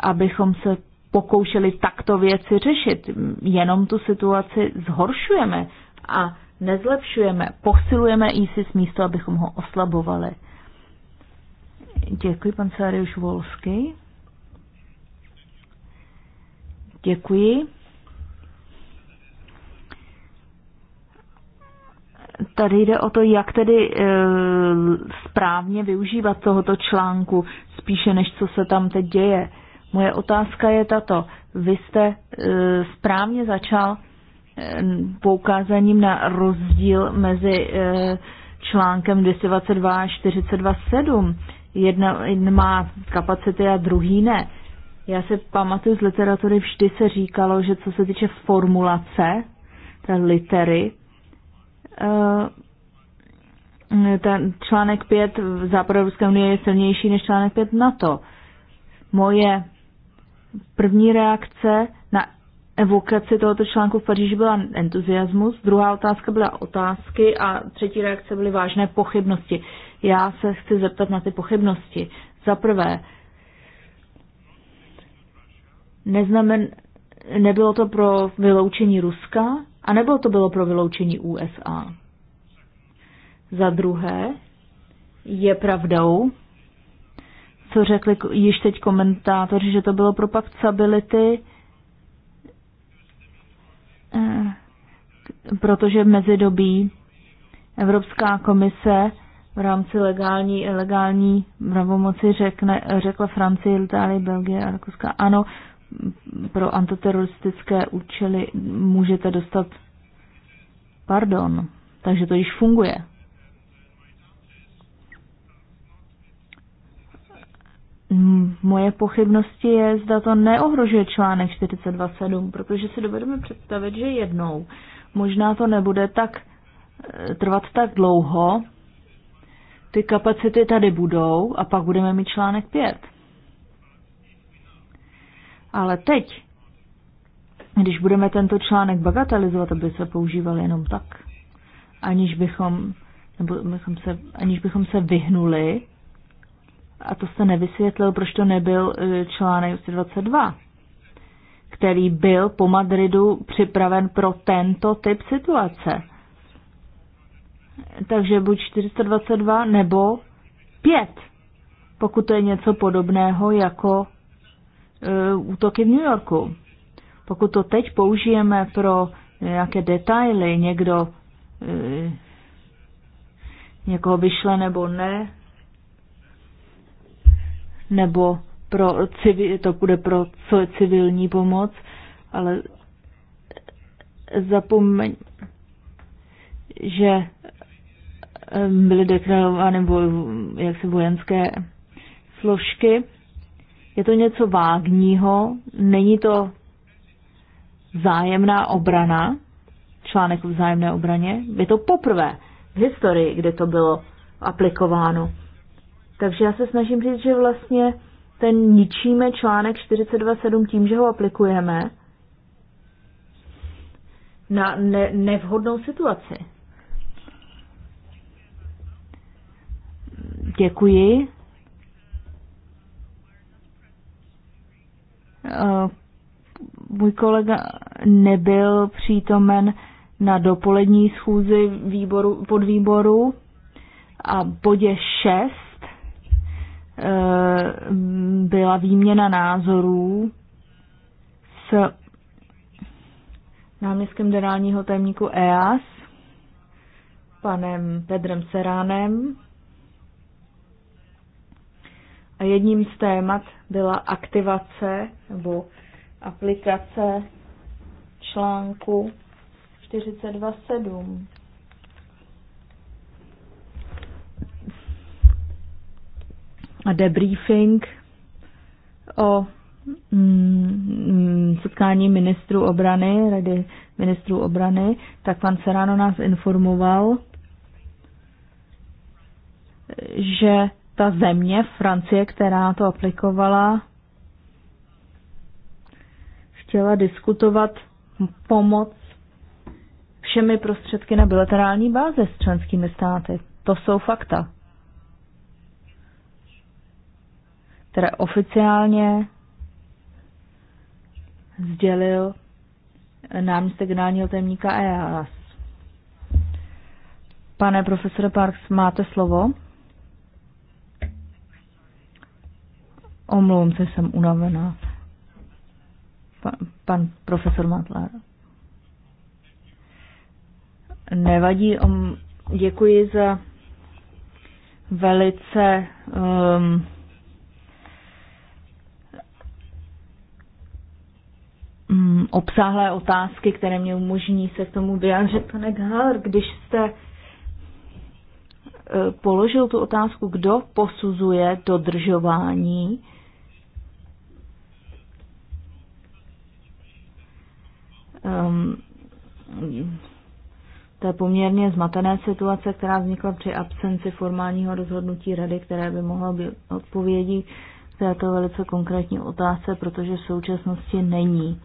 abychom se pokoušeli takto věci řešit. Jenom tu situaci zhoršujeme a nezlepšujeme, posilujeme ISIS místo, abychom ho oslabovali. Děkuji, pan Sáriuš Volsky. Děkuji. Tady jde o to, jak tedy e, správně využívat tohoto článku, spíše než co se tam teď děje. Moje otázka je tato. Vy jste e, správně začal poukázáním na rozdíl mezi eh, článkem 222 a 427. Jedna, má kapacity a druhý ne. Já se pamatuju z literatury, vždy se říkalo, že co se týče formulace, té litery, eh, ten článek 5 v Západoruské unie je silnější než článek 5 NATO. Moje první reakce na evokaci tohoto článku v Paříži byla entuziasmus, druhá otázka byla otázky a třetí reakce byly vážné pochybnosti. Já se chci zeptat na ty pochybnosti. Za prvé, neznamen, nebylo to pro vyloučení Ruska a nebo to bylo pro vyloučení USA? Za druhé, je pravdou, co řekli již teď komentátoři, že to bylo pro pakt stability, Eh, protože v mezidobí Evropská komise v rámci legální legální pravomoci řekne, řekla Francie, Itálie, Belgie a Rakouska, ano, pro antiteroristické účely můžete dostat pardon. Takže to již funguje. Moje pochybnosti je, zda to neohrožuje článek 42.7, protože si dovedeme představit, že jednou možná to nebude tak eh, trvat tak dlouho, ty kapacity tady budou a pak budeme mít článek 5. Ale teď, když budeme tento článek bagatelizovat, aby se používal jenom tak, aniž bychom, nebo bychom se, aniž bychom se vyhnuli a to se nevysvětlil, proč to nebyl e, článek 22, který byl po Madridu připraven pro tento typ situace. Takže buď 422 nebo 5, pokud to je něco podobného jako e, útoky v New Yorku. Pokud to teď použijeme pro nějaké detaily, někdo e, někoho vyšle nebo ne, nebo pro civi, to bude pro civilní pomoc, ale zapomeň, že byly deklarovány jaksi vojenské složky. Je to něco vágního, není to zájemná obrana, článek o vzájemné obraně. Je to poprvé v historii, kde to bylo aplikováno. Takže já se snažím říct, že vlastně ten ničíme článek 42.7 tím, že ho aplikujeme na ne- nevhodnou situaci. Děkuji. Eh, můj kolega nebyl přítomen na dopolední schůzi výboru, podvýboru a bodě 6 Eh, byla výměna názorů s náměstkem generálního tajemníku EAS, panem Pedrem Seránem. A jedním z témat byla aktivace nebo aplikace článku 42.7. debriefing o mm, mm, setkání ministrů obrany, rady ministrů obrany, tak pan Serrano nás informoval, že ta země, Francie, která to aplikovala, chtěla diskutovat pomoc všemi prostředky na bilaterální báze s členskými státy. To jsou fakta. které oficiálně sdělil náměstek generálního tajemníka EAS. Pane profesore Parks, máte slovo? Omlouvám se, jsem unavená. Pan, pan profesor Matlar. Nevadí, om, um, děkuji za velice um, obsáhlé otázky, které mě umožní se k tomu vyjádřit. Pane Gahler, když jste e, položil tu otázku, kdo posuzuje dodržování um, je poměrně zmatené situace, která vznikla při absenci formálního rozhodnutí rady, které by mohlo být odpovědí je této velice konkrétní otázce, protože v současnosti není.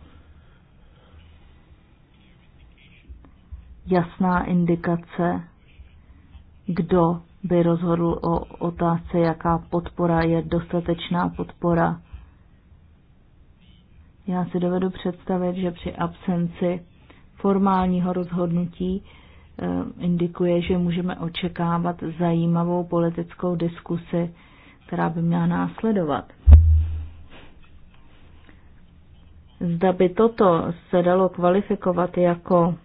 jasná indikace, kdo by rozhodl o otázce, jaká podpora je dostatečná podpora. Já si dovedu představit, že při absenci formálního rozhodnutí eh, indikuje, že můžeme očekávat zajímavou politickou diskusi, která by měla následovat. Zda by toto se dalo kvalifikovat jako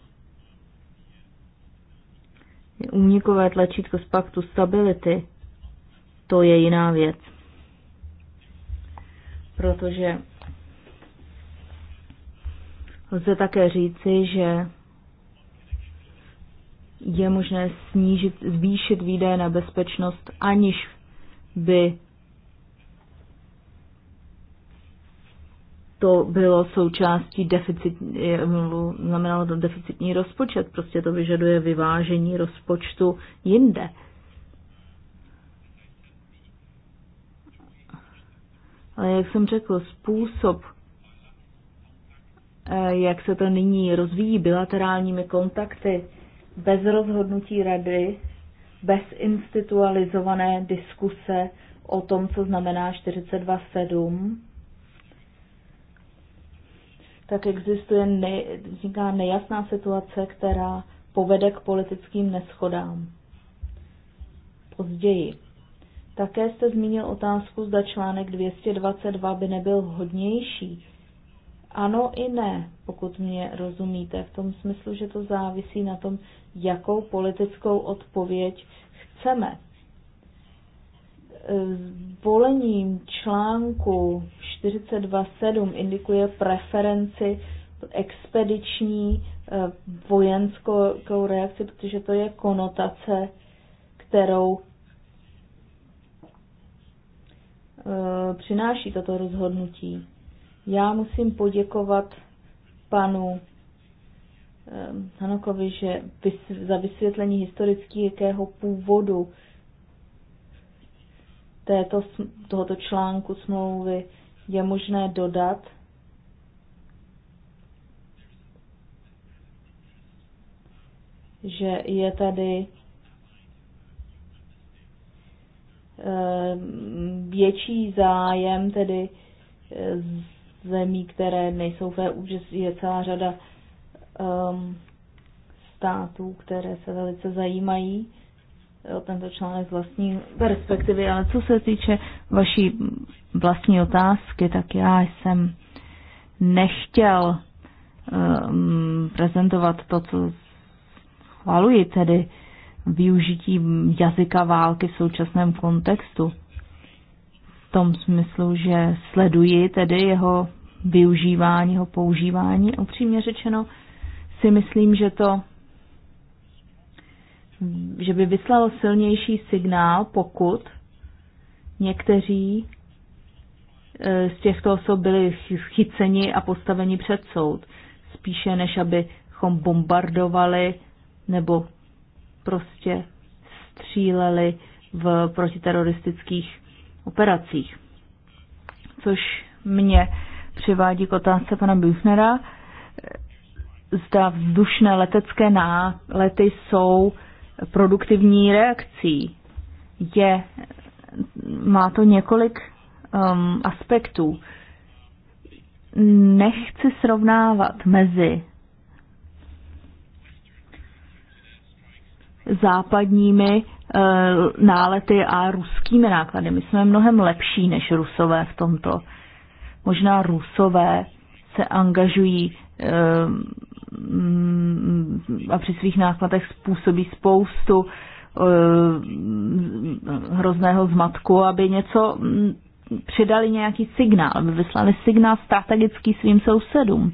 únikové tlačítko z paktu stability, to je jiná věc. Protože lze také říci, že je možné snížit, zvýšit výdaje na bezpečnost, aniž by to bylo součástí deficit, eh, znamenalo to deficitní rozpočet, prostě to vyžaduje vyvážení rozpočtu jinde. Ale jak jsem řekl, způsob, eh, jak se to nyní rozvíjí bilaterálními kontakty, bez rozhodnutí rady, bez institualizované diskuse o tom, co znamená 42.7, tak existuje ne, vzniká nejasná situace, která povede k politickým neschodám. Později. Také jste zmínil otázku, zda článek 222 by nebyl hodnější. Ano i ne, pokud mě rozumíte, v tom smyslu, že to závisí na tom, jakou politickou odpověď chceme. E, zvolením článku 42.7 indikuje preferenci expediční e, vojenskou reakci, protože to je konotace, kterou e, přináší toto rozhodnutí. Já musím poděkovat panu Hanokovi že za vysvětlení historického původu této, tohoto článku smlouvy je možné dodat, že je tady ehm, větší zájem tedy e, zemí, které nejsou v EU, že je celá řada ehm, států, které se velice zajímají o tento článek z vlastní perspektivy, ale co se týče vaší vlastní otázky, tak já jsem nechtěl um, prezentovat to, co chvaluji, tedy využití jazyka války v současném kontextu. V tom smyslu, že sleduji tedy jeho využívání, jeho používání. Upřímně řečeno si myslím, že to že by vyslal silnější signál, pokud někteří eh, z těchto osob byli chyceni a postaveni před soud, spíše než abychom bombardovali nebo prostě stříleli v protiteroristických operacích. Což mě přivádí k otázce pana Büchnera. Zda vzdušné letecké nálety jsou produktivní reakcí. Je, má to několik um, aspektů. Nechci srovnávat mezi západními uh, nálety a ruskými náklady. My jsme mnohem lepší než rusové v tomto. Možná rusové se angažují uh, Mm, a při svých nákladech způsobí spoustu eh, hrozného zmatku, aby něco mm, přidali nějaký signál, aby vyslali signál strategický svým sousedům.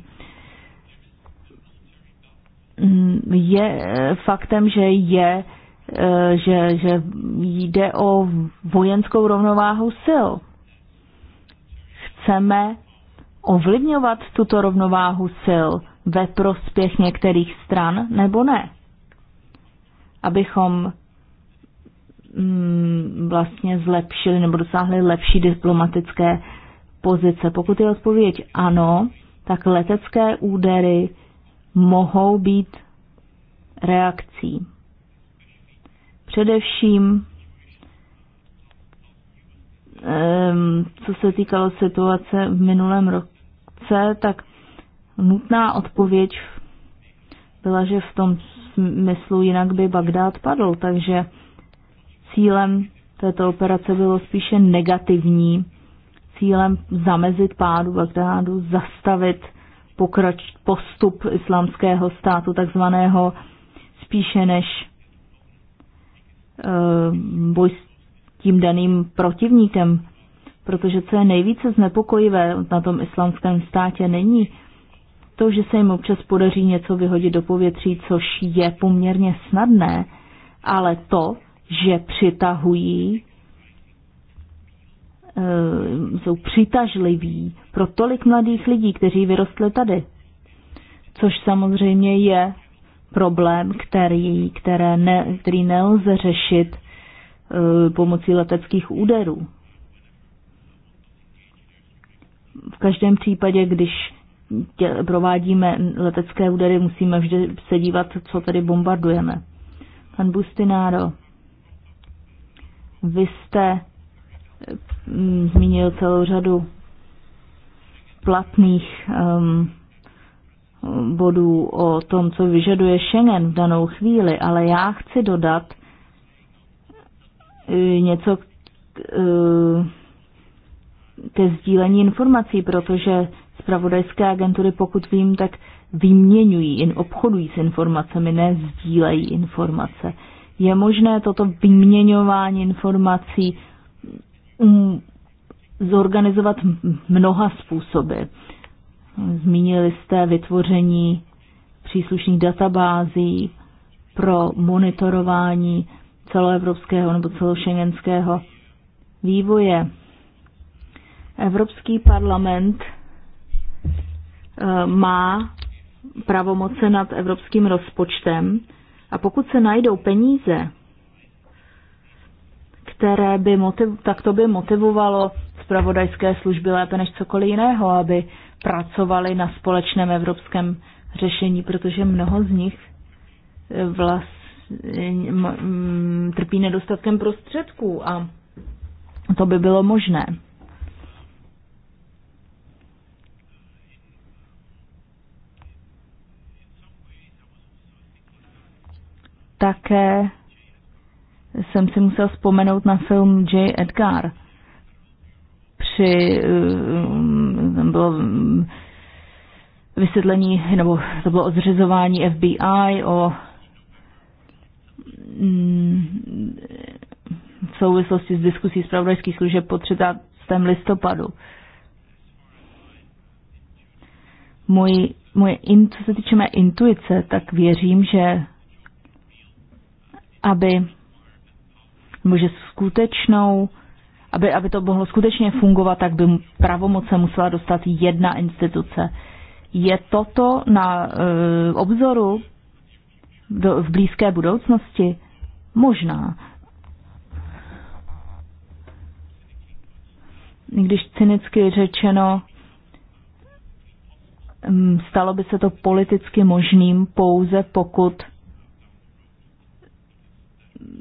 Mm, je eh, faktem, že je, eh, že, že jde o vojenskou rovnováhu sil. Chceme ovlivňovat tuto rovnováhu sil ve prospěch některých stran nebo ne. Abychom mm, vlastně zlepšili nebo dosáhli lepší diplomatické pozice. Pokud je odpověď ano, tak letecké údery mohou být reakcí. Především, co se týkalo situace v minulém roce, tak nutná odpověď byla, že v tom smyslu jinak by Bagdád padl, takže cílem této operace bylo spíše negativní, cílem zamezit pádu Bagdádu, zastavit pokrač, postup islámského státu takzvaného spíše než e, boj s tím daným protivníkem. Protože co je nejvíce znepokojivé na tom islámském státě není to, že se jim občas podaří něco vyhodit do povětří, což je poměrně snadné, ale to, že přitahují, eh, jsou přitažliví pro tolik mladých lidí, kteří vyrostli tady. Což samozřejmě je problém, který, které ne, který nelze řešit eh, pomocí leteckých úderů. V každém případě, když tě, provádíme letecké údery, musíme vždy se dívat, co tady bombardujeme. Pan Bustináro, vy jste mm, zmínil celou řadu platných um, bodů o tom, co vyžaduje Schengen v danou chvíli, ale já chci dodat uh, něco k, uh, ke sdílení informací, protože Spravodajské agentury, pokud vím, tak vyměňují, in obchodují s informacemi, ne sdílejí informace. Je možné toto vyměňování informací mm, zorganizovat mnoha způsoby. Zmínili jste vytvoření příslušných databází pro monitorování celoevropského nebo celošengenského vývoje. Evropský parlament má pravomoce nad evropským rozpočtem a pokud se najdou peníze, které by motiv, tak to by motivovalo zpravodajské služby lépe než cokoliv jiného, aby pracovali na společném evropském řešení, protože mnoho z nich vlastně trpí nedostatkem prostředků a to by bylo možné. také jsem si musel vzpomenout na film J. Edgar. Při, eh, tam bylo mm, vysvětlení, nebo to bylo o zřizování FBI, o mm, v souvislosti s diskusí zpravodajských služeb po 30. listopadu. Můj, moje co se týče mé intuice, tak věřím, že aby může skutečnou, aby, aby to mohlo skutečně fungovat, tak by pravomoce musela dostat jedna instituce. Je toto na uh, obzoru do, v blízké budoucnosti? Možná. Když cynicky řečeno, stalo by se to politicky možným pouze pokud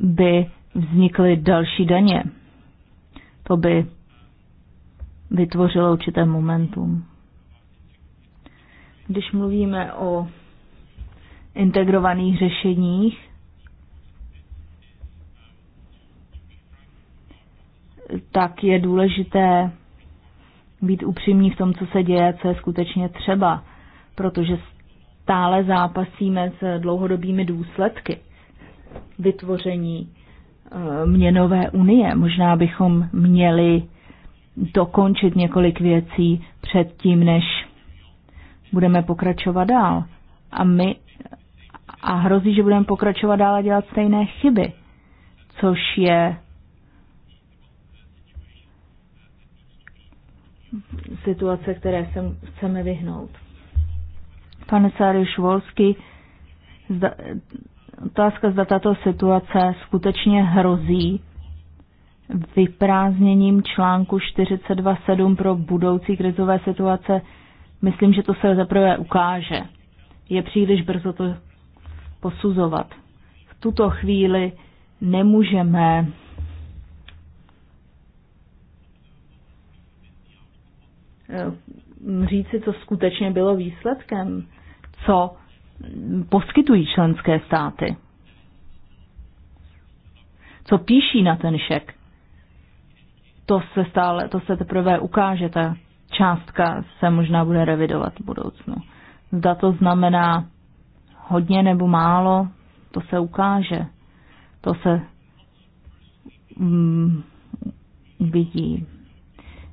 by vznikly další daně. To by vytvořilo určité momentum. Když mluvíme o integrovaných řešeních, tak je důležité být upřímní v tom, co se děje, co je skutečně třeba, protože stále zápasíme s dlouhodobými důsledky vytvoření eh, měnové unie. Možná bychom měli dokončit několik věcí před tím, než budeme pokračovat dál. A my a hrozí, že budeme pokračovat dál a dělat stejné chyby, což je situace, které se chceme vyhnout. Pane Sáriš Volsky, Otázka, zda tato situace skutečně hrozí vyprázdněním článku 42.7 pro budoucí krizové situace, myslím, že to se zaprvé ukáže. Je příliš brzo to posuzovat. V tuto chvíli nemůžeme říci, co skutečně bylo výsledkem, co poskytují členské státy. Co píší na ten šek? To se stále, to se teprve ukáže, ta částka se možná bude revidovat v budoucnu. Zda to znamená hodně nebo málo, to se ukáže. To se mm, vidí.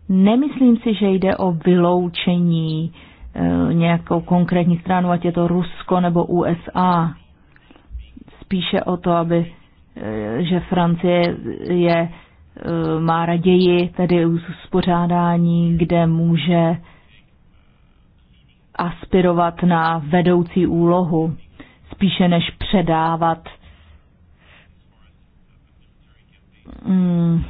Nemyslím si, že jde o vyloučení uh, Eh, nějakou konkrétní stranu, ať je to Rusko nebo USA. Spíše o to, aby eh, že Francie je, eh, má raději tedy uspořádání, kde může aspirovat na vedoucí úlohu, spíše než předávat tady hmm.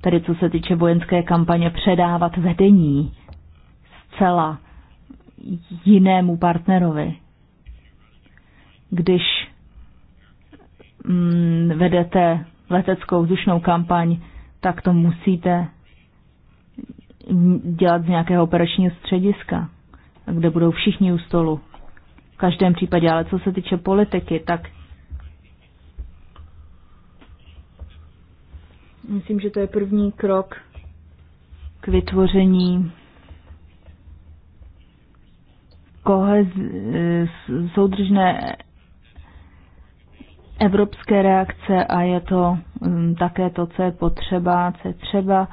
tedy co se týče vojenské kampaně, předávat vedení zcela jinému partnerovi. Když mm, vedete leteckou vzdušnou kampaň, tak to musíte dělat z nějakého operačního střediska, kde budou všichni u stolu. V každém případě, ale co se týče politiky, tak myslím, že to je první krok k vytvoření kohez, eh, soudržné evropské reakce a je to mm, také to, co je potřeba, co je třeba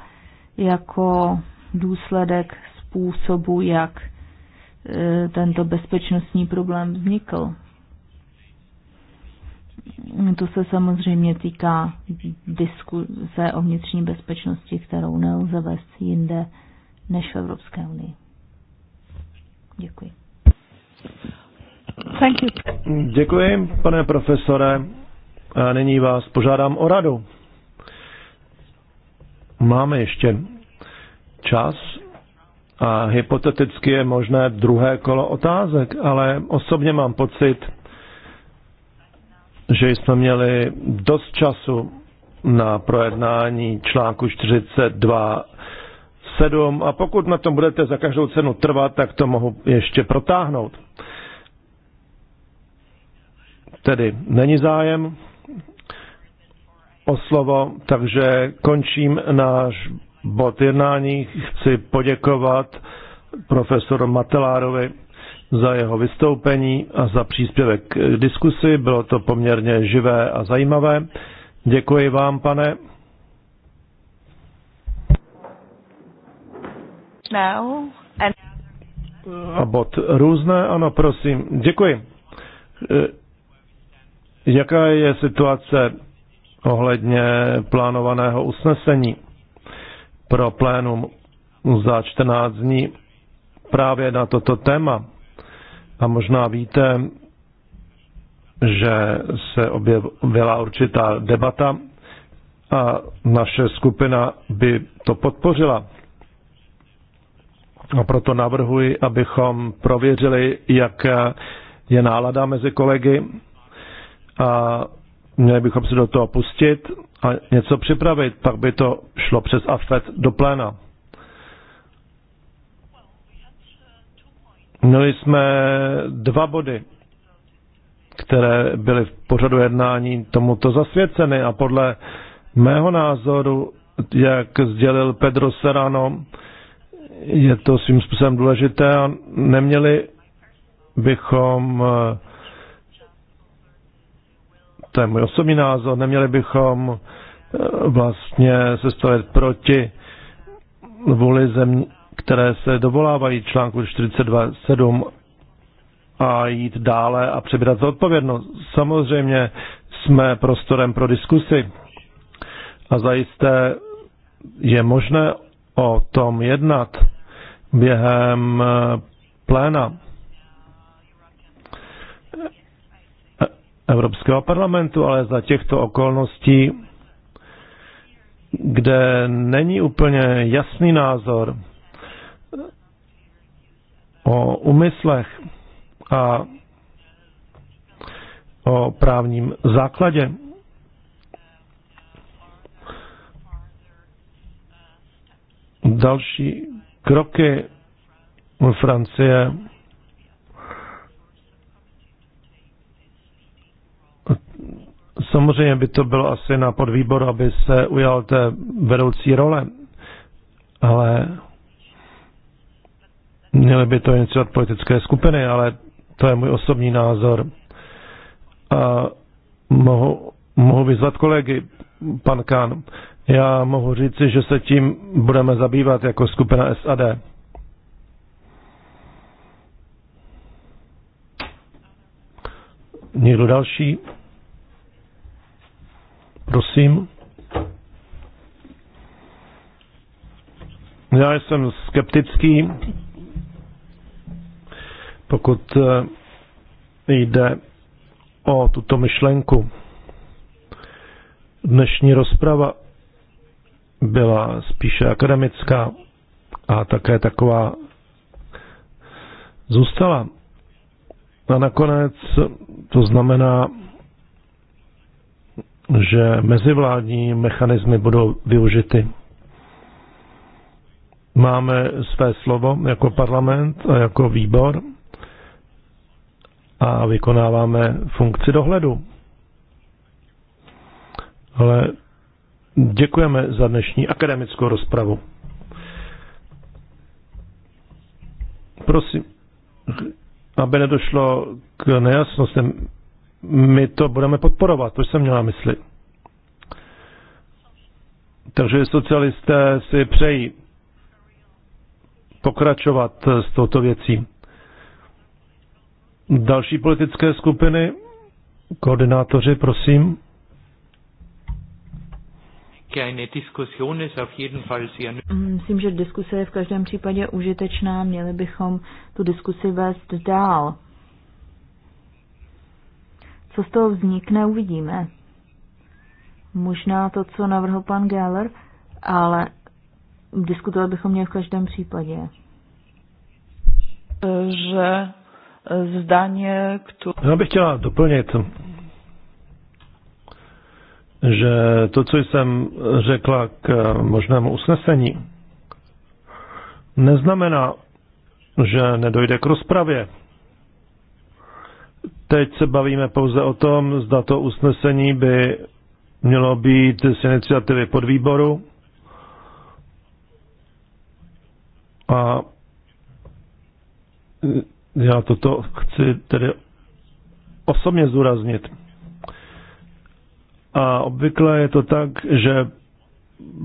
jako důsledek způsobu, jak eh, tento bezpečnostní problém vznikl. To se samozřejmě týká diskuse o vnitřní bezpečnosti, kterou nelze vést jinde než v Evropské unii. Děkuji. Thank you. Děkuji, pane profesore. A nyní vás požádám o radu. Máme ještě čas a hypoteticky je možné druhé kolo otázek, ale osobně mám pocit, že jsme měli dost času na projednání článku 42 7 a pokud na tom budete za každou cenu trvat, tak to mohu ještě protáhnout. Tedy není zájem o slovo, takže končím náš bod jednání. Chci poděkovat profesoru Matelárovi za jeho vystoupení a za příspěvek k diskusi. Bylo to poměrně živé a zajímavé. Děkuji vám, pane now and... A bod různé, ano, prosím. Děkuji. E, jaká je situace ohledně plánovaného usnesení pro plénum za 14 dní právě na toto téma? A možná víte, že se objevila určitá debata a naše skupina by to podpořila. A proto navrhuji, abychom prověřili, jak je nálada mezi kolegy a měli bychom se do toho pustit a něco připravit. Pak by to šlo přes AFET do pléna. Měli jsme dva body, které byly v pořadu jednání tomuto zasvěceny a podle mého názoru, jak sdělil Pedro Serrano, je to svým způsobem důležité a neměli bychom, eh, to je můj osobní názor, neměli bychom eh, vlastně se stavit proti vůli zemí, které se dovolávají článku 42.7 a jít dále a přebírat odpovědnost. Samozřejmě jsme prostorem pro diskusy a zajisté je možné o tom jednat během eh, pléna Evropského parlamentu, ale za těchto okolností, kde není úplně jasný názor o umyslech a o právním základě další kroky Francie Samozřejmě by to bylo asi na podvýbor, aby se ujal té vedoucí role, ale měly by to iniciovat politické skupiny, ale to je můj osobní názor. A mohu, mohu vyzvat kolegy, pan Kán. Já mohu říci, že se tím budeme zabývat jako skupina SAD. Někdo další? Prosím. Já jsem skeptický, pokud eh, jde o tuto myšlenku. Dnešní rozprava byla spíše akademická a také taková zůstala. A nakonec to znamená, že mezivládní mechanismy budou využity. Máme své slovo jako parlament a jako výbor a vykonáváme funkci dohledu. Ale Děkujeme za dnešní akademickou rozpravu. Prosím, aby nedošlo k nejasnostem, my to budeme podporovat, to jsem měla mysli. Takže socialisté si přejí pokračovat s touto věcí. Další politické skupiny, koordinátoři, prosím. Mm, myslím, že diskuse je v každém případě užitečná, měli bychom tu diskusi vést dál. Co z toho vznikne, uvidíme. Možná to, co navrhl pan Geller, ale diskutovat bychom měli v každém případě. Že zdaně, kdo. Já bych chtěla doplnit že to, co jsem řekla k možnému usnesení, neznamená, že nedojde k rozpravě. Teď se bavíme pouze o tom, zda to usnesení by mělo být z iniciativy podvýboru a já toto chci tedy osobně zdůraznit. A obvykle je to tak, že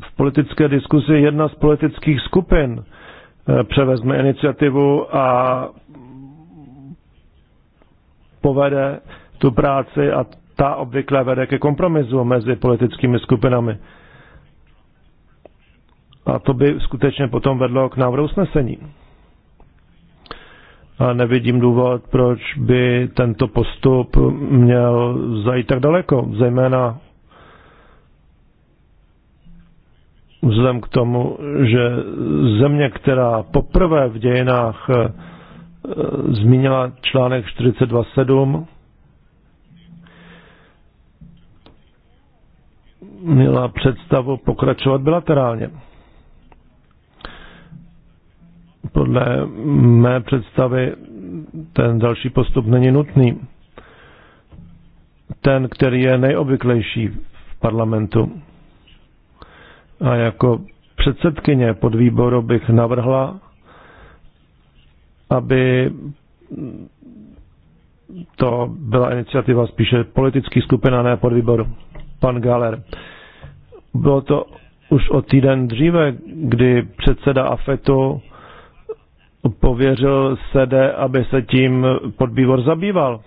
v politické diskuzi jedna z politických skupin e, převezme iniciativu a povede tu práci a ta obvykle vede ke kompromisu mezi politickými skupinami. A to by skutečně potom vedlo k návrhu usnesení a nevidím důvod, proč by tento postup měl zajít tak daleko, zejména vzhledem k tomu, že země, která poprvé v dějinách eh, zmínila článek 42.7, měla představu pokračovat bilaterálně. Podle mé představy ten další postup není nutný. Ten, který je nejobvyklejší v parlamentu. A jako předsedkyně pod výboru bych navrhla, aby to byla iniciativa spíše politický skupina, ne pod výboru. Pan Galer. Bylo to už o týden dříve, kdy předseda AFETu pověřil sede, aby se tím podbývor zabýval.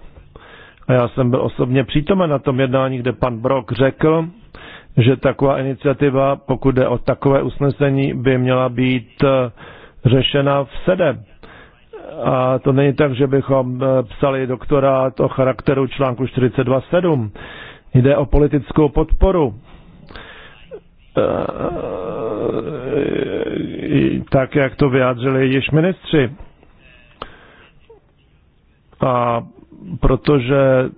A já jsem byl osobně přítomen na tom jednání, kde pan Brok řekl, že taková iniciativa, pokud jde o takové usnesení, by měla být eh, řešena v sede. A to není tak, že bychom eh, psali doktorát o charakteru článku 42.7. Jde o politickou podporu eh, E, tak, jak to vyjádřili již ministři. A protože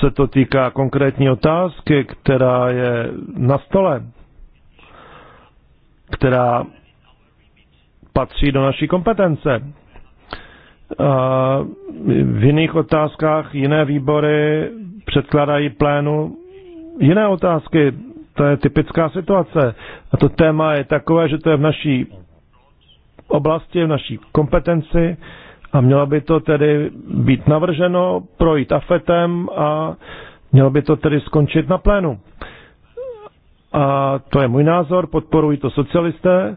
se to týká konkrétní otázky, která je na stole, která patří do naší kompetence. A v jiných otázkách jiné výbory předkládají plénu jiné otázky to je typická situace. A to téma je takové, že to je v naší oblasti, v naší kompetenci a mělo by to tedy být navrženo, projít afetem a mělo by to tedy skončit na plénu. A to je můj názor, podporují to socialisté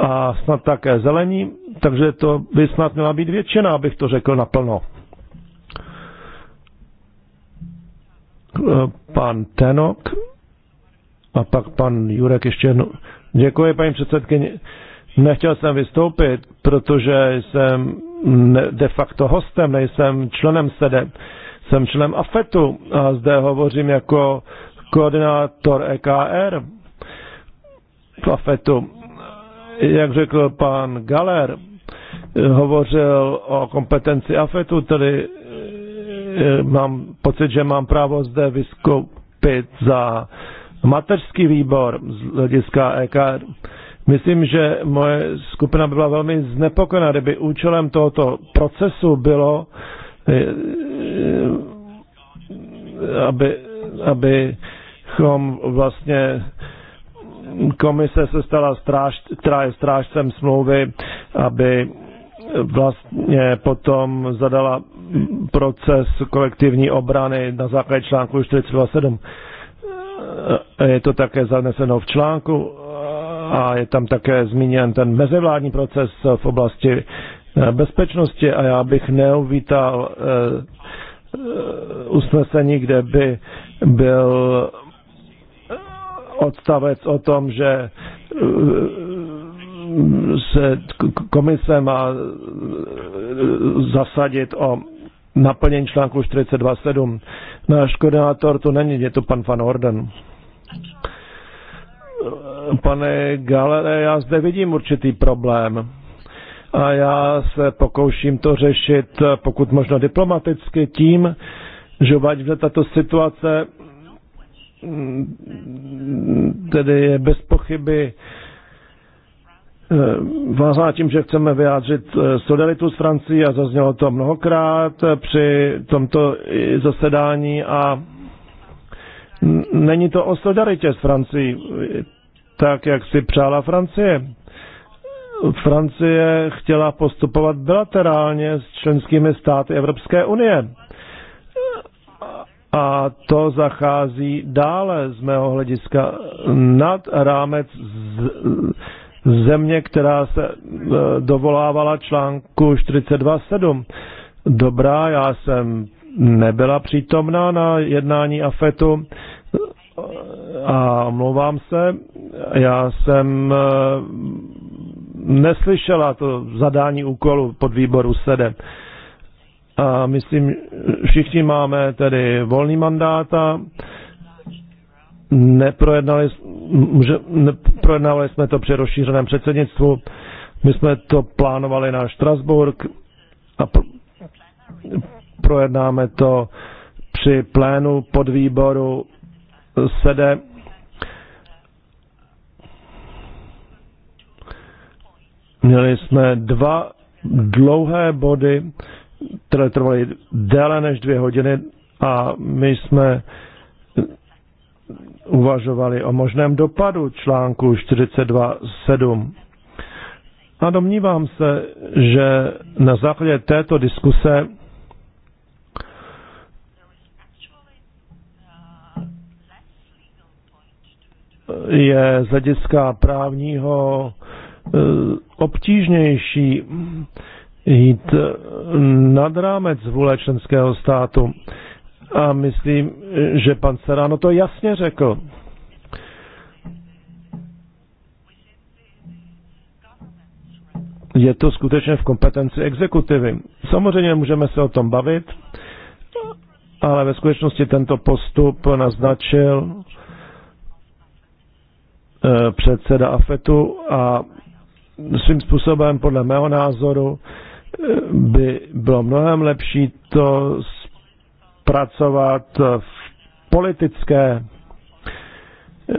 a snad také zelení, takže to by snad měla být většina, abych to řekl naplno. Pan Tenok. A pak pan Jurek ještě jednou. Děkuji, paní předsedkyně. Nechtěl jsem vystoupit, protože jsem de facto hostem, nejsem členem SEDE. Jsem členem AFETu a zde hovořím jako koordinátor EKR v AFETu. Jak řekl pan Galer, hovořil o kompetenci AFETu, tedy eh, mám pocit, že mám právo zde vystoupit za mateřský výbor z hlediska EKR. Myslím, že moje skupina byla velmi znepokojena, kdyby účelem tohoto procesu bylo, eh, eh, aby, abychom vlastně komise se stala stráž, která je strážcem smlouvy, aby vlastně potom zadala proces kolektivní obrany na základě článku 427. Eh, je to také zaneseno v článku eh, a je tam také zmíněn ten mezivládní proces v oblasti eh, bezpečnosti a já bych neuvítal usnesení, kde by byl odstavec o tom, že se komise má zasadit o naplnění článku 42.7. Náš koordinátor to není, je to pan Van Orden. Pane Galere, já zde vidím určitý problém a já se pokouším to řešit pokud možno diplomaticky tím, že uvádím, tato situace mm, tedy je bez pochyby uh, Eh, vázaná tím, že chceme vyjádřit eh, solidaritu s Francií a zaznělo to mnohokrát eh, při tomto zasedání a není to o solidaritě s Francií, tak jak si přála Francie. Francie chtěla postupovat bilaterálně s členskými státy Evropské unie. A to zachází dále z mého hlediska nad rámec z, země, která se e, dovolávala článku 42.7. Dobrá, já jsem nebyla přítomná na jednání AFETu e, a omlouvám se, já jsem e, neslyšela to zadání úkolu pod výboru 7. A myslím, všichni máme tedy volný mandát a neprojednali, že neprojednávali jsme to při rozšířeném předsednictvu. My jsme to plánovali na Štrasburg a pro, projednáme to při plénu podvýboru sede. Měli jsme dva dlouhé body, které trvaly déle než dvě hodiny a my jsme uvažovali o možném dopadu článku 42.7. A domnívám se, že na základě této diskuse je z hlediska právního e, obtížnější jít nad rámec vůle členského státu. A myslím, že pan Serrano to jasně řekl. Je to skutečně v kompetenci exekutivy. Samozřejmě můžeme se o tom bavit, ale ve skutečnosti tento postup naznačil eh, předseda AFETu a svým způsobem, podle mého názoru, eh, by bylo mnohem lepší to pracovat v politické eh,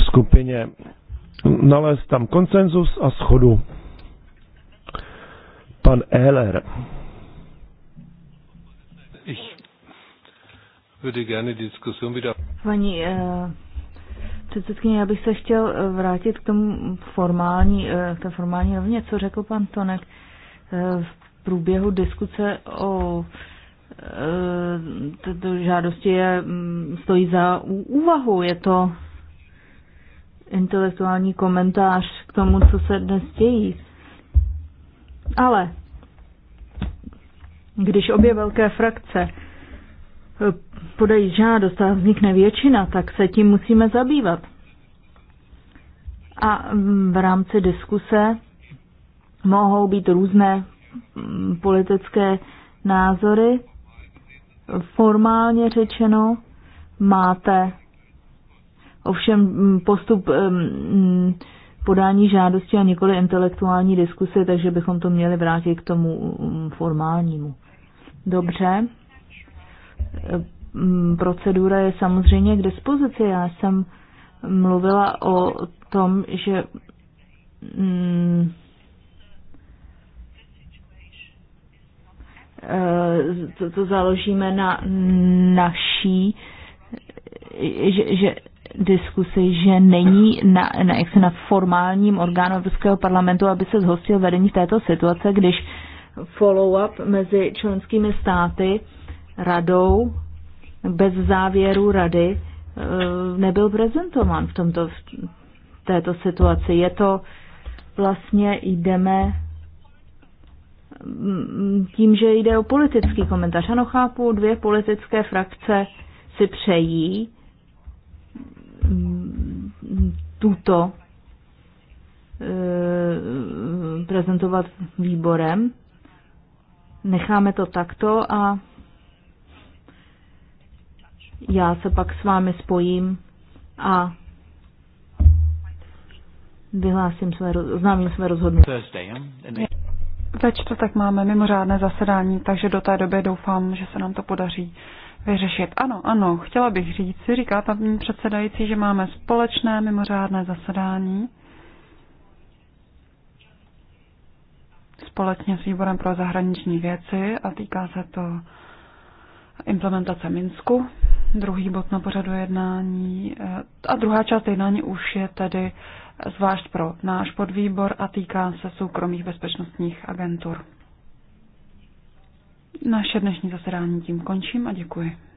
skupině, nalézt tam konsenzus a schodu. Pan Ehler. Ich würde gerne Diskussion wieder. Pani eh, předsedkyně, já bych se chtěl eh, vrátit k tomu formální, eh, té formální rovně, co řekl pan Tonek eh, v průběhu diskuse o eh, Eh, této žádosti je, mm, stojí za úvahu. Je to intelektuální komentář k tomu, co se dnes dějí. Ale když obě velké frakce eh, podají žádost a vznikne většina, tak se tím musíme zabývat. A v rámci diskuse mohou být různé mm, politické názory, Formálně řečeno máte ovšem mm, postup mm, podání žádosti a nikoli intelektuální diskuse, takže bychom to měli vrátit k tomu mm, formálnímu. Dobře. Procedura je samozřejmě k dispozici. Já jsem mluvila o tom, že Eh, to, to založíme na naší že, že diskusi, že není na, na, jak se na formálním orgánu Evropského parlamentu, aby se zhostil vedení této situace, když follow-up mezi členskými státy, radou, bez závěru rady eh, nebyl prezentován v, tomto, v této situaci. Je to vlastně, jdeme tím, že jde o politický komentář. Ano, chápu, dvě politické frakce si přejí mm, tuto eh, prezentovat výborem. Necháme to takto a já se pak s vámi spojím a vyhlásím své, oznámím své rozhodnutí. Ve čtvrtek máme mimořádné zasedání, takže do té doby doufám, že se nám to podaří vyřešit. Ano, ano, chtěla bych říct, si říká tam předsedající, že máme společné mimořádné zasedání společně s výborem pro zahraniční věci a týká se to implementace Minsku. Druhý bod na pořadu jednání eh, a druhá část jednání už je tedy zvlášť pro náš podvýbor a týká se soukromých bezpečnostních agentur. Naše dnešní zasedání tím končím a děkuji.